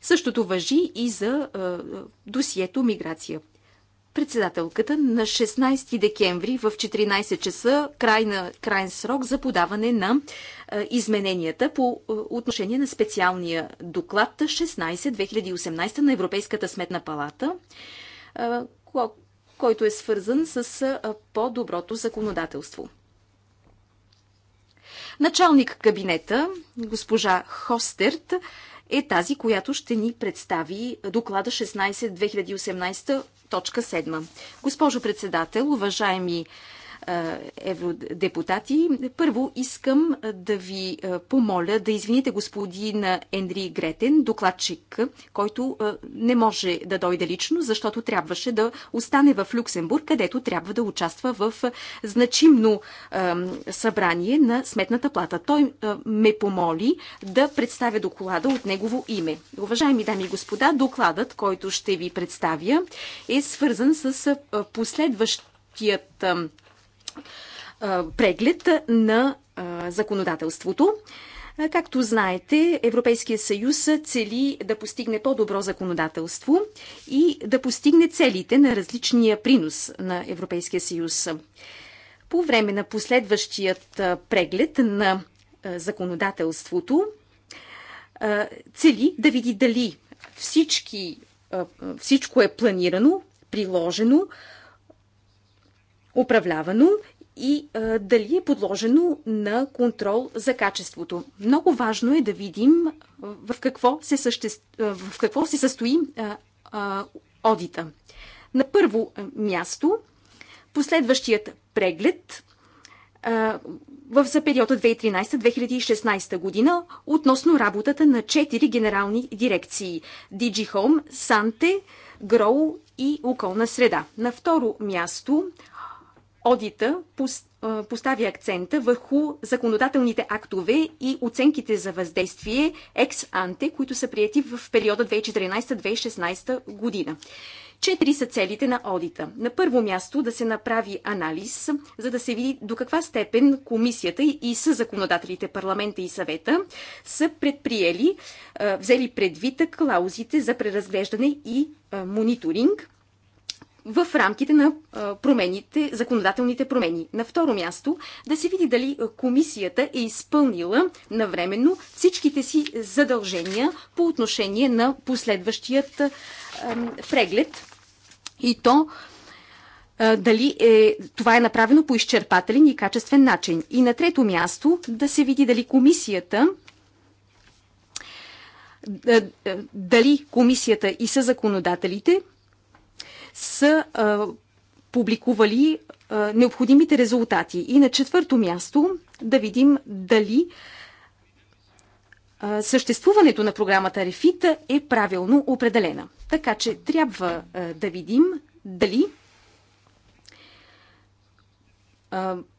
Същото въжи и за е, досието миграция председателката на 16 декември в 14 часа край на, крайен срок за подаване на е, измененията по е, отношение на специалния доклад 16-2018 на Европейската сметна палата, е, който е свързан с по-доброто законодателство. Началник кабинета, госпожа Хостерт, е тази, която ще ни представи доклада 16 20187 Госпожо председател, уважаеми е, евродепутати. Първо искам да ви е, помоля да извините господин Ендри Гретен, докладчик, който е, не може да дойде лично, защото трябваше да остане в Люксембург, където трябва да участва в значимно събрание на Сметната плата. Той ме помоли да представя доклада от негово име. Уважаеми дами и господа, докладът, който ще ви представя, е свързан с последващият преглед на законодателството. Както знаете, Европейския съюз цели да постигне по-добро законодателство и да постигне целите на различния принос на Европейския съюз. По време на последващият преглед на законодателството цели да види дали всички, всичко е планирано, приложено, управлявано и а, дали е подложено на контрол за качеството. Много важно е да видим в какво се, съществ... в какво се състои а, а, одита. На първо място, последващият преглед а, в, за периода 2013-2016 година относно работата на четири генерални дирекции – DigiHome, Санте, Grow и Околна среда. На второ място – Одита постави акцента върху законодателните актове и оценките за въздействие екс-анте, които са прияти в периода 2014-2016 година. Четири са целите на одита. На първо място да се направи анализ, за да се види до каква степен комисията и с законодателите, парламента и съвета са предприели, взели предвид клаузите за преразглеждане и мониторинг в рамките на промените, законодателните промени. На второ място, да се види дали комисията е изпълнила навременно всичките си задължения по отношение на последващият преглед и то дали е, това е направено по изчерпателен и качествен начин. И на трето място да се види дали комисията дали комисията и са законодателите са а, публикували а, необходимите резултати. И на четвърто място да видим дали а, съществуването на програмата Рефита е правилно определена. Така че трябва а, да видим дали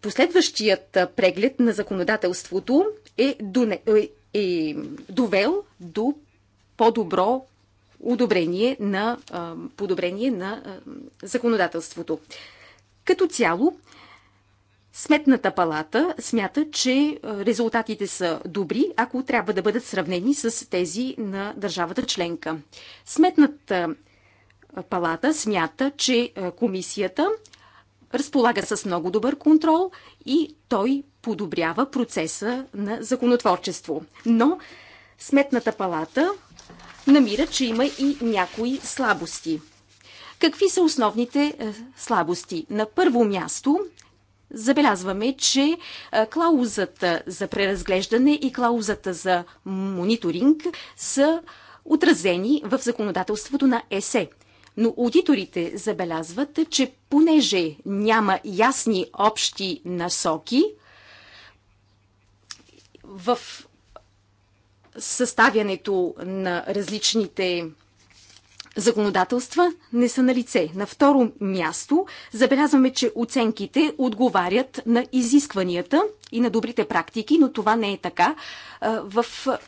последващият преглед на законодателството е, е, е довел до по-добро одобрение на, подобрение на законодателството. Като цяло, Сметната палата смята, че резултатите са добри, ако трябва да бъдат сравнени с тези на държавата членка. Сметната палата смята, че комисията разполага с много добър контрол и той подобрява процеса на законотворчество. Но Сметната палата намира, че има и някои слабости. Какви са основните е, слабости? На първо място забелязваме, че е, клаузата за преразглеждане и клаузата за мониторинг са отразени в законодателството на ЕСЕ. Но аудиторите забелязват, че понеже няма ясни общи насоки, в съставянето на различните законодателства не са на лице. На второ място забелязваме, че оценките отговарят на изискванията и на добрите практики, но това не е така в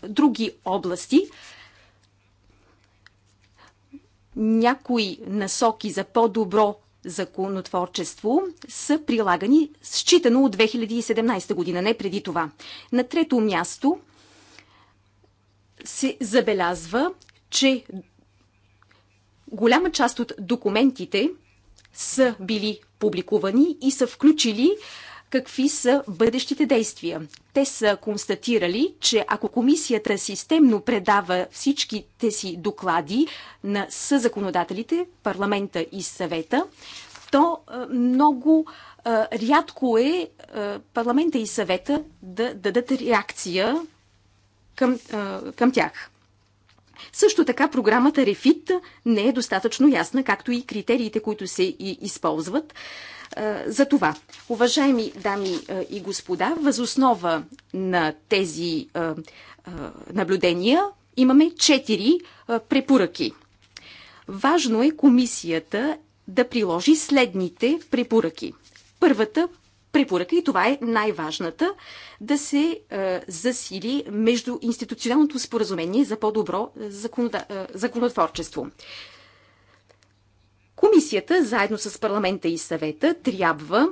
други области. Някои насоки за по-добро законотворчество са прилагани считано от 2017 година, не преди това. На трето място се забелязва, че голяма част от документите са били публикувани и са включили какви са бъдещите действия. Те са констатирали, че ако комисията системно предава всичките си доклади на съзаконодателите, парламента и съвета, то е, много е, рядко е, е парламента и съвета да дадат реакция към, а, към тях. Също така програмата Рефит не е достатъчно ясна, както и критериите, които се и използват за това. Уважаеми дами и господа, възоснова на тези наблюдения имаме четири препоръки. Важно е комисията да приложи следните препоръки. Първата препоръка, и това е най-важната, да се е, засили между институционалното споразумение за по-добро е, законода, е, законотворчество. Комисията, заедно с парламента и съвета, трябва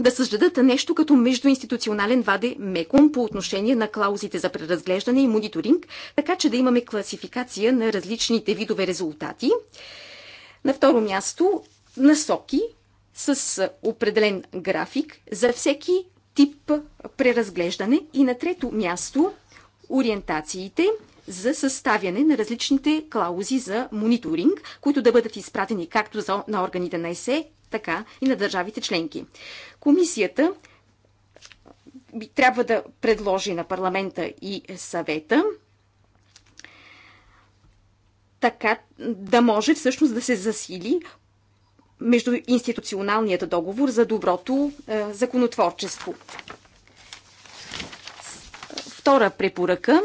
да създадат нещо като междуинституционален ваде меком по отношение на клаузите за преразглеждане и мониторинг, така че да имаме класификация на различните видове резултати. На второ място, насоки с определен график за всеки тип преразглеждане и на трето място ориентациите за съставяне на различните клаузи за мониторинг, които да бъдат изпратени както за, на органите на ЕСЕ, така и на държавите членки. Комисията би трябва да предложи на парламента и съвета така да може всъщност да се засили между институционалният договор за доброто е, законотворчество. Втора препоръка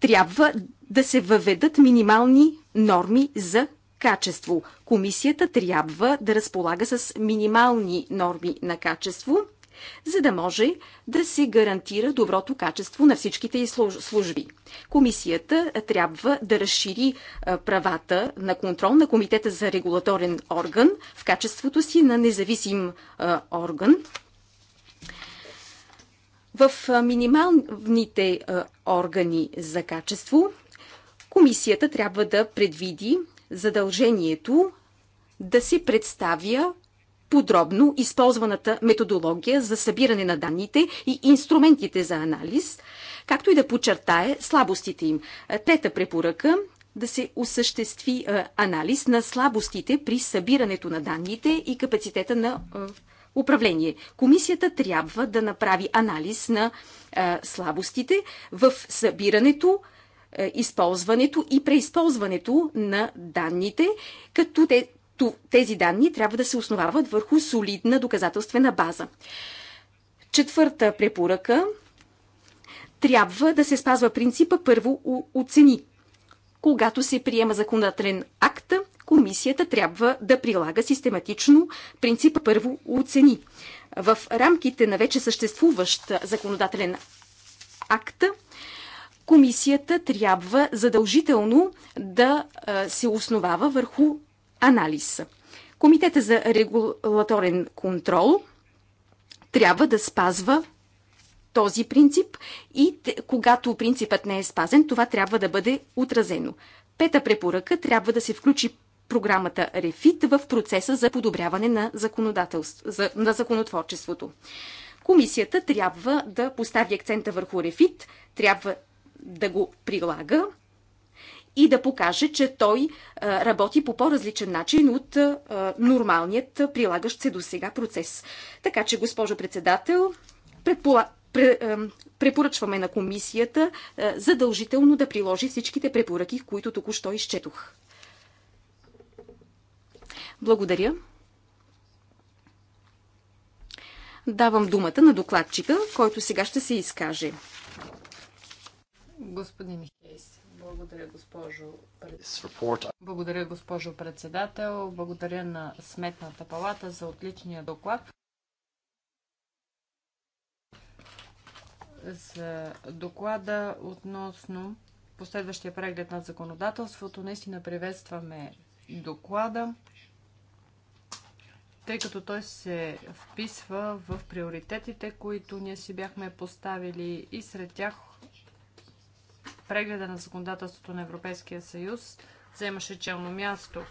трябва да се въведат минимални норми за качество. Комисията трябва да разполага с минимални норми на качество – за да може да се гарантира доброто качество на всичките служби. Комисията трябва да разшири правата на контрол на Комитета за регулаторен орган в качеството си на независим орган в минималните органи за качество комисията трябва да предвиди задължението да се представя подробно използваната методология за събиране на данните и инструментите за анализ, както и да подчертае слабостите им. Трета препоръка да се осъществи е, анализ на слабостите при събирането на данните и капацитета на е, управление. Комисията трябва да направи анализ на е, слабостите в събирането, използването и преизползването на данните, като те тези данни трябва да се основават върху солидна доказателствена база. Четвърта препоръка трябва да се спазва принципа първо оцени. Когато се приема законодателен акт, комисията трябва да прилага систематично принципа първо оцени. В рамките на вече съществуващ законодателен акт, комисията трябва задължително да се основава върху анализ. Комитета за регулаторен контрол трябва да спазва този принцип и когато принципът не е спазен, това трябва да бъде отразено. Пета препоръка трябва да се включи програмата РЕФИТ в процеса за подобряване на, за, на законотворчеството. Комисията трябва да постави акцента върху РЕФИТ, трябва да го прилага и да покаже, че той работи по по-различен начин от нормалният прилагащ се до сега процес. Така че, госпожо председател, предпола... препоръчваме на комисията задължително да приложи всичките препоръки, които току-що изчетох. Благодаря. Давам думата на докладчика, който сега ще се изкаже. Господин Михейс, благодаря, госпожо председател. Благодаря, госпожо председател. Благодаря на Сметната палата за отличния доклад. За доклада относно последващия преглед на законодателството. Наистина приветстваме доклада, тъй като той се вписва в приоритетите, които ние си бяхме поставили и сред тях прегледа на законодателството на Европейския съюз вземаше челно място.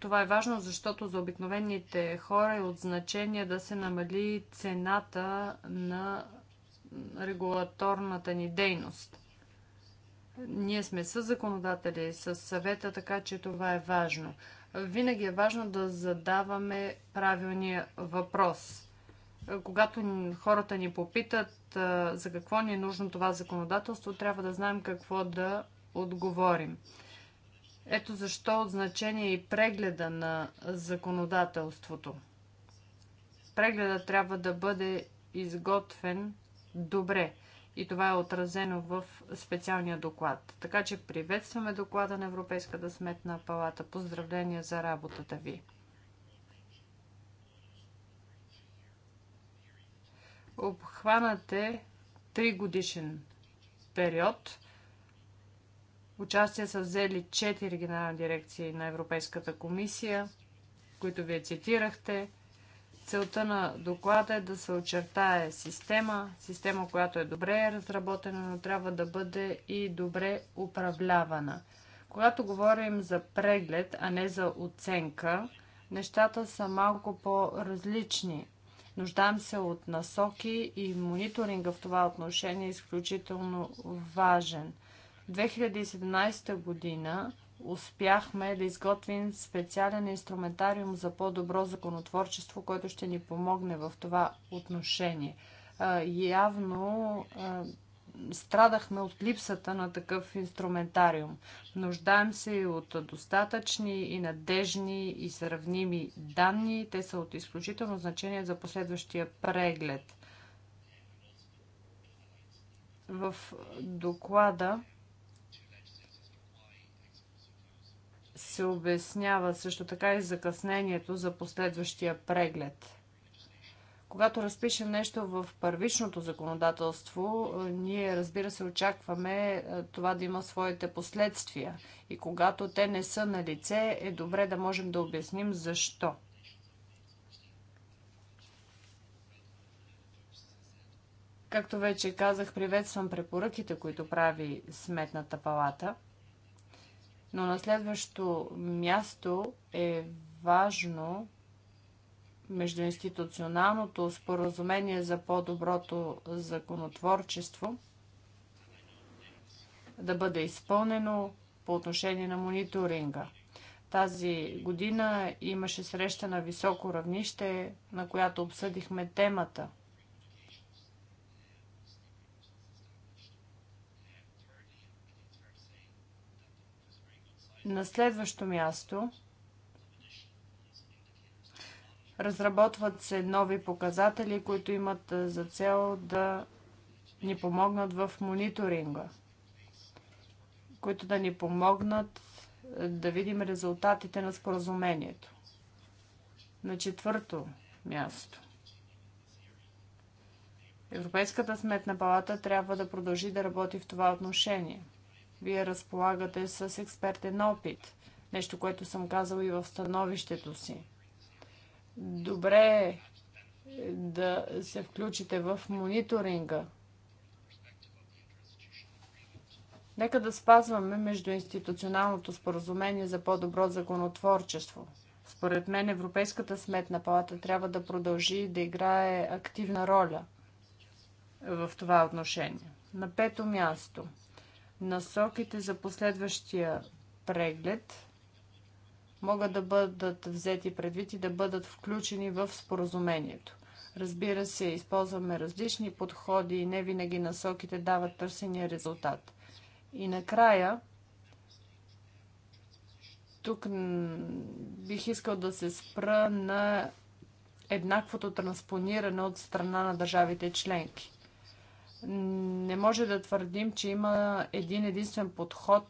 Това е важно, защото за обикновените хора е от значение да се намали цената на регулаторната ни дейност. Ние сме с законодатели, с съвета, така че това е важно. Винаги е важно да задаваме правилния въпрос – е, когато хората ни попитат е, за какво ни е нужно това законодателство, трябва да знаем какво да отговорим. Ето защо от значение е и прегледа на законодателството. Прегледа трябва да бъде изготвен добре и това е отразено в специалния доклад. Така че приветстваме доклада на Европейската сметна палата. Поздравления за работата ви! Хванате 3 годишен период. Участие са взели 4 генерални дирекции на Европейската комисия, които вие цитирахте. Целта на доклада е да се очертае система, система, която е добре разработена, но трябва да бъде и добре управлявана. Когато говорим за преглед, а не за оценка, нещата са малко по-различни. Нуждаем се от насоки и мониторинга в това отношение е изключително важен. В 2017 година успяхме да изготвим специален инструментариум за по-добро законотворчество, което ще ни помогне в това отношение. Явно страдахме от липсата на такъв инструментариум. Нуждаем се и от достатъчни и надежни и сравними данни. Те са от изключително значение за последващия преглед. В доклада се обяснява също така и закъснението за последващия преглед. Когато разпишем нещо в първичното законодателство, е, ние разбира се очакваме е, това да има своите последствия. И когато те не са на лице, е добре да можем да обясним защо. Както вече казах, приветствам препоръките, които прави Сметната палата. Но на следващо място е важно междуинституционалното споразумение за по-доброто законотворчество да бъде изпълнено по отношение на мониторинга. Тази година имаше среща на високо равнище, на която обсъдихме темата. На следващо място – Разработват се нови показатели, които имат за цел да ни помогнат в мониторинга, които да ни помогнат да видим резултатите на споразумението. На четвърто място. Европейската сметна палата трябва да продължи да работи в това отношение. Вие разполагате с експертен опит, нещо, което съм казал и в становището си добре е да се включите в мониторинга. Нека да спазваме междуинституционалното споразумение за по-добро законотворчество. Според мен Европейската сметна палата трябва да продължи да играе активна роля в това отношение. На пето място насоките за последващия преглед – могат да бъдат взети предвид и да бъдат включени в споразумението. Разбира се, използваме различни подходи и не винаги насоките дават търсения резултат. И накрая, тук бих искал да се спра на еднаквото транспониране от страна на държавите членки. Не може да твърдим, че има един единствен подход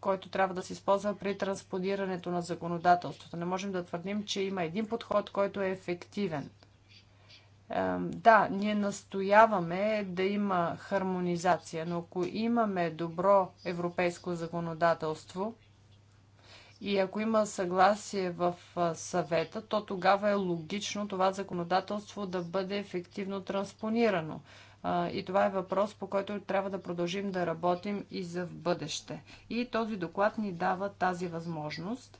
който трябва да се използва при транспонирането на законодателството. Не можем да твърдим, че има един подход, който е ефективен. Да, ние настояваме да има хармонизация, но ако имаме добро европейско законодателство, и ако има съгласие в съвета, то тогава е логично това законодателство да бъде ефективно транспонирано. И това е въпрос, по който трябва да продължим да работим и за в бъдеще. И този доклад ни дава тази възможност.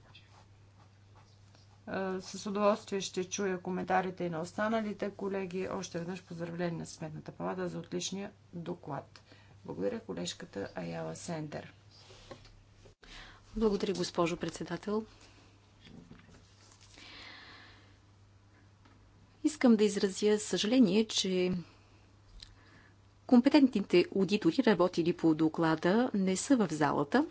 С удоволствие ще чуя коментарите и на останалите колеги. Още веднъж поздравление на Сметната палата за отличния доклад. Благодаря колежката Аяла Сендер. Благодаря, госпожо председател. Искам да изразя съжаление, че Компетентните аудитори, работили по доклада, не са в залата,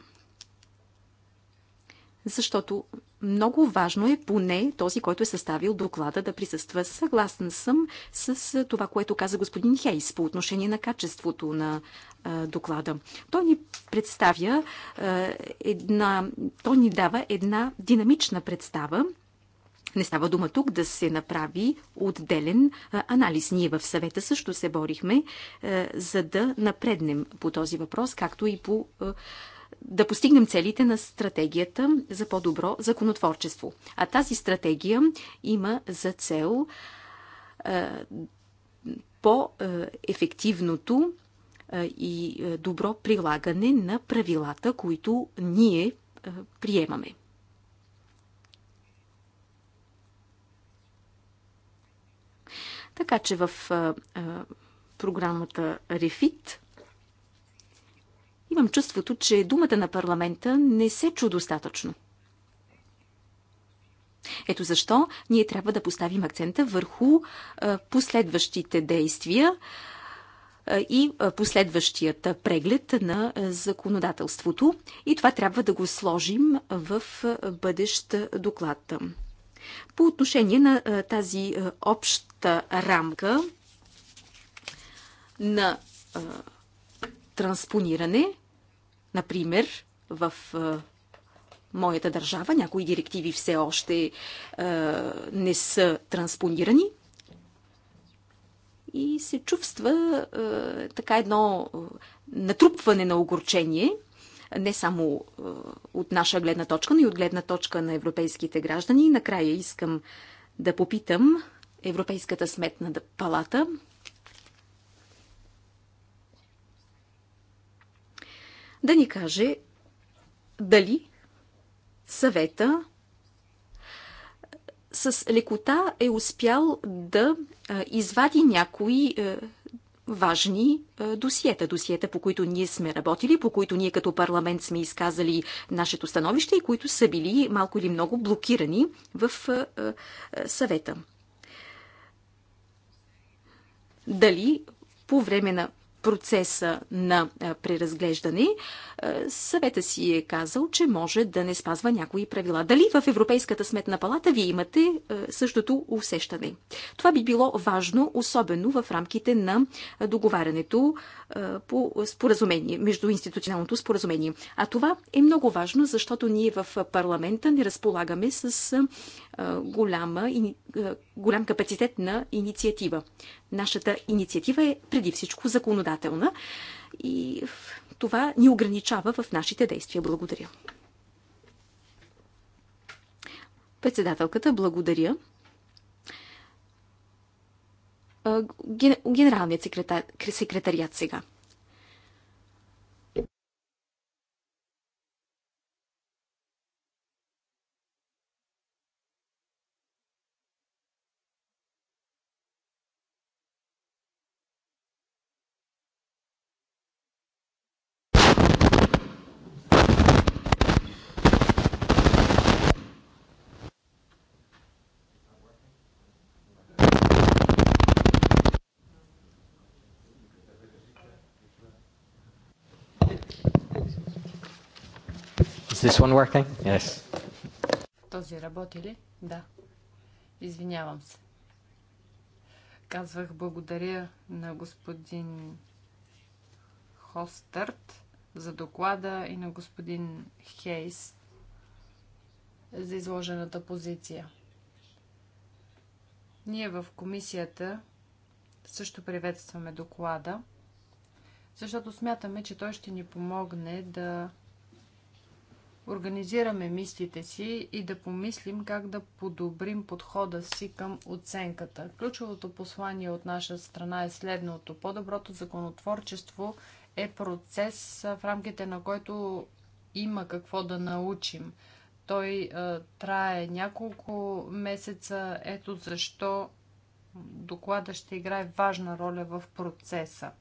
защото много важно е поне този, който е съставил доклада да присъства. Съгласен съм с това, което каза господин Хейс по отношение на качеството на а, доклада. Той ни представя а, една, той ни дава една динамична представа не става дума тук да се направи отделен анализ. Ние в съвета също се борихме, за да напреднем по този въпрос, както и по да постигнем целите на стратегията за по-добро законотворчество. А тази стратегия има за цел по-ефективното и добро прилагане на правилата, които ние приемаме. Така че в програмата Рефит имам чувството, че думата на парламента не се чу достатъчно. Ето защо ние трябва да поставим акцента върху последващите действия и последващият преглед на законодателството. И това трябва да го сложим в бъдещ доклад. По отношение на тази обща рамка на транспониране, например, в моята държава някои директиви все още не са транспонирани, и се чувства е, така едно е, натрупване на огорчение – не само е, от наша гледна точка, но и от гледна точка на европейските граждани. накрая искам да попитам Европейската сметна палата да ни каже дали съвета е, с лекота е успял да е, извади някои важни е, досиета. Досиета, по които ние сме работили, по които ние като парламент сме изказали нашето становище и които са били малко или много блокирани в е, е, съвета. Дали по време на процеса на преразглеждане, съвета си е казал, че може да не спазва някои правила. Дали в Европейската сметна палата вие имате същото усещане? Това би било важно, особено в рамките на договарянето по споразумение, между институционалното споразумение. А това е много важно, защото ние в парламента не разполагаме с голяма, голям капацитет на инициатива. Нашата инициатива е преди всичко законодателна законодателна и това ни ограничава в нашите действия. Благодаря. Председателката, благодаря. Генералният секретар, секретарият сега. Is this one working? Yes. Този работи ли? Да. Извинявам се. Казвах благодаря на господин Хостърт за доклада и на господин Хейс за изложената позиция. Ние в комисията също приветстваме доклада, защото смятаме, че той ще ни помогне да организираме мислите си и да помислим как да подобрим подхода си към оценката. Ключовото послание от наша страна е следното. По-доброто законотворчество е процес, в рамките на който има какво да научим. Той е, трае няколко месеца. Ето защо доклада ще играе важна роля в процеса.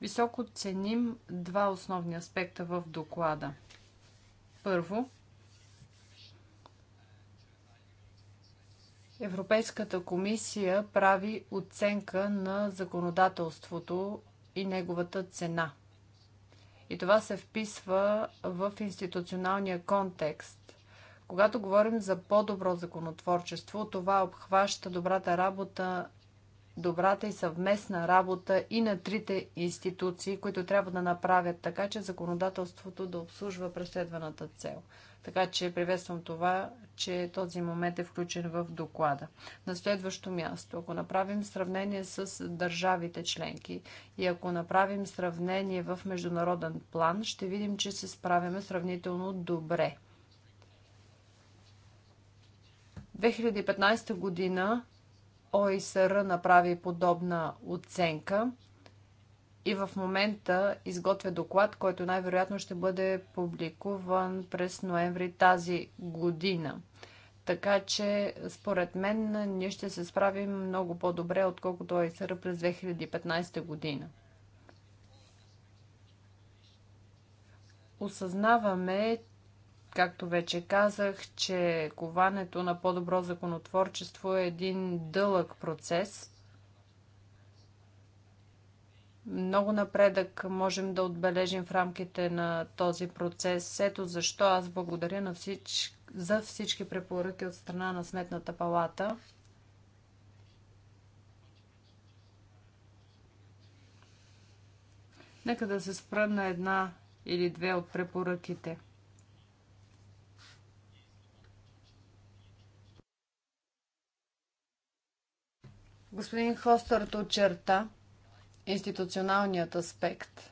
Високо ценим два основни аспекта в доклада. Първо, Европейската комисия прави оценка на законодателството и неговата цена. И това се вписва в институционалния контекст. Когато говорим за по-добро законотворчество, това обхваща добрата работа добрата и съвместна работа и на трите институции, които трябва да направят така, че законодателството да обслужва преследваната цел. Така че приветствам това, че този момент е включен в доклада. На следващо място, ако направим сравнение с държавите членки и ако направим сравнение в международен план, ще видим, че се справяме сравнително добре. 2015 година ОИСР направи подобна оценка и в момента изготвя доклад, който най-вероятно ще бъде публикуван през ноември тази година. Така че, според мен, ние ще се справим много по-добре, отколкото ОИСР през 2015 година. Осъзнаваме, Както вече казах, че коването на по-добро законотворчество е един дълъг процес. Много напредък можем да отбележим в рамките на този процес. Ето защо аз благодаря на всич... за всички препоръки от страна на Сметната палата. Нека да се спра на една или две от препоръките – Господин Хостърт очерта институционалният аспект.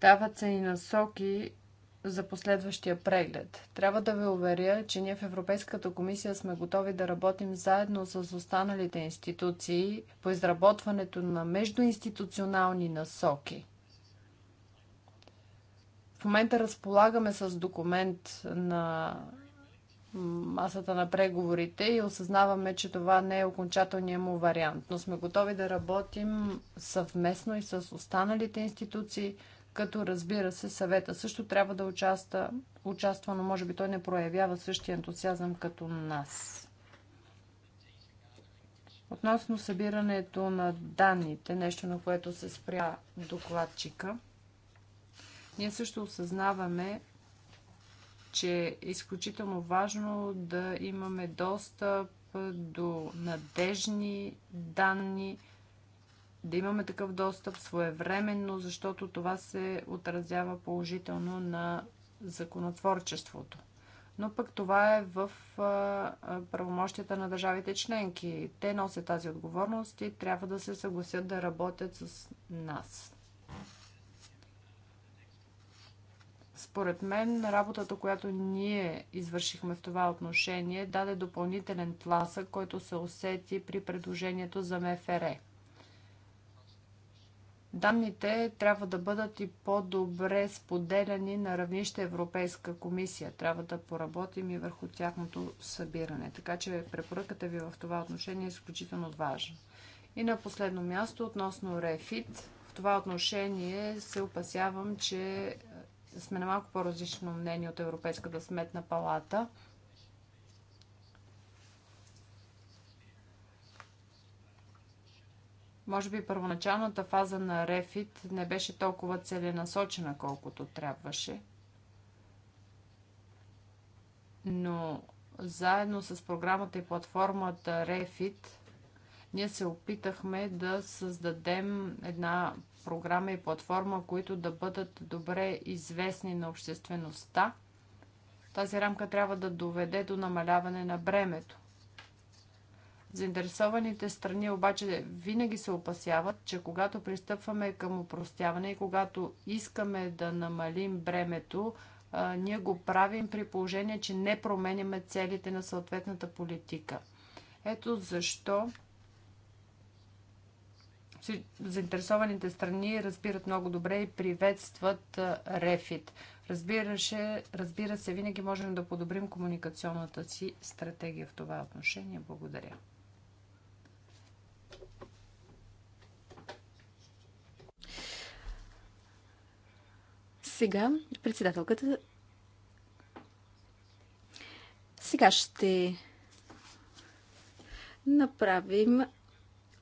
Дават се и насоки за последващия преглед. Трябва да ви уверя, че ние в Европейската комисия сме готови да работим заедно с останалите институции по изработването на междуинституционални насоки. В момента разполагаме с документ на масата на преговорите и осъзнаваме, че това не е окончателният му вариант, но сме готови да работим съвместно и с останалите институции, като разбира се, съвета също трябва да участва, участва, но може би той не проявява същия ентусиазъм като нас. Относно събирането на данните, нещо на което се спря докладчика, ние също осъзнаваме, че е изключително важно да имаме достъп до надежни данни, да имаме такъв достъп своевременно, защото това се отразява положително на законотворчеството. Но пък това е в правомощията на държавите членки. Те носят тази отговорност и трябва да се съгласят да работят с нас. Според мен, работата, която ние извършихме в това отношение, даде допълнителен тласък, който се усети при предложението за МФР. Данните трябва да бъдат и по-добре споделяни на равнище Европейска комисия. Трябва да поработим и върху тяхното събиране. Така че препоръката ви в това отношение е изключително важна. И на последно място, относно Refit, в това отношение се опасявам, че сме на малко по-различно мнение от Европейската сметна палата. Може би първоначалната фаза на Рефит не беше толкова целенасочена, колкото трябваше. Но заедно с програмата и платформата Refit, ние се опитахме да създадем една програма и платформа, които да бъдат добре известни на обществеността. Тази рамка трябва да доведе до намаляване на бремето. Заинтересованите страни обаче винаги се опасяват, че когато пристъпваме към упростяване и когато искаме да намалим бремето, ние го правим при положение, че не променяме целите на съответната политика. Ето защо заинтересованите страни разбират много добре и приветстват Рефит. Разбираше, разбира се, винаги можем да подобрим комуникационната си стратегия в това отношение. Благодаря. Сега председателката. Сега ще направим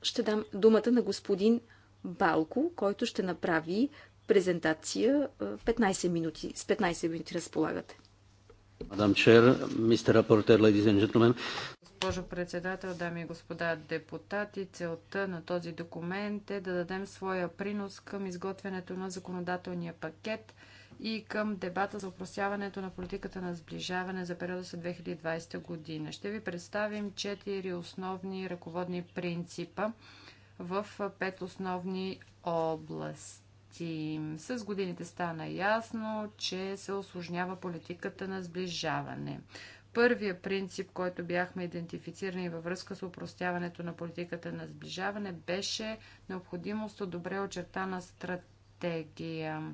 ще дам думата на господин Балко, който ще направи презентация 15 минути. С 15 минути разполагате. Мадам Чер, мистер рапортер, леди и джентлмен. Госпожо председател, дами и господа депутати, целта на този документ е да дадем своя принос към изготвянето на законодателния пакет – и към дебата за упростяването на политиката на сближаване за периода след 2020 година. Ще ви представим четири основни ръководни принципа в пет основни области. С годините стана ясно, че се осложнява политиката на сближаване. Първия принцип, който бяхме идентифицирани във връзка с упростяването на политиката на сближаване, беше необходимост от добре очертана стратегия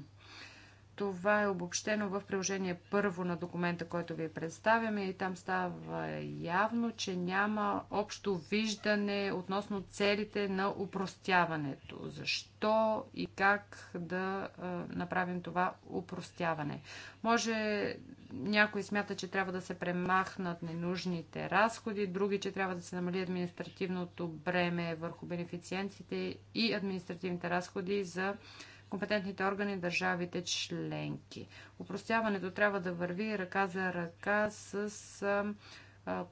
това е обобщено в приложение първо на документа, който ви представяме и там става явно, че няма общо виждане относно целите на упростяването. Защо и как да направим това упростяване? Може някой смята, че трябва да се премахнат ненужните разходи, други, че трябва да се намали административното бреме върху бенефициентите и административните разходи за компетентните органи държавите членки. Опростяването трябва да върви ръка за ръка с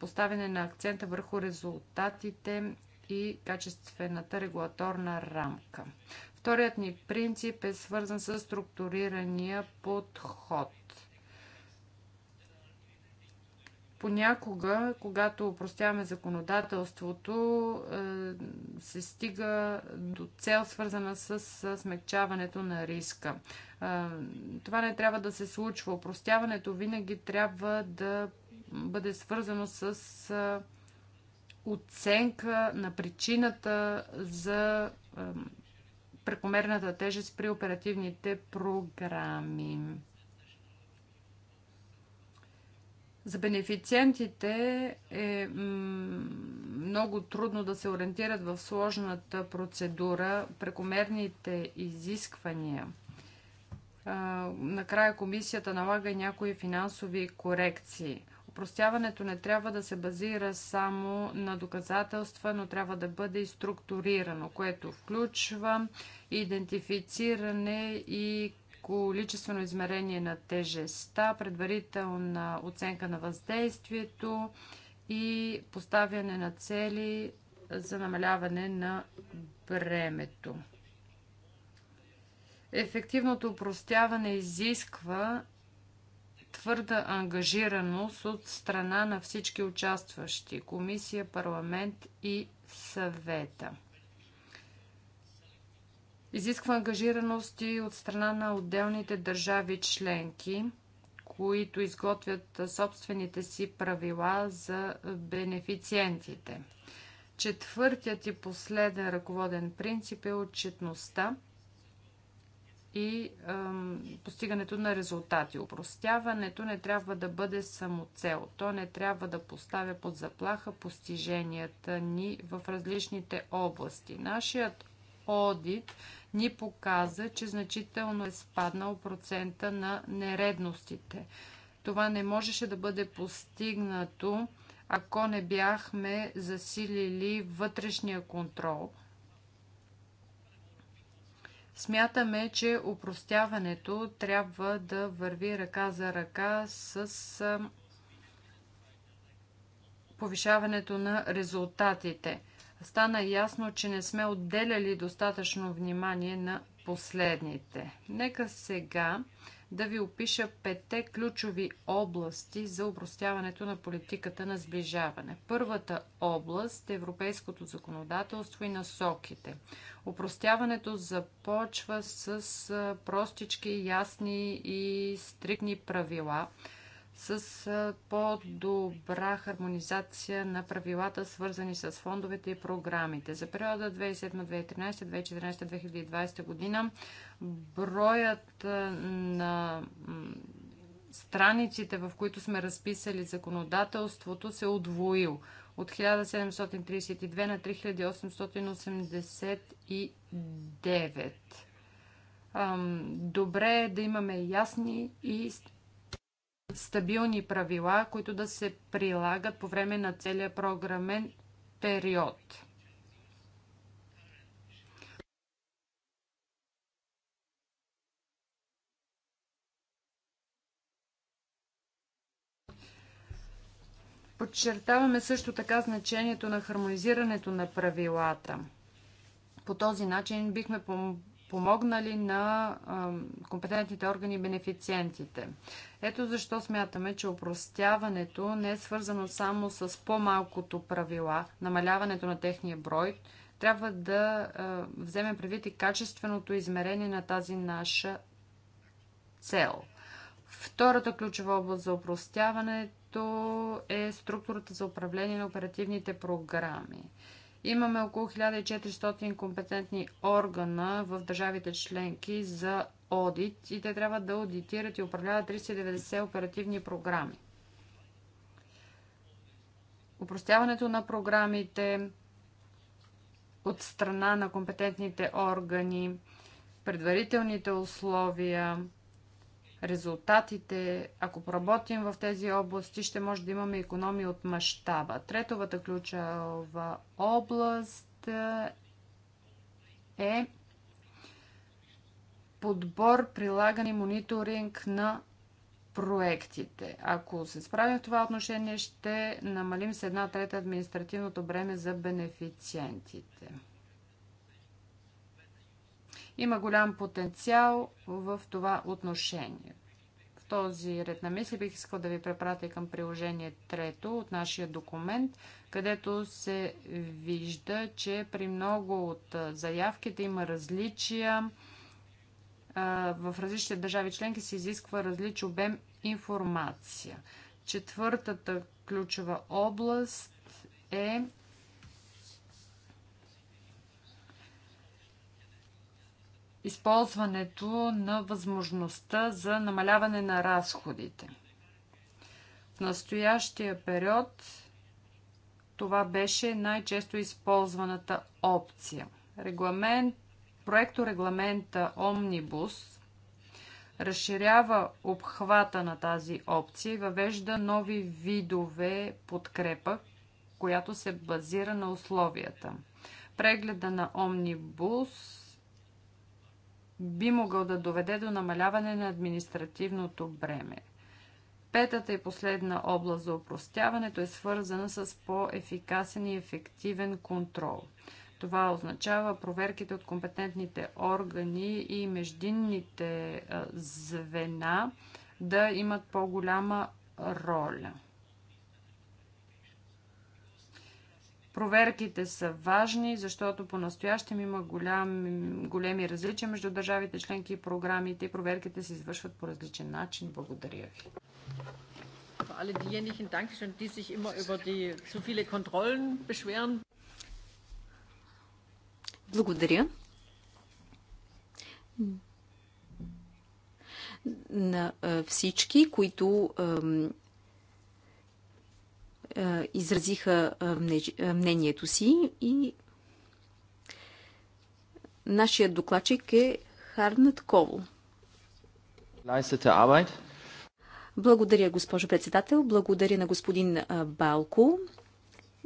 поставяне на акцента върху резултатите и качествената регулаторна рамка. Вторият ни принцип е свързан с структурирания подход. Понякога, когато упростяваме законодателството, е, се стига до цел, свързана с смягчаването на риска. Е, това не трябва да се случва. Упростяването винаги трябва да бъде свързано с е, оценка на причината за прекомерната тежест при оперативните програми. За бенефициентите е много трудно да се ориентират в сложната процедура, прекомерните изисквания. Накрая комисията налага и някои финансови корекции. Опростяването не трябва да се базира само на доказателства, но трябва да бъде и структурирано, което включва идентифициране и количествено измерение на тежеста, предварителна оценка на въздействието и поставяне на цели за намаляване на бремето. Ефективното упростяване изисква твърда ангажираност от страна на всички участващи комисия, парламент и съвета. Изисква ангажираности от страна на отделните държави членки, които изготвят собствените си правила за бенефициентите. Четвъртият и последен ръководен принцип е отчетността и ем, постигането на резултати. Опростяването не трябва да бъде само цел. То не трябва да поставя под заплаха постиженията ни в различните области. Нашият одит ни показа, че значително е спаднал процента на нередностите. Това не можеше да бъде постигнато, ако не бяхме засилили вътрешния контрол. Смятаме, че упростяването трябва да върви ръка за ръка с повишаването на резултатите стана ясно, че не сме отделяли достатъчно внимание на последните. Нека сега да ви опиша пете ключови области за обростяването на политиката на сближаване. Първата област е европейското законодателство и насоките. Опростяването започва с простички, ясни и стрикни правила – с по-добра хармонизация на правилата, свързани с фондовете и програмите. За периода 2007-2013, 2014-2020 година броят на страниците, в които сме разписали законодателството, се е удвоил от 1732 на 3889. Добре е да имаме ясни и стабилни правила, които да се прилагат по време на целия програмен период. Подчертаваме също така значението на хармонизирането на правилата. По този начин бихме помогнали на компетентните органи и бенефициентите. Ето защо смятаме, че упростяването не е свързано само с по-малкото правила, намаляването на техния брой, трябва да вземем предвид и качественото измерение на тази наша цел. Втората ключова област за упростяването е структурата за управление на оперативните програми. Имаме около 1400 компетентни органа в държавите членки за одит и те трябва да аудитират и управляват 390 оперативни програми. Упростяването на програмите от страна на компетентните органи, предварителните условия, резултатите, ако поработим в тези области, ще може да имаме економия от мащаба. Третовата ключова област е подбор, прилагане и мониторинг на проектите. Ако се справим в това отношение, ще намалим с една трета административното бреме за бенефициентите. Има голям потенциал в това отношение. В този ред на мисли бих искал да ви препратя към приложение трето от нашия документ, където се вижда, че при много от заявките има различия. В различните държави членки се изисква различен обем информация. Четвъртата ключова област е използването на възможността за намаляване на разходите. В настоящия период това беше най-често използваната опция. Регламент, проекто регламента Омнибус разширява обхвата на тази опция и въвежда нови видове подкрепа, която се базира на условията. Прегледа на Омнибус би могъл да доведе до намаляване на административното бреме. Петата и последна област за упростяването е свързана с по-ефикасен и ефективен контрол. Това означава проверките от компетентните органи и междинните звена да имат по-голяма роля. Проверките са важни, защото по-настоящем има голям, големи различия между държавите членки и програмите и проверките се извършват по различен начин. Благодаря ви. Благодаря. На всички, които е, изразиха е, е, мнението си и нашият докладчик е Харнат Ково. Благодаря, госпожо председател. Благодаря на господин Балко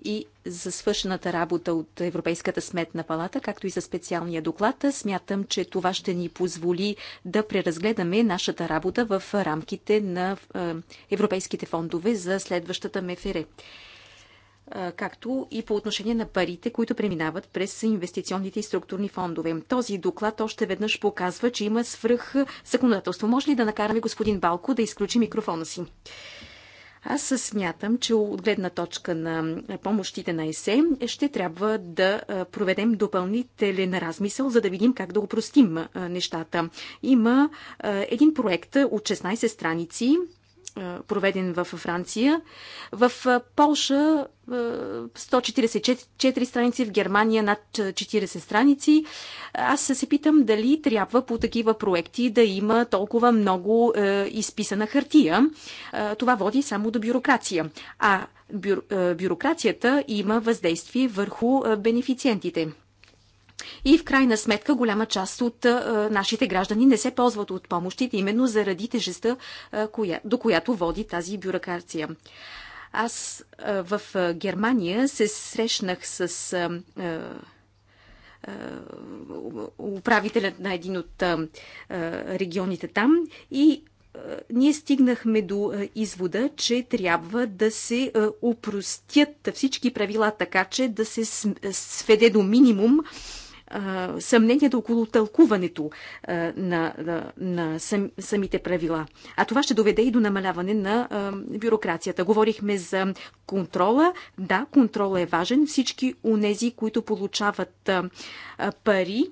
и за свършената работа от Европейската сметна палата, както и за специалния доклад. Смятам, че това ще ни позволи да преразгледаме нашата работа в рамките на европейските фондове за следващата МФР както и по отношение на парите, които преминават през инвестиционните и структурни фондове. Този доклад още веднъж показва, че има свръх законодателство. Може ли да накараме господин Балко да изключи микрофона си? Аз смятам, че от гледна точка на помощите на ЕСЕ ще трябва да проведем допълнителен размисъл, за да видим как да упростим нещата. Има един проект от 16 страници, е, проведен във Франция. В е, Полша 144 е, страници, в Германия над 40 страници. Аз се питам дали трябва по такива проекти да има толкова много изписана хартия. това води само до бюрокрация. А бюрокрацията има въздействие върху бенефициентите. И в крайна сметка голяма част от а, нашите граждани не се ползват от помощите, именно заради тежеста, а, коя, до която води тази бюрокрация. Аз а, в а, Германия се срещнах с. А, а, управителят на един от регионите там и ние стигнахме до извода, че трябва да се упростят всички правила така, че да се сведе до минимум а, съмненията около тълкуването а, на, на, на сам, самите правила. А това ще доведе и до намаляване на а, бюрокрацията. Говорихме за контрола. Да, контрола е важен. Всички унези, които получават а, а, пари,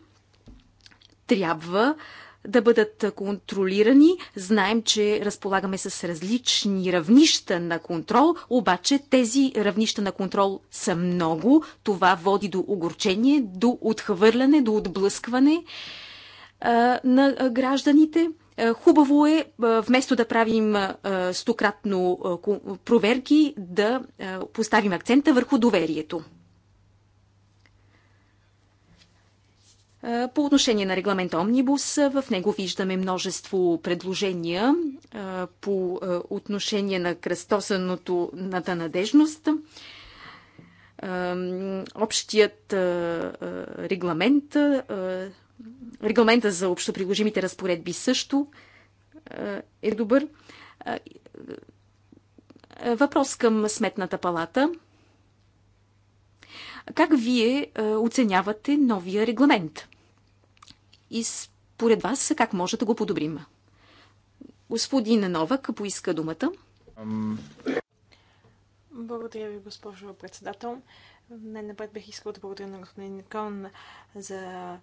трябва а, да бъдат контролирани. Знаем, че разполагаме с различни равнища на контрол, обаче тези равнища на контрол са много. Това води до огорчение, до отхвърляне, до отблъскване а, на гражданите. Хубаво е, вместо да правим стократно проверки, да поставим акцента върху доверието. По отношение на регламента Омнибус, в него виждаме множество предложения по отношение на кръстосаното ната надежност. Общият регламент, регламента за общоприложимите разпоредби също е добър. Въпрос към Сметната палата. Как вие оценявате новия регламент? и според вас как може да го подобрим? Господин Новак поиска думата. Благодаря ви, госпожо председател. Най-напред бих искал да благодаря на господин Никон за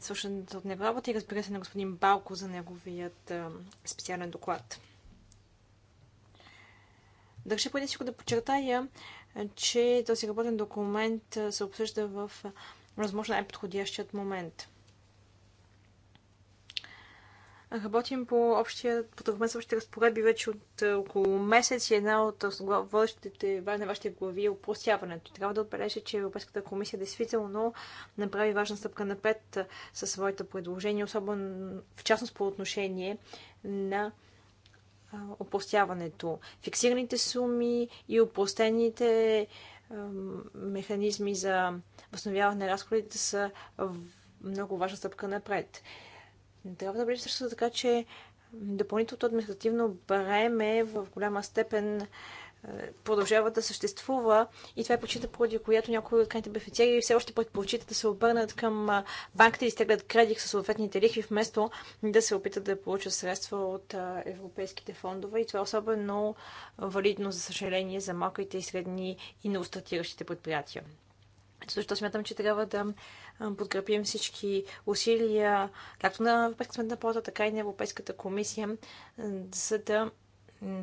свършената от него работа и разбира се на господин Балко за неговият специален доклад. Държа преди всичко да подчертая, че този работен документ се обсъжда в възможно най-подходящият момент. Работим по общия, по с общите разпоредби вече от е, около месец и една от водещите на вашите глави е упростяването. Трябва да отбележа, че Европейската комисия действително направи важна стъпка напред е, със своите предложения, особено в частност по отношение на опростяването. Е, Фиксираните суми и опростените механизми за възстановяване на разходите са много важна стъпка напред. Не трябва да бъде също така, че допълнителното административно бреме в голяма степен е, продължава да съществува и това е причината, поради която някои от крайните бенефициари все още предпочитат да се обърнат към банката и изтеглят кредит със съответните лихви, вместо да се опитат да получат средства от европейските фондове. И това е особено валидно, за съжаление, за малките и средни и новостатиращите предприятия. Защото смятам, че трябва да подкрепим всички усилия, както на Европейската сметна палата, така и на Европейската комисия, за да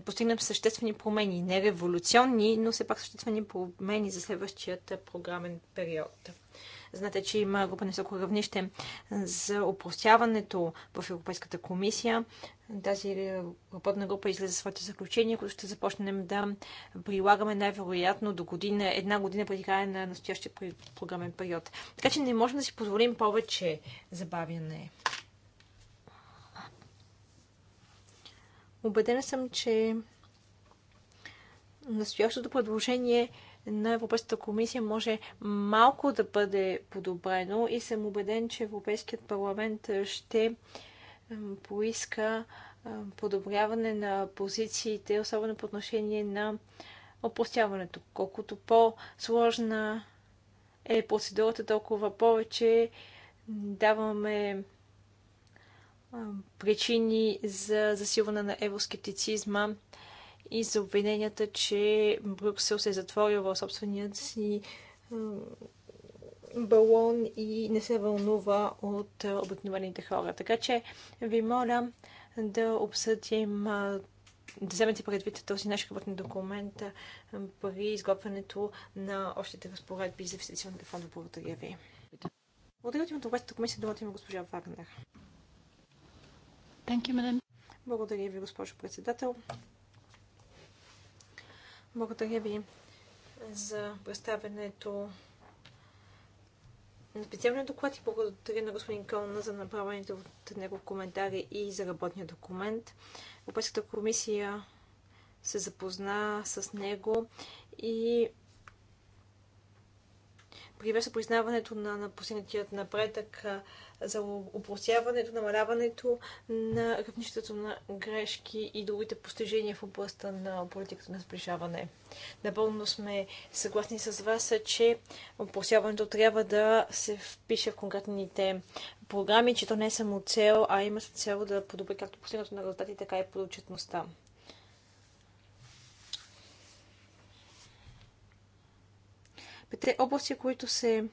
постигнем съществени промени. Не революционни, но все пак съществени промени за следващият програмен период. Знаете, че има група на високо равнище за опростяването в Европейската комисия. Тази работна група излезе своите заключения, които ще започнем да прилагаме най-вероятно до година, една година преди края на настоящия програмен период. Така че не можем да си позволим повече забавяне. Обедена съм, че настоящото предложение на Европейската комисия може малко да бъде подобрено и съм убеден, че Европейският парламент ще поиска подобряване на позициите, особено по отношение на опростяването. Колкото по-сложна е процедурата, толкова повече даваме причини за засилване на евроскептицизма и за обвиненията, че Брюксел се е затворил в собственият си балон и не се вълнува от обикновените хора. Така че ви моля да обсъдим, да вземете предвид този наш работен документ при изготвянето на общите разпоредби за инвестиционните фондове. Благодаря ви. Благодаря от името комисия, думата има госпожа Вагнер. Благодаря ви, госпожо председател. Благодаря ви за представянето на специалния доклад и благодаря на господин Кълна за направените от него коментари и за работния документ. Европейската комисия се запозна с него и привежда признаването на, на постигнатият напредък, за упростяването, намаляването на равнището на грешки и другите постижения в областта на политиката на сближаване. Напълно сме съгласни с вас, че упростяването трябва да се впише в конкретните програми, че то не е само цел, а има цел да подобри както постигането на резултати, така и продължителността. пете области, които се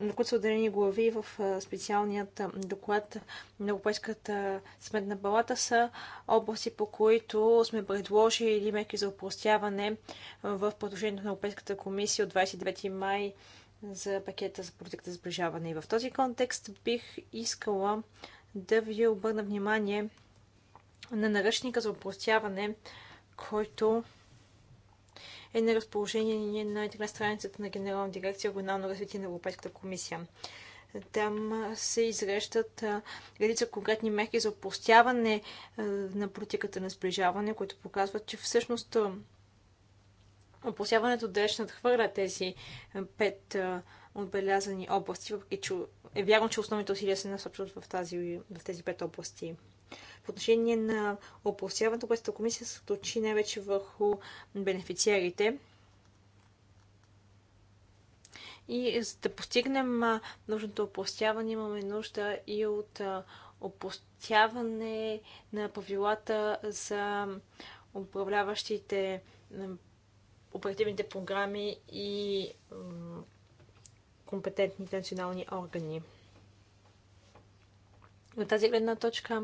на които са отделени глави в специалният доклад на Европейската сметна палата са области, по които сме предложили мерки за упростяване в предложението на Европейската комисия от 29 май за пакета за политиката за сближаване. И в този контекст бих искала да ви обърна внимание на наръчника за упростяване, който е на разположение на интернет страницата на Генерална дирекция регионално развитие на Европейската комисия. Там се изрещат редица конкретни мерки за опростяване на политиката на сближаване, които показват, че всъщност опростяването далеч надхвърля тези пет отбелязани области, въпреки че е вярно, че основните усилия се насочват в, тази, в тези пет области. По отношение на опростяването, което комисия се точи най-вече върху бенефициарите, и за да постигнем нужното опростяване, имаме нужда и от опростяване на правилата за управляващите оперативните програми и компетентните национални органи. От тази гледна точка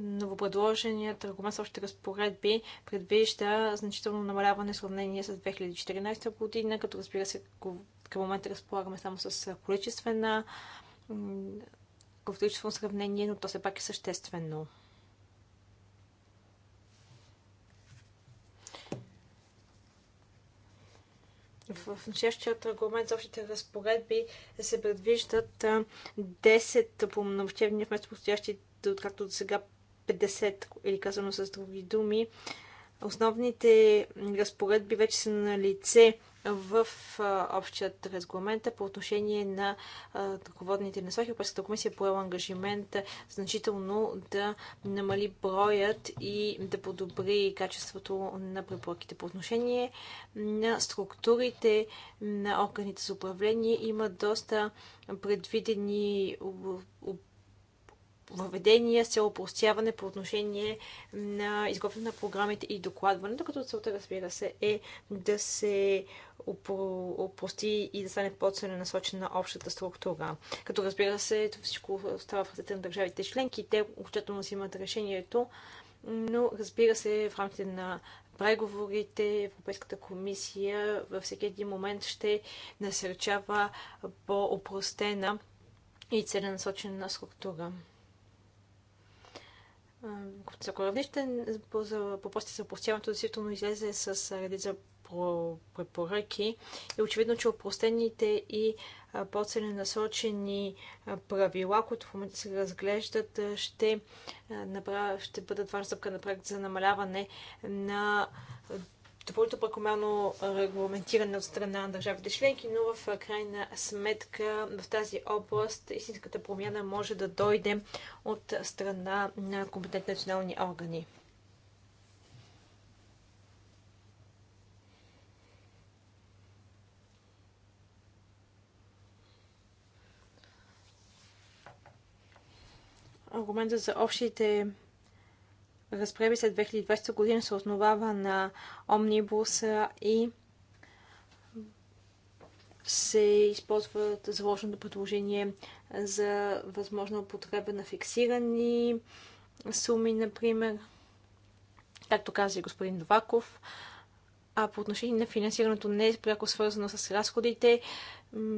новопредложеният аргумент с общите разпоредби предвижда значително намаляване в сравнение с 2014 година, като разбира се, към момента разполагаме само с количествена количествено сравнение, но то все пак е съществено. в настоящият аргумент за общите разпоредби се предвиждат 10 пълномощевни вместо постоящите, откакто до сега 50, или казано с други думи, основните разпоредби вече са на лице в общият регламент по отношение на ръководните насоки. Европейската комисия е поела ангажимент значително да намали броят и да подобри качеството на препоръките. По отношение на структурите на органите за управление има доста предвидени въведения се опростяване по отношение на изготвяне на програмите и докладването, като целта, разбира се, е да се опрости и да стане по-целенасочена общата структура. Като разбира се, всичко става в ръцете на държавите членки, те окончателно взимат решението, но разбира се, в рамките на преговорите Европейската комисия във всеки един момент ще насърчава по-опростена и целенасочена структура. Законодавнище по въпросите за опростяването действително излезе с редица препоръки и очевидно, че опростените и по-целенасочени правила, които в момента се разглеждат, ще, направ... ще бъдат важна стъпка напред за намаляване на доволно прекомерно регламентиране от страна на държавите членки, но в крайна сметка в тази област истинската промяна може да дойде от страна на компетентни национални органи. Аргументът за общите разпреби след 2020 година се основава на омнибуса и се използват заложното предложение за възможна употреба на фиксирани суми, например, както каза и господин Доваков, А по отношение на финансирането не е пряко свързано с разходите,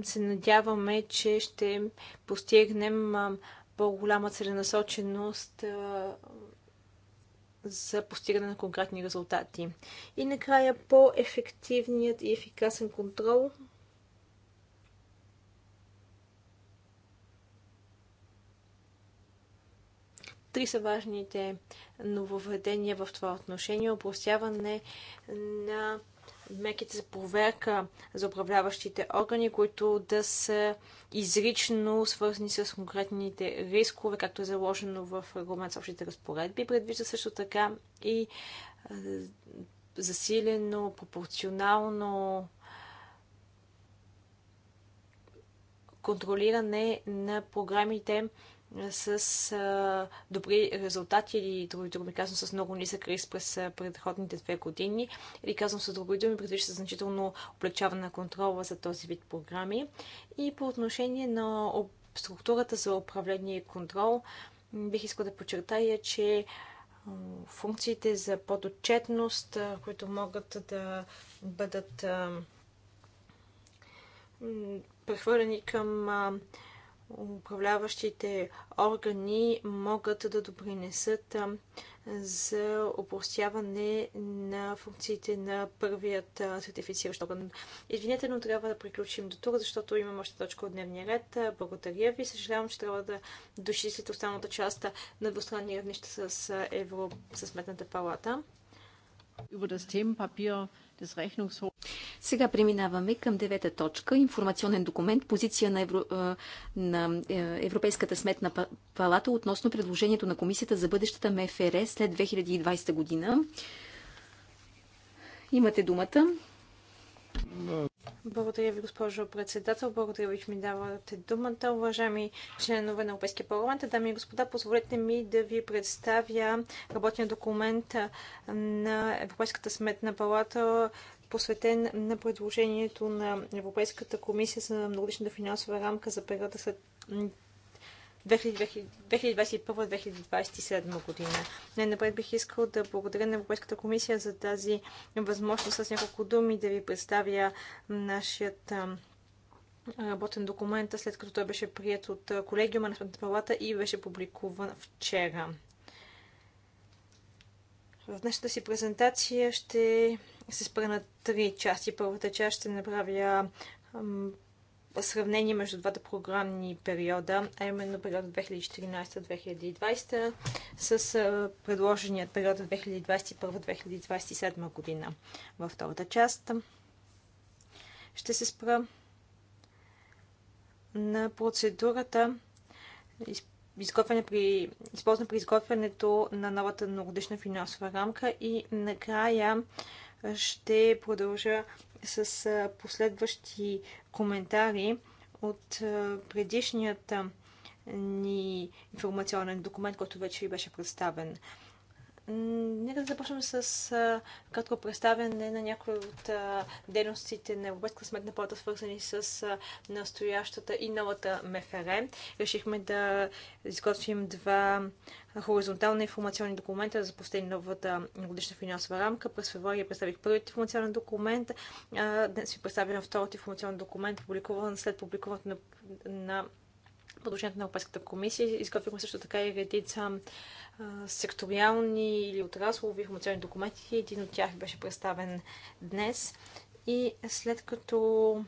се надяваме, че ще постигнем по-голяма целенасоченост за постигане на конкретни резултати. И накрая по-ефективният и ефикасен контрол Три са важните нововведения в това отношение. Областяване на Меките за проверка за управляващите органи, които да са изрично свързани с конкретните рискове, както е заложено в регламент с общите разпоредби. Предвижда също така и засилено, пропорционално контролиране на програмите с а, добри резултати или други думи казвам с много нисък риск през предходните две години или казвам с други думи предвижда значително облегчаване на контрола за този вид програми и по отношение на структурата за управление и контрол бих искала да подчертая, че функциите за подотчетност, които могат да бъдат прехвърлени към управляващите органи могат да допринесат за опростяване на функциите на първият сертифициращ орган. Извинете, но трябва да приключим до тук, защото имам още точка от дневния ред. Благодаря ви. Съжалявам, че трябва да дочислите останалата част на двустранни равнища с Евро, с Сметната палата. Über das Themenpapier des Rechnungshofs сега преминаваме към девета точка. Информационен документ. Позиция на, Евро... на е, Европейската сметна палата относно предложението на комисията за бъдещата МФР след 2020 година. Имате думата. Благодаря ви, госпожо председател. Благодаря ви, че ми давате думата. Уважаеми членове на Европейския парламент, дами и господа, позволете ми да ви представя работния документ на Европейската сметна палата посветен на предложението на Европейската комисия за многодишната финансова рамка за периода след 2021-2027 година. Най-напред бих искал да благодаря на Европейската комисия за тази възможност с няколко думи да ви представя нашият работен документ, след като той беше прият от колегиума на Сметната палата и беше публикуван вчера. В днешната си презентация ще се спра на три части. Първата част ще направя сравнение между двата програмни периода, а именно период 2014-2020 с предложеният период 2021-2027 година. Във втората част ще се спра на процедурата, изготвяне при, използван при изготвянето на новата многодишна финансова рамка и накрая ще продължа с последващи коментари от предишният ни информационен документ, който вече ви беше представен. Нека да започнем с кратко представяне на някои от дейностите на Европейска сметна плата, свързани с настоящата и новата МФР. Решихме да изготвим два хоризонтални информационни документа за последни новата годишна финансова рамка. През февруари представих първият информационен документ. Днес ви представям вторият информационен документ, публикуван след публикуването на, на предложението на Европейската комисия. Изготвихме също така и редица секториални или отраслови информационни документи. Един от тях беше представен днес. И след като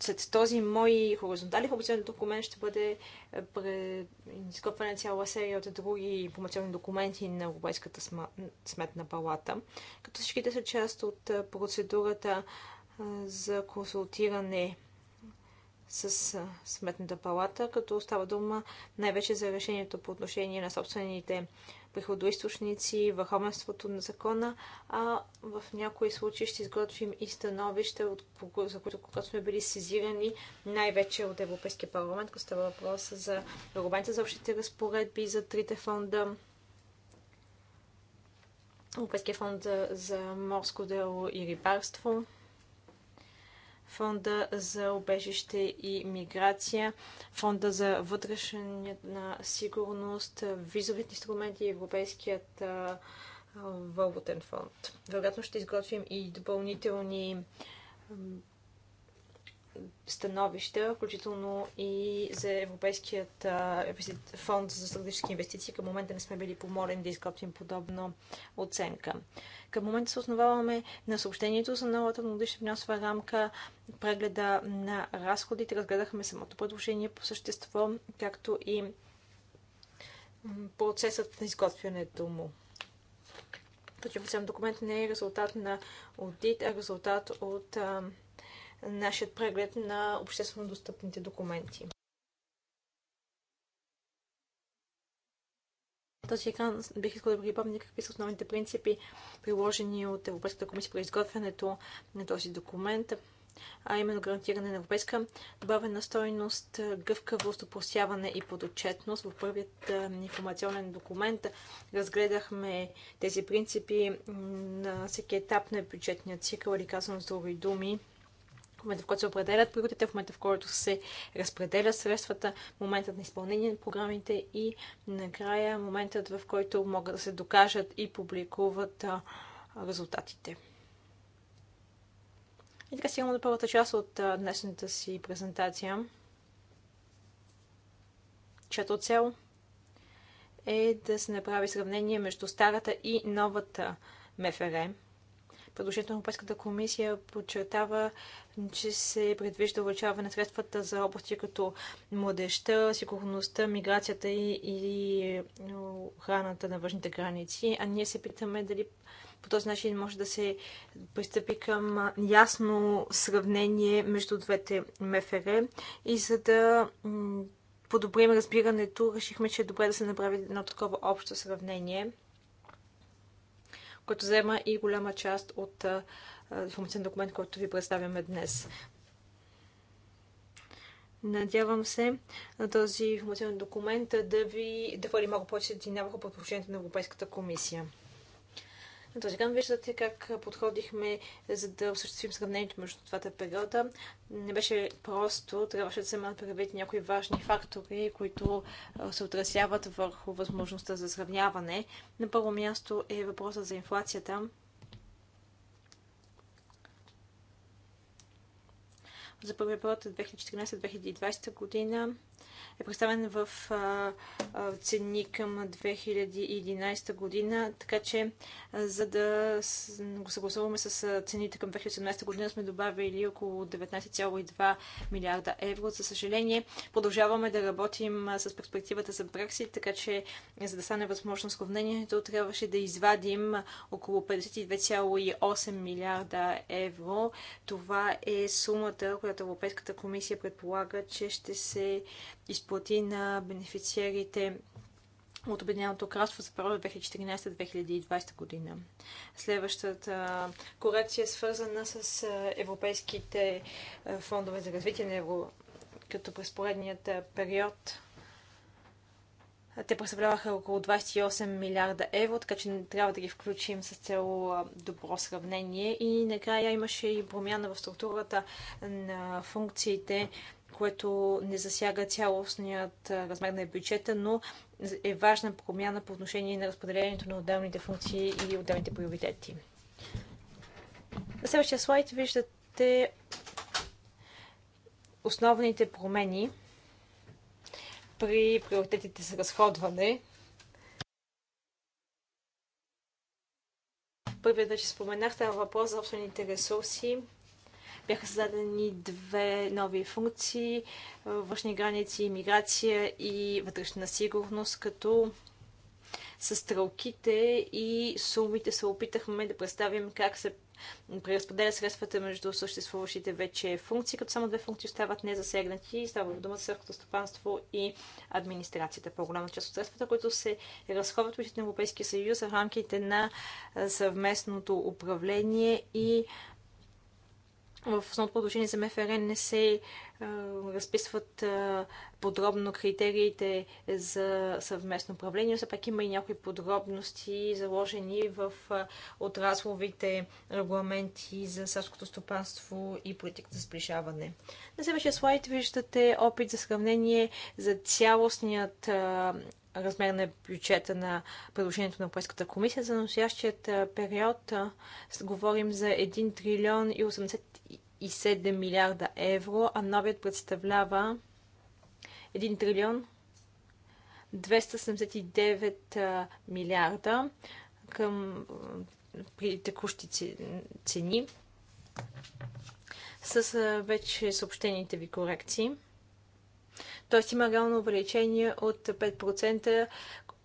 след този мой хоризонтален информационен документ ще бъде изготвена цяла серия от други информационни документи на Европейската сметна палата, като всичките са част от процедурата за консултиране с Сметната палата, като става дума най-вече за решението по отношение на собствените приходоисточници, върховенството на закона, а в някои случаи ще изготвим и становища, за които когато сме били сезирани, най-вече от Европейския парламент, като става въпрос за регламента за общите разпоредби, за трите фонда, Европейския фонд за морско дело и рибарство фонда за обежище и миграция, фонда за вътрешна сигурност, визовите инструменти и Европейският валутен фонд. Вероятно ще изготвим и допълнителни становища, включително и за Европейският фонд за стратегически инвестиции. Към момента не сме били помолени да изготвим подобна оценка. Към момента се основаваме на съобщението за новата многодишна финансова рамка, прегледа на разходите. Разгледахме самото предложение по същество, както и процесът на изготвянето му. Точно документ не е резултат на аудит, а резултат от нашият преглед на обществено достъпните документи. този екран бих искал да припомня какви са основните принципи, приложени от Европейската комисия при изготвянето на този документ, а именно гарантиране на европейска добавена стойност, гъвкавост, упростяване и подотчетност. В първият информационен документ разгледахме тези принципи на всеки етап на бюджетния цикъл или казвам с други думи в момента, в който се определят приоритетите, в момента, в който се разпределят средствата, моментът на изпълнение на програмите и накрая моментът, в който могат да се докажат и публикуват резултатите. И така стигаме до първата част от днешната си презентация, чето цел е да се направи сравнение между старата и новата МФР, Предложението на Европейската комисия подчертава, че се предвижда увеличаване на средствата за области като младеща, сигурността, миграцията и, и охраната на външните граници. А ние се питаме дали по този начин може да се пристъпи към ясно сравнение между двете МФР и за да подобрим разбирането, решихме, че е добре да се направи едно такова общо сравнение който взема и голяма част от информационен документ, който ви представяме днес. Надявам се на този информационен документ да ви да хвали малко повече светлина върху предложението на Европейската комисия. На този виждате как подходихме за да осъществим сравнението между двата периода. Не беше просто, трябваше да се имат предвид някои важни фактори, които се отразяват върху възможността за сравняване. На първо място е въпросът за инфлацията. За първи период 2014-2020 година е представен в цени към 2011 година, така че за да го съгласуваме с цените към 2017 година сме добавили около 19,2 милиарда евро. За съжаление, продължаваме да работим с перспективата за Брексит, така че за да стане възможно сравнението, трябваше да извадим около 52,8 милиарда евро. Това е сумата, която Европейската комисия предполага, че ще се изплати на бенефициерите от Обединеното кралство за периода 2014-2020 година. Следващата корекция е свързана с европейските фондове за развитие на евро, като през поредният период те представляваха около 28 милиарда евро, така че трябва да ги включим с цяло добро сравнение. И накрая имаше и промяна в структурата на функциите, което не засяга цялостният размер на бюджета, но е важна промяна по отношение на разпределението на отделните функции и отделните приоритети. На следващия слайд виждате основните промени – при приоритетите за разходване. Първият вече споменах, това въпрос за собствените ресурси. Бяха създадени две нови функции външни граници, миграция и вътрешна сигурност, като с стрелките и сумите се опитахме да представим как се преразпределя средствата между съществуващите вече функции, като само две функции остават незасегнати. Става в дума за сърското стопанство и администрацията. По-голяма част от средствата, които се разходват от Европейския съюз в рамките на съвместното управление и в основното предложение за МФР не се а, е, разписват а, е, подробно критериите за съвместно управление, все пак има и някои подробности заложени в а, е, отрасловите регламенти за селското стопанство и политиката за сближаване. На следващия слайд виждате опит за сравнение за цялостният а, размер на бюджета на предложението на Европейската комисия. За настоящият период а, говорим за 1 трилион и 80 1,7 милиарда евро, а новият представлява 1 трилион 279 милиарда към, при текущи цени с вече съобщените ви корекции. Тоест има реално увеличение от 5%,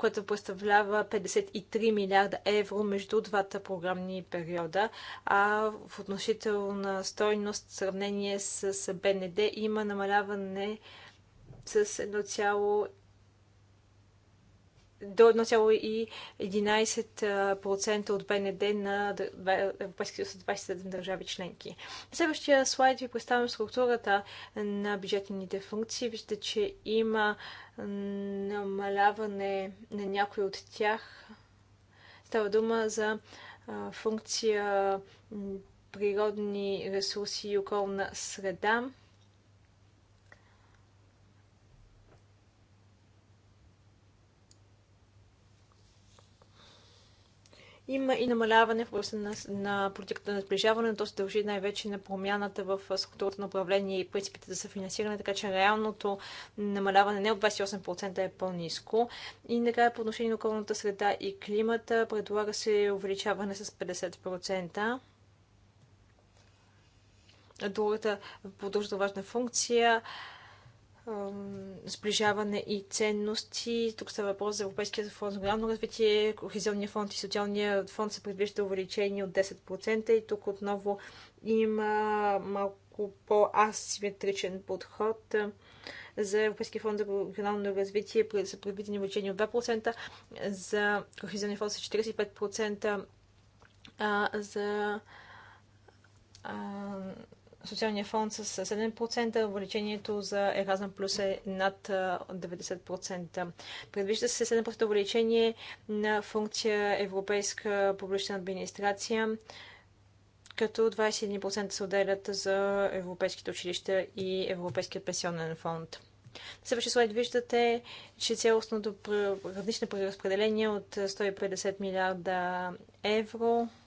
което представлява 53 милиарда евро между двата програмни периода, а в относителна стойност в сравнение с БНД има намаляване с до 1,11% от БНД на Европейския съюз 27 държави членки. На следващия слайд ви представям структурата на бюджетните функции. Виждате, че има намаляване на някои от тях. Става дума за функция природни ресурси и околна среда. Има и намаляване в на, на политиката на сближаване, но то се дължи най-вече на промяната в структурата на управление и принципите за съфинансиране, така че реалното намаляване не от 28% е по-низко. И накрая по отношение на околната среда и климата предлага се увеличаване с 50%. Другата продължителна важна функция сближаване и ценности. Тук става въпрос за Европейския фонд за главно развитие, Кохезионния фонд и Социалния фонд се предвижда увеличение от 10% и тук отново има малко по-асиметричен подход за Европейския фонд за регионално развитие са предвидени увеличение от 2%, за Кохезионния фонд са 45%, а за а, социалния фонд с 7%, увеличението за Еразъм Плюс е над 90%. Предвижда се 7% увеличение на функция Европейска публична администрация, като 21% се отделят за Европейските училища и Европейския пенсионен фонд. На следващия слайд виждате, че цялостното равнично преразпределение от 150 милиарда евро –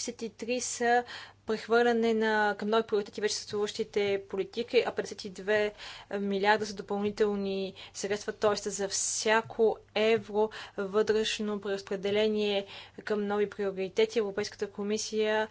63 са прехвърляне на, към нови приоритети вече съществуващите политики, а 52 милиарда са допълнителни средства, т.е. за всяко евро вътрешно преразпределение към нови приоритети. Европейската комисия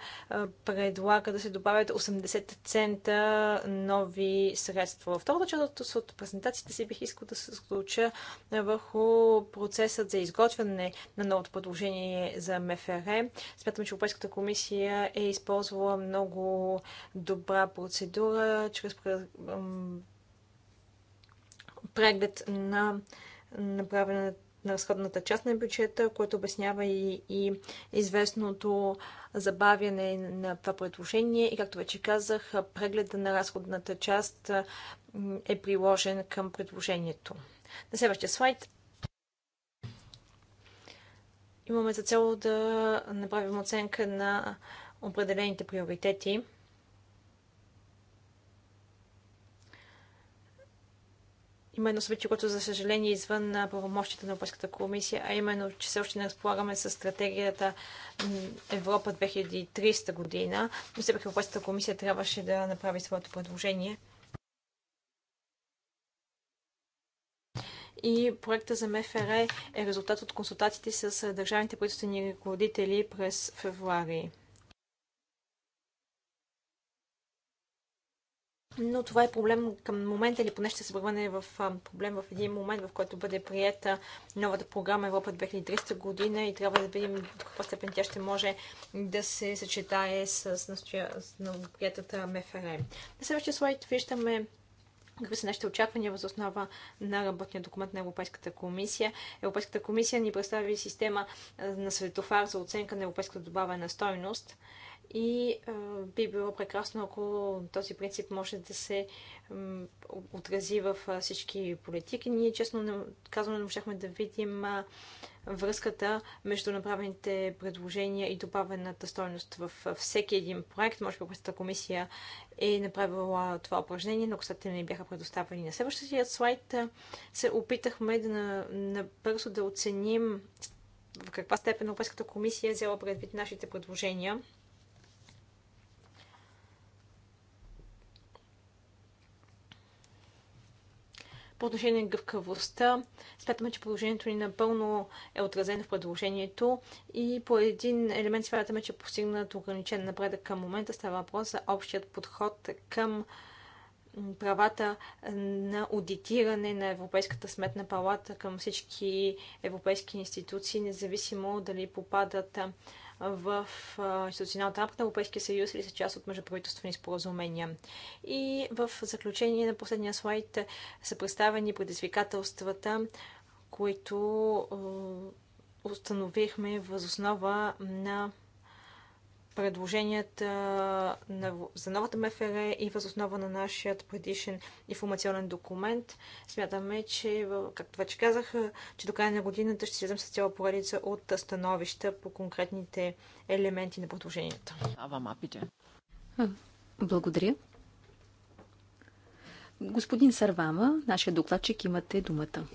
предлага да се добавят 80 цента нови средства. Втората част от презентацията си бих искал да се случа върху процесът за изготвяне на новото предложение за МФР. Смятам, че Европейската комисия е използвала струва много добра процедура, чрез преглед на направената на разходната част на бюджета, което обяснява и, и известното забавяне на това предложение. И както вече казах, прегледа на разходната част е приложен към предложението. На следващия слайд имаме за цел да направим оценка на определените приоритети. Има едно събитие, което за съжаление е извън правомощите на Европейската комисия, а именно, че все още не разполагаме с стратегията Европа 2300 година, но все пак Европейската комисия трябваше да направи своето предложение. и проекта за МФР е резултат от консултациите с държавните правителствени ръководители през февруари. но това е проблем към момента или поне ще се върне в проблем в един момент, в който бъде приета новата програма Европа 2300 година и трябва да видим до каква степен тя ще може да се съчетае с, настоя... с новоприятата МФР. На следващия слайд виждаме какви са нашите очаквания въз основа на работния документ на Европейската комисия. Европейската комисия ни представи система на светофар за оценка на европейската добавена стойност – и а, би било прекрасно, ако този принцип може да се м, отрази в а, всички политики. Ние, честно казваме, не можахме да видим а, връзката между направените предложения и добавената стойност в а, всеки един проект. Може би Общата комисия е направила това упражнение, но те не бяха предоставени. На следващия слайд а, се опитахме да набързо на да оценим в каква степен Европейската комисия е взела предвид нашите предложения По отношение на гъвкавостта, смятаме, че положението ни напълно е отразено в предложението и по един елемент смятаме, че е постигнат ограничен напредък към момента. Става въпрос за общият подход към правата на аудитиране на Европейската сметна палата към всички европейски институции, независимо дали попадат в институционалната рамка на Европейския съюз или са част от междуправителствени споразумения. И в заключение на последния слайд са представени предизвикателствата, които установихме възоснова на предложенията за новата МФР и въз основа на нашия предишен информационен документ. Смятаме, че, както вече казах, че до края на годината ще седем с цяла поредица от становища по конкретните елементи на предложенията. Благодаря. Господин Сарвама, нашия докладчик, имате думата.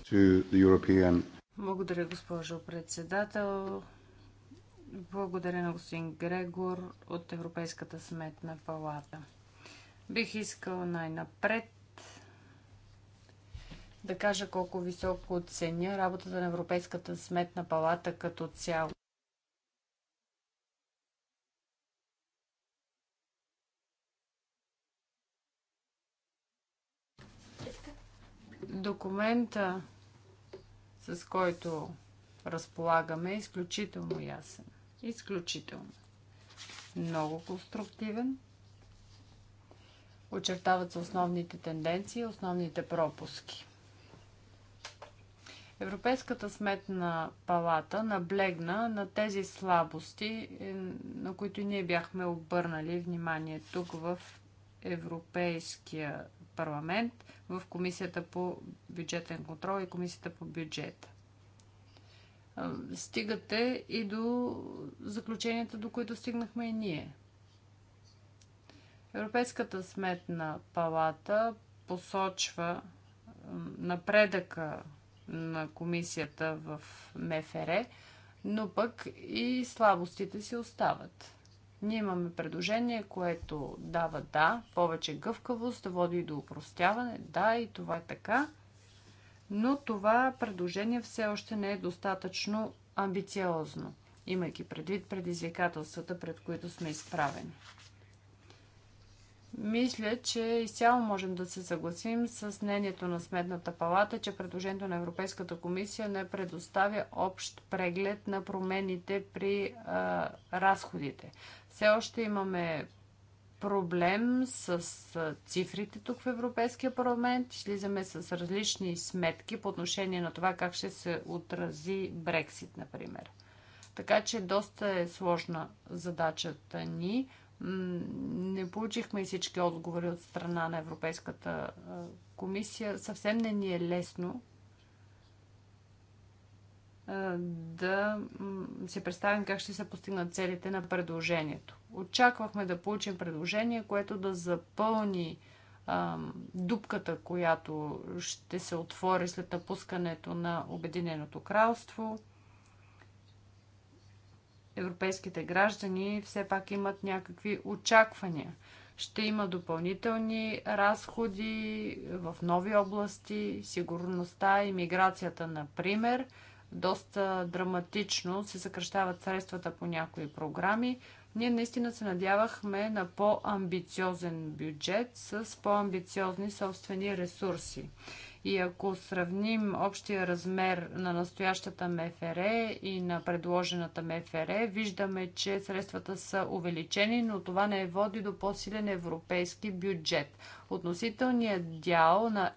Благодаря, госпожо председател. Благодаря на господин Грегор от Европейската сметна палата. Бих искал най-напред да кажа колко високо оценя работата на Европейската сметна палата като цяло. Документа, с който разполагаме, е изключително ясен изключително. Много конструктивен. Очертават се основните тенденции, основните пропуски. Европейската сметна палата наблегна на тези слабости, е, на които ние бяхме обърнали внимание тук в Европейския парламент, в Комисията по бюджетен контрол и Комисията по бюджета стигате и до заключенията, до които стигнахме и ние. Европейската сметна палата посочва напредъка на комисията в МФР, но пък и слабостите си остават. Ние имаме предложение, което дава да, повече гъвкавост, да води и до упростяване. Да, и това е така но това предложение все още не е достатъчно амбициозно, имайки предвид предизвикателствата, пред които сме изправени. Мисля, че изцяло можем да се съгласим с мнението на Сметната палата, че предложението на Европейската комисия не предоставя общ преглед на промените при а, разходите. Все още имаме проблем с цифрите тук в Европейския парламент. Слизаме с различни сметки по отношение на това как ще се отрази Брексит, например. Така че доста е сложна задачата ни. Не получихме и всички отговори от страна на Европейската комисия. Съвсем не ни е лесно да се представим как ще се постигнат целите на предложението. Очаквахме да получим предложение, което да запълни дупката, която ще се отвори след напускането на Обединеното кралство. Европейските граждани все пак имат някакви очаквания. Ще има допълнителни разходи в нови области, сигурността и миграцията, например. Доста драматично се съкръщават средствата по някои програми. Ние наистина се надявахме на по-амбициозен бюджет с по-амбициозни собствени ресурси. И ако сравним общия размер на настоящата МФР и на предложената МФР, виждаме, че средствата са увеличени, но това не е води до по-силен европейски бюджет. Относителният дял на,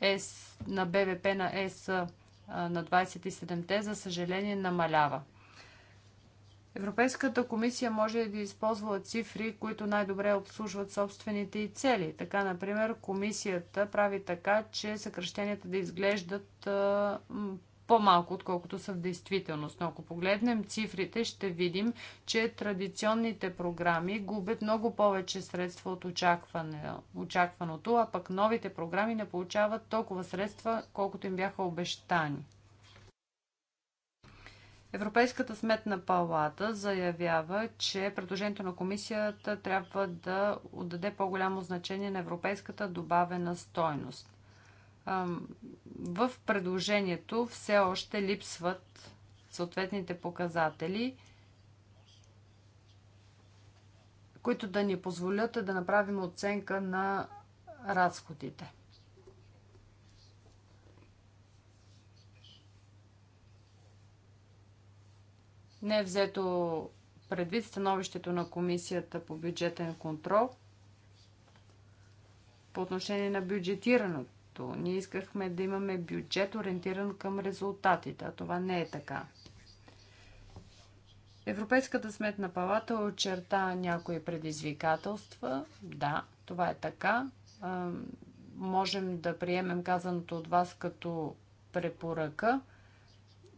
ЕС, на БВП на ЕС на 27-те, за съжаление, намалява. Европейската комисия може да използва цифри, които най-добре обслужват собствените и цели. Така, например, комисията прави така, че съкръщенията да изглеждат по-малко, отколкото са в действителност. Но ако погледнем цифрите, ще видим, че традиционните програми губят много повече средства от очакване, очакваното, а пък новите програми не получават толкова средства, колкото им бяха обещани. Европейската сметна палата заявява, че предложението на комисията трябва да отдаде по-голямо значение на европейската добавена стойност. В предложението все още липсват съответните показатели, които да ни позволят да направим оценка на разходите. Не е взето предвид становището на Комисията по бюджетен контрол по отношение на бюджетирането. Ние искахме да имаме бюджет ориентиран към резултатите, а това не е така. Европейската сметна палата очерта някои предизвикателства. Да, това е така. Можем да приемем казаното от вас като препоръка,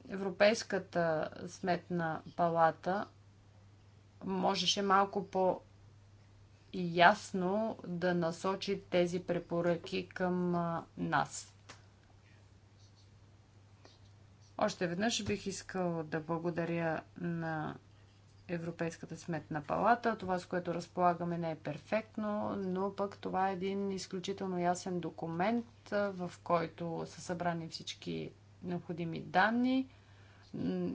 Европейската сметна палата можеше малко по ясно да насочи тези препоръки към нас. Още веднъж бих искал да благодаря на Европейската сметна палата. Това, с което разполагаме, не е перфектно, но пък това е един изключително ясен документ, в който са събрани всички необходими данни.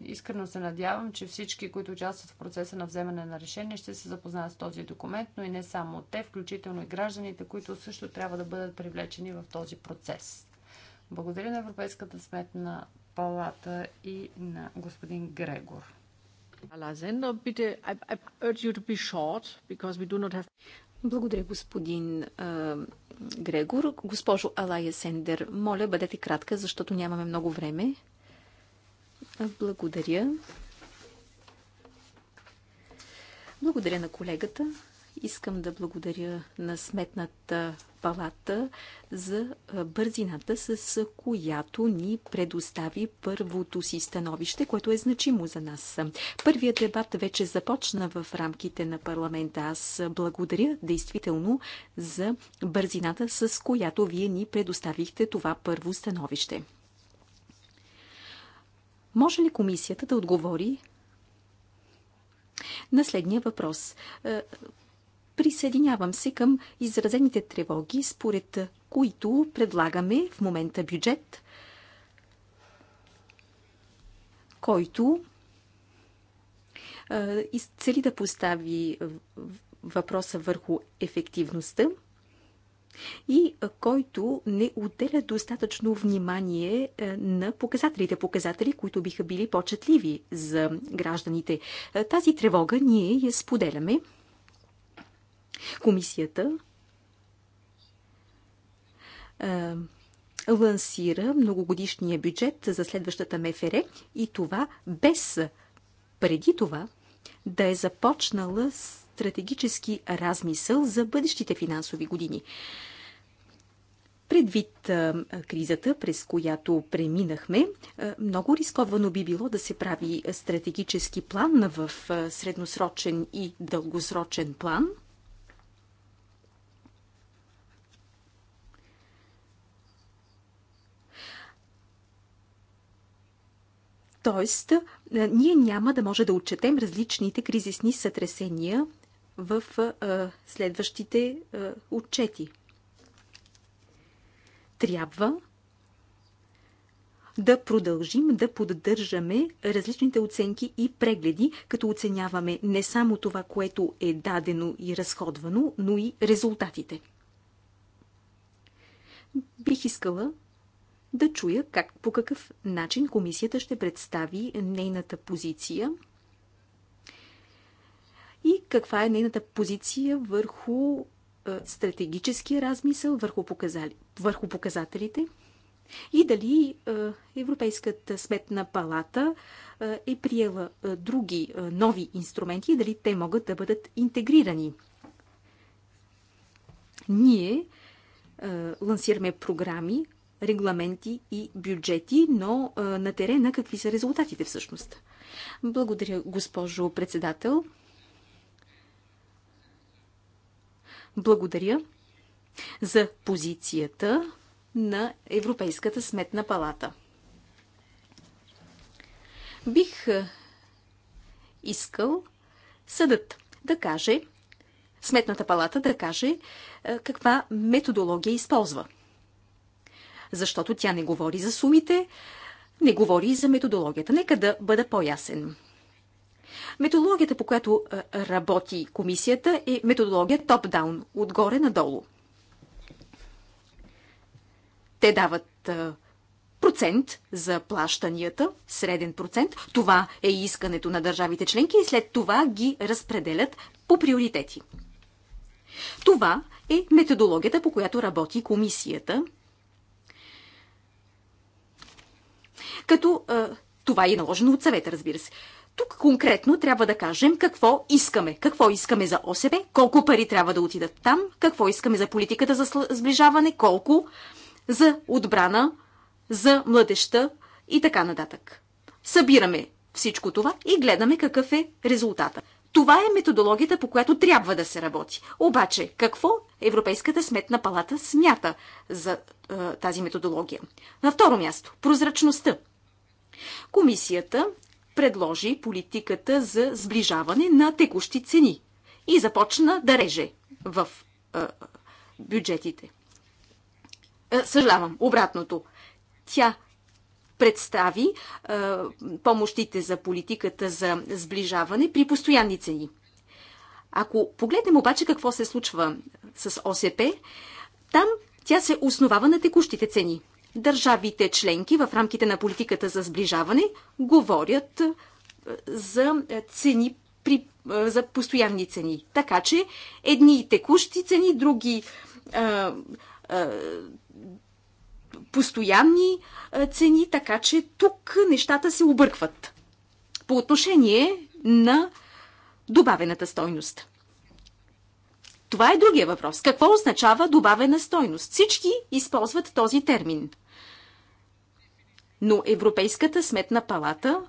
Искрено се надявам, че всички, които участват в процеса на вземане на решение, ще се запознаят с този документ, но и не само те, включително и гражданите, които също трябва да бъдат привлечени в този процес. Благодаря на Европейската сметна палата и на господин Грегор. Благодаря, господин а, Грегор. Госпожо Алая Сендер, моля, бъдете кратка, защото нямаме много време. Благодаря. Благодаря на колегата Искам да благодаря на Сметната палата за бързината, с която ни предостави първото си становище, което е значимо за нас. Първият дебат вече започна в рамките на парламента. Аз благодаря действително за бързината, с която вие ни предоставихте това първо становище. Може ли комисията да отговори на следния въпрос? Присъединявам се към изразените тревоги, според които предлагаме в момента бюджет, който цели да постави въпроса върху ефективността и който не отделя достатъчно внимание на показателите. Показатели, които биха били почетливи за гражданите. Тази тревога ние я споделяме Комисията лансира многогодишния бюджет за следващата МФР и това без преди това да е започнала стратегически размисъл за бъдещите финансови години. Предвид а, кризата, през която преминахме, а, много рисковано би било да се прави стратегически план в а, средносрочен и дългосрочен план – Тоест, ние няма да може да отчетем различните кризисни сътресения в следващите отчети. Трябва да продължим да поддържаме различните оценки и прегледи, като оценяваме не само това, което е дадено и разходвано, но и резултатите. Бих искала да чуя как, по какъв начин комисията ще представи нейната позиция и каква е нейната позиция върху е, стратегическия размисъл, върху, показали, върху показателите и дали е, Европейската сметна палата е, е приела други нови инструменти и дали те могат да бъдат интегрирани. Ние лансираме програми, регламенти и бюджети, но на терена какви са резултатите всъщност? Благодаря, госпожо председател. Благодаря за позицията на Европейската сметна палата. Бих искал съдът да каже, сметната палата да каже каква методология използва – защото тя не говори за сумите, не говори и за методологията. Нека да бъда по-ясен. Методологията, по която работи комисията, е методология топ-даун, отгоре надолу. Те дават процент за плащанията, среден процент. Това е искането на държавите членки и след това ги разпределят по приоритети. Това е методологията, по която работи комисията – като а, това е наложено от съвета, разбира се. Тук конкретно трябва да кажем какво искаме. Какво искаме за ОСБ, колко пари трябва да отидат там, какво искаме за политиката за сближаване, колко за отбрана, за младеща и така нататък. Събираме всичко това и гледаме какъв е резултата. Това е методологията, по която трябва да се работи. Обаче, какво Европейската сметна палата смята за е, тази методология. На второ място прозрачността. Комисията предложи политиката за сближаване на текущи цени и започна да реже в е, бюджетите. Е, съжалявам, обратното. Тя представи е, помощите за политиката за сближаване при постоянни цени. Ако погледнем обаче какво се случва с ОСП, там тя се основава на текущите цени. Държавите членки в рамките на политиката за сближаване говорят е, за е, цени при, е, за постоянни цени. Така че едни текущи цени, други а, а, постоянни цени, така че тук нещата се объркват. По отношение на добавената стойност. Това е другия въпрос. Какво означава добавена стойност? Всички използват този термин. Но Европейската сметна палата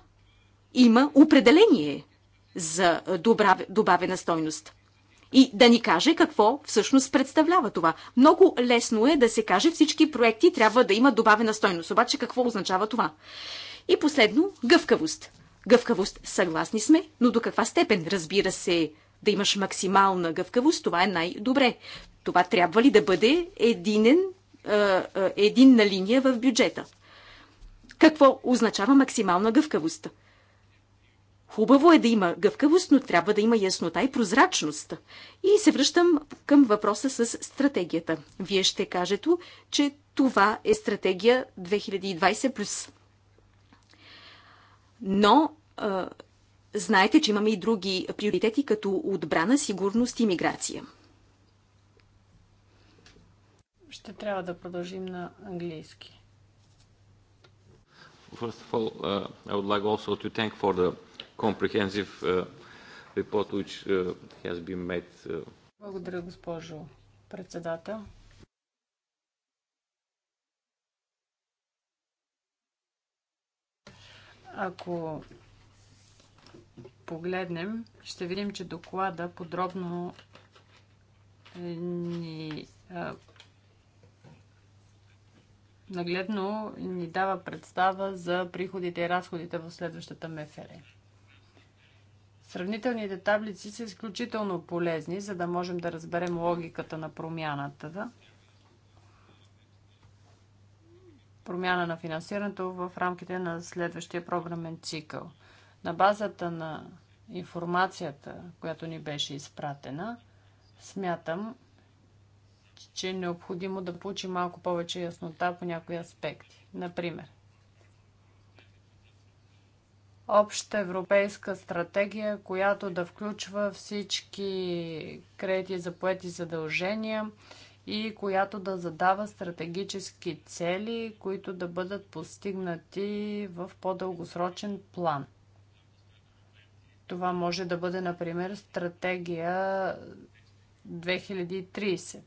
има определение за добавена стойност. И да ни каже какво всъщност представлява това. Много лесно е да се каже всички проекти трябва да имат добавена стойност. Обаче какво означава това? И последно, гъвкавост гъвкавост. Съгласни сме, но до каква степен, разбира се, да имаш максимална гъвкавост, това е най-добре. Това трябва ли да бъде единен, е, единна линия в бюджета? Какво означава максимална гъвкавост? Хубаво е да има гъвкавост, но трябва да има яснота и прозрачност. И се връщам към въпроса с стратегията. Вие ще кажете, че това е стратегия 2020+ но а, знаете, че имаме и други приоритети, като отбрана, сигурност и миграция. Ще трябва да продължим на английски. First of all, uh, I would like also to thank for the comprehensive uh, report which uh, has been made. Uh... Благодаря, госпожо председател. Ако погледнем, ще видим, че доклада подробно е ни нагледно ни дава представа за приходите и разходите в следващата МФР. Сравнителните таблици са изключително полезни, за да можем да разберем логиката на промяната промяна на финансирането в рамките на следващия програмен цикъл. На базата на информацията, която ни беше изпратена, смятам, че е необходимо да получи малко повече яснота по някои аспекти. Например, обща европейска стратегия, която да включва всички кредити за поети задължения – и която да задава стратегически цели, които да бъдат постигнати в по-дългосрочен план. Това може да бъде, например, стратегия 2030,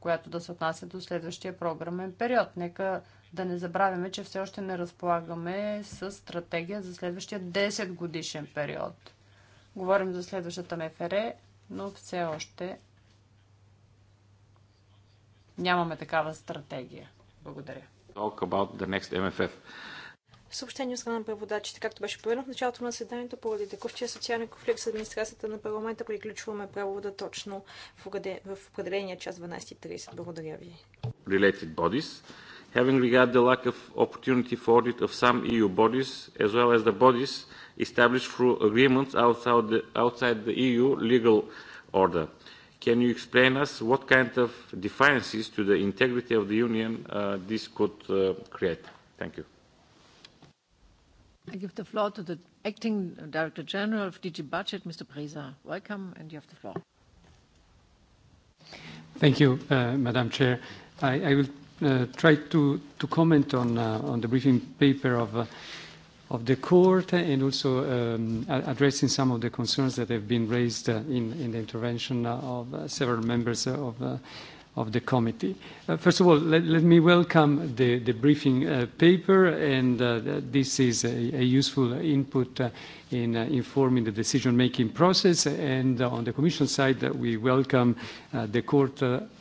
която да се отнася до следващия програмен период. Нека да не забравяме, че все още не разполагаме с стратегия за следващия 10 годишен период. Говорим за следващата МФР, но все още Нямаме такава стратегия. Благодаря. Talk about the next MFF. Съобщение от страна на преводачите, както беше поведено в началото на заседанието, поради текущия социален конфликт с администрацията на парламента, приключваме превода точно в, определения час 12.30. Благодаря ви. Related bodies. Having regard the lack of opportunity for audit of some EU bodies, as well as the bodies established through agreements outside the, outside the EU legal order. Can you explain us what kind of defiances to the integrity of the Union uh, this could uh, create? Thank you. I give the floor to the Acting Director General of DG Budget, Mr. Preza. Welcome, and you have the floor. Thank you, uh, Madam Chair. I, I will uh, try to, to comment on, uh, on the briefing paper of uh, of the court and also um, addressing some of the concerns that have been raised uh, in, in the intervention of uh, several members of, uh, of the committee. Uh, first of all, let, let me welcome the, the briefing uh, paper, and uh, this is a, a useful input uh, in uh, informing the decision-making process, and uh, on the Commission side, uh, we welcome uh, the court uh,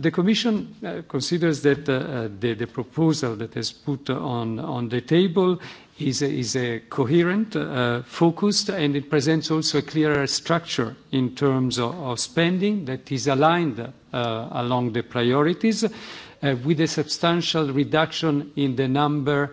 The Commission considers that the proposal that is put on the table is a coherent, focused, and it presents also a clearer structure in terms of spending that is aligned along the priorities, with a substantial reduction in the number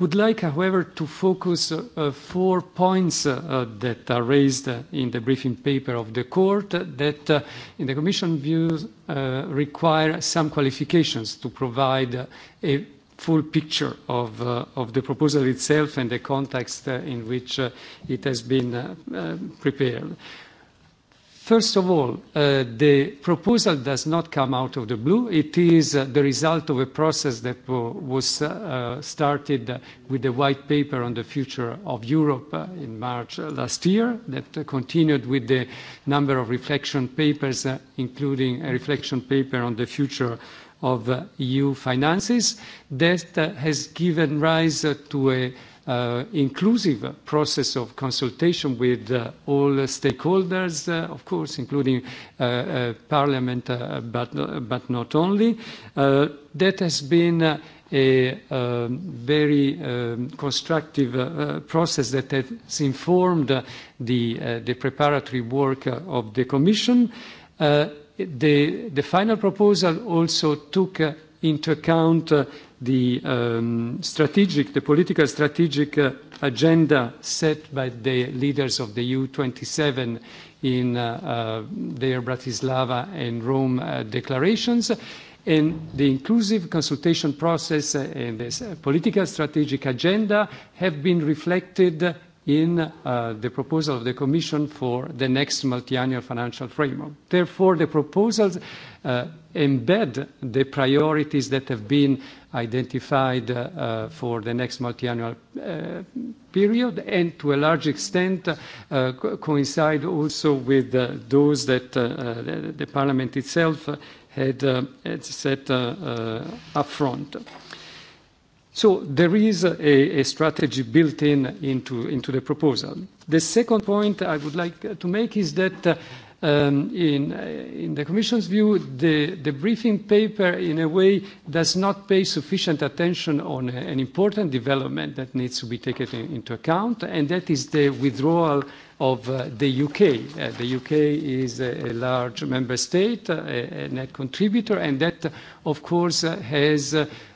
would like, however, to focus uh, four points uh, that are raised in the briefing paper of the court that, uh, in the Commission views, uh, require some qualifications to provide a full picture of, uh, of the proposal itself and the context uh, in which uh, it has been uh, uh, prepared. First of all, the proposal does not come out of the blue. It is the result of a process that was started with the white paper on the future of Europe in March last year, that continued with the number of reflection papers, including a reflection paper on the future of EU finances, that has given rise to a uh, inclusive process of consultation with uh, all stakeholders, uh, of course, including uh, uh, Parliament, uh, but, but not only. Uh, that has been a um, very um, constructive uh, process that has informed the, uh, the preparatory work of the Commission. Uh, the, the final proposal also took into account uh, the um, strategic, the political strategic uh, agenda set by the leaders of the EU27 in uh, uh, their Bratislava and Rome uh, declarations, and the inclusive consultation process and this political strategic agenda have been reflected in uh, the proposal of the Commission for the next multi-annual financial framework. Therefore, the proposals uh, embed the priorities that have been identified uh, uh, for the next multi-annual uh, period and to a large extent uh, co coincide also with uh, those that uh, the, the Parliament itself had, uh, had set uh, uh, up front. So there is a strategy built in into the proposal. The second point I would like to make is that, in the Commission's view, the briefing paper, in a way, does not pay sufficient attention on an important development that needs to be taken into account, and that is the withdrawal of the U.K. The U.K. is a large member state, a net contributor, and that, of course, has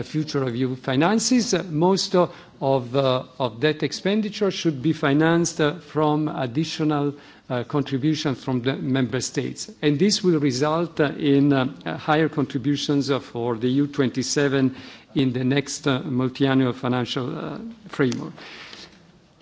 future of EU finances. Most of that expenditure should be financed from additional contribution from the member states. and This will result in higher contributions for the EU 27 in the next multiannual financial framework.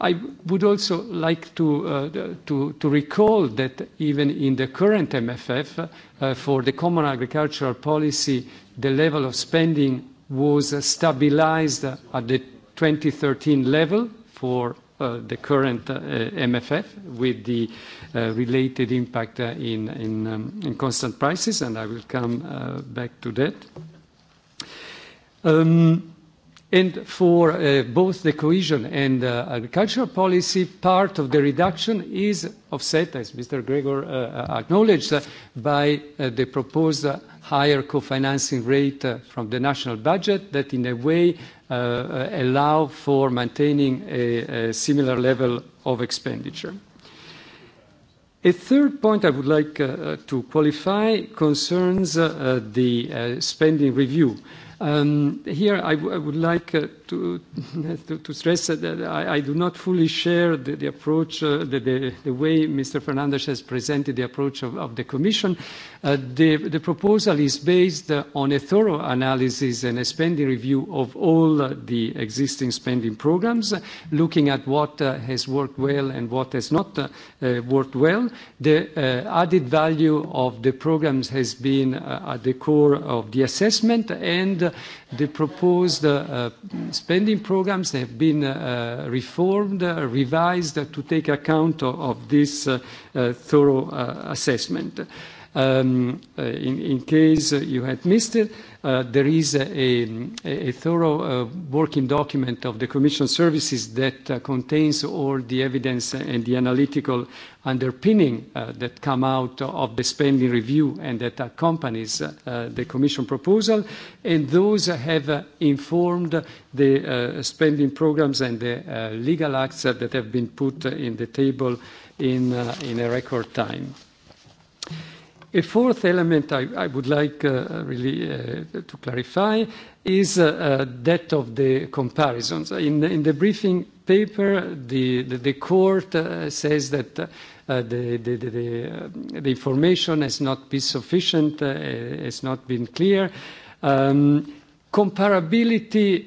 I would also like to recall that even in the current MFF, for the common agricultural policy, the level of spending was stabilized at the 2013 level for the current MFF with the related impact in constant prices, and I will come back to that. And for both the cohesion and agricultural policy, part of the reduction is offset, as Mr. Gregor uh, acknowledged, by the proposed higher co-financing rate from the national budget that in a way allow for maintaining a, similar level of expenditure. A third point I would like to qualify concerns the spending review. Here, I would like to stress that I do not fully share the approach, the way Mr. Fernandes has presented the approach of the Commission. The proposal is based on a thorough analysis and a spending review of all the existing spending programs, looking at what has worked well and what has not worked well. The added value of the programs has been at the core of the assessment, and The proposed spending programs have been reformed, revised to take account of this thorough assessment. In case you had missed it, there is a, thorough working document of the Commission services that contains all the evidence and the analytical underpinning that come out of the spending review and that accompanies the Commission proposal, and those have informed the spending programs and the legal acts that have been put in the table in a record time. A fourth element I I would like uh really uh to clarify is uh that of the comparisons. In in the briefing paper, the the the court uh says that uh the the the the uh the information has not been sufficient, uh has not been clear. Um Comparability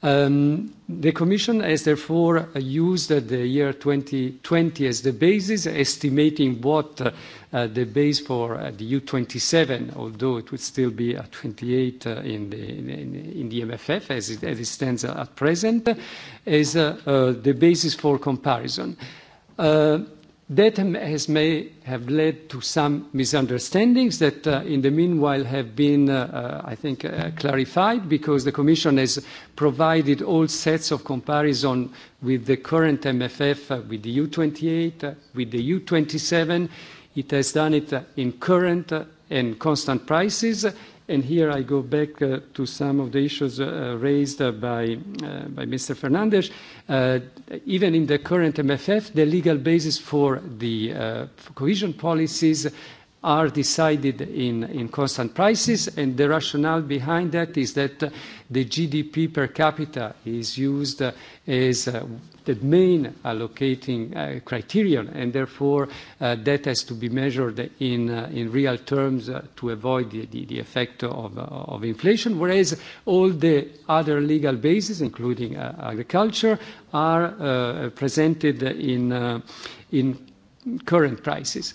The Commission has therefore used the year 2020 as the basis, estimating what the base for the EU 27, although it would still be at 28 in the MFF as it stands at present, is the basis for comparison That has may have led to some misunderstandings that, uh, in the meanwhile, have been, uh, I think, uh, clarified because the Commission has provided all sets of comparison with the current MFF, uh, with the U28, uh, with the U27. It has done it uh, in current uh, and constant prices And here I go back to some of the issues uh, raised uh, by, uh, by Mr. Fernandez. Uh, even in the current MFF, the legal basis for the uh, cohesion policies are decided in, in constant prices, and the rationale behind that is that the GDP per capita is used as the main allocating criterion, and therefore that has to be measured in in real terms to avoid the the effect of of inflation, whereas all the other legal bases, including agriculture, are presented in in current prices.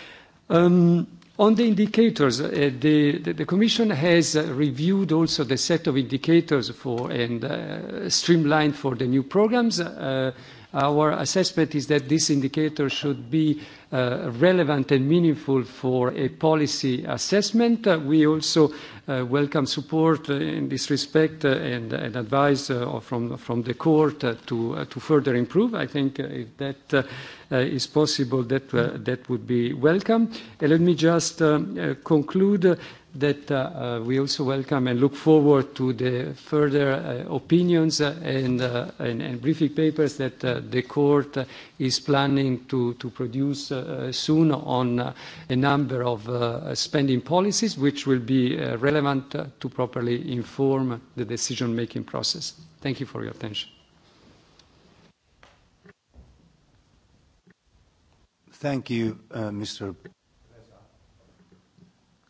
On the indicators, the Commission has reviewed also the set of indicators for and streamlined for the new programs. Our assessment is that this indicator should be relevant and meaningful for a policy assessment. We also welcome support in this respect and advice from the court to further improve. I think if that is possible, that would be welcome. Let me just conclude that we also welcome and look forward to the further opinions and briefing papers that the court is planning to produce soon on a number of spending policies, which will be relevant to properly inform the decision-making process. Thank you for your attention. Thank you, Mr.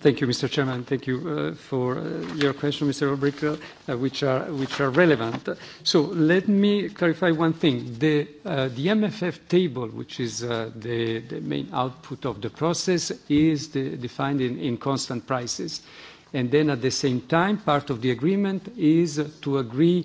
Thank you, Mr. Chairman. Thank you for your question, Mr. Albrecht, which are relevant. So let me clarify one thing. The MFF table, which is the main output of the process, is defined in constant prices. And then at the same time, part of the agreement is to agree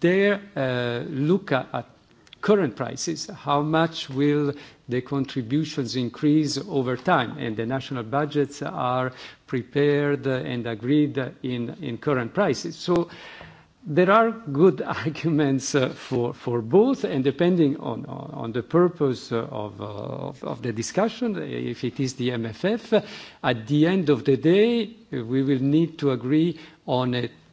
their uh, look at current prices, how much will the contributions increase over time? And the national budgets are prepared and agreed in, current prices. So there are good arguments for, both, and depending on, the purpose of the discussion, if it is the MFF, at the end of the day, we will need to agree on a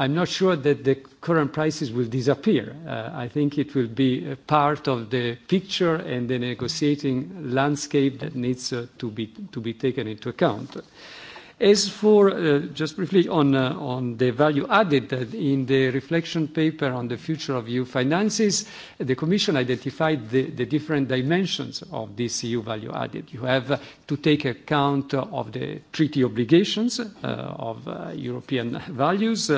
I'm not sure that the current prices will disappear. I think it will be a part of the picture and the negotiating landscape that needs to be taken into account. As for, just briefly on the value added, in the reflection paper on the future of EU finances, the Commission identified the different dimensions of this EU value added. You have to take account of the treaty obligations of European values,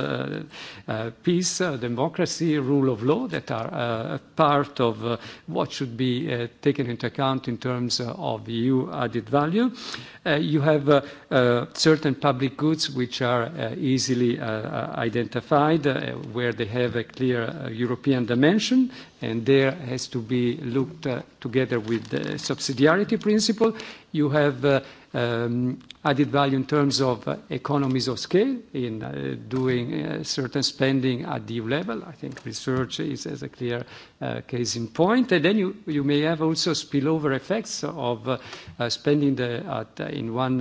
peace, democracy, rule of law, that are part of what should be taken into account in terms of EU added value. You have certain public goods which are easily identified, where they have a clear European dimension, and there has to be looked at together with the subsidiarity principle. You have added value in terms of economies of scale in doing certain spending at the EU level. I think research is a clear case in point. And then you may have also spillover effects of spending the at in one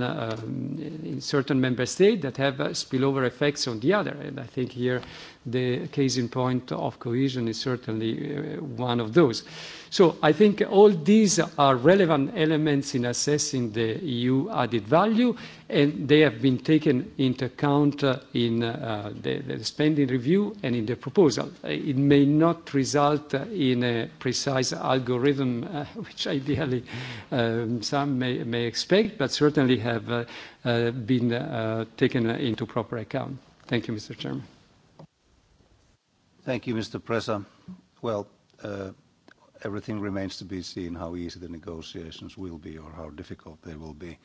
in certain member state that have spillover effects on the other. And I think here The case in point of cohesion is certainly one of those. So I think all these are relevant elements in assessing the EU added value, and they have been taken into account in the spending review and in the proposal. It may not result in a precise algorithm, which ideally some may expect, but certainly have been taken into proper account. Thank you, Mr. Chairman. Thank you, Mr. Presa. Well, everything remains to be seen how easy the negotiations will be or how difficult they will be.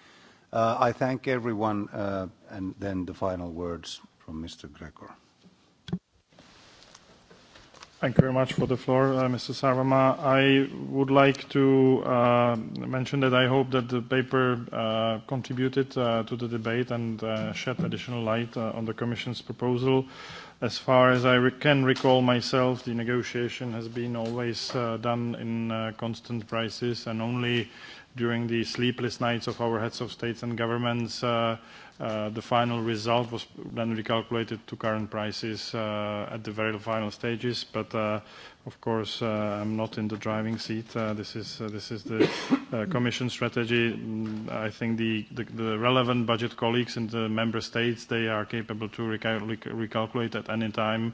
I thank everyone, and then the final words from Mr. Gregor. Thank you very much for the floor, uh, Mr. Sarvamaa. I would like to uh, mention that I hope that the paper uh, contributed uh, to the debate and uh, shed additional light uh, on the Commission's proposal as far as I re can recall myself, the negotiation has been always uh, done in uh, constant prices and only during the sleepless nights of our heads of states and governments uh, The final result was then recalculated to current prices at the very final stages. But of course, I'm not in the driving seat. This is the commission strategy. I think the relevant budget colleagues in the member states, they are capable to recalculate at any time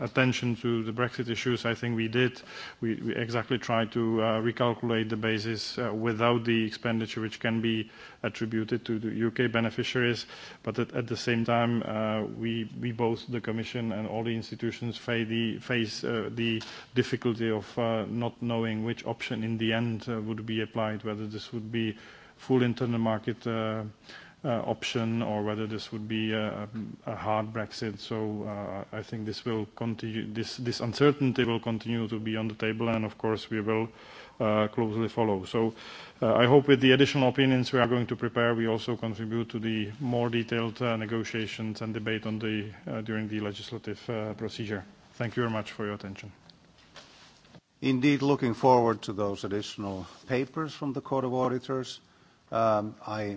attention to the Brexit issues. I think we did. We, we exactly tried to uh, recalculate the basis uh, without the expenditure which can be attributed to the UK beneficiaries. But at, at the same time, uh, we, we both, the Commission and all the institutions, face the, face, uh, the difficulty of uh, not knowing which option in the end uh, would be applied, whether this would be full internal market uh, option or whether this would be a hard Brexit. So I think this will continue. This uncertainty will continue to be on the table, and of course, we will closely follow. So I hope with the additional opinions we are going to prepare, we also contribute to the more detailed negotiations and debate on the during the legislative procedure. Thank you very much for your attention. Indeed, looking forward to those additional papers from the Court of Auditors. I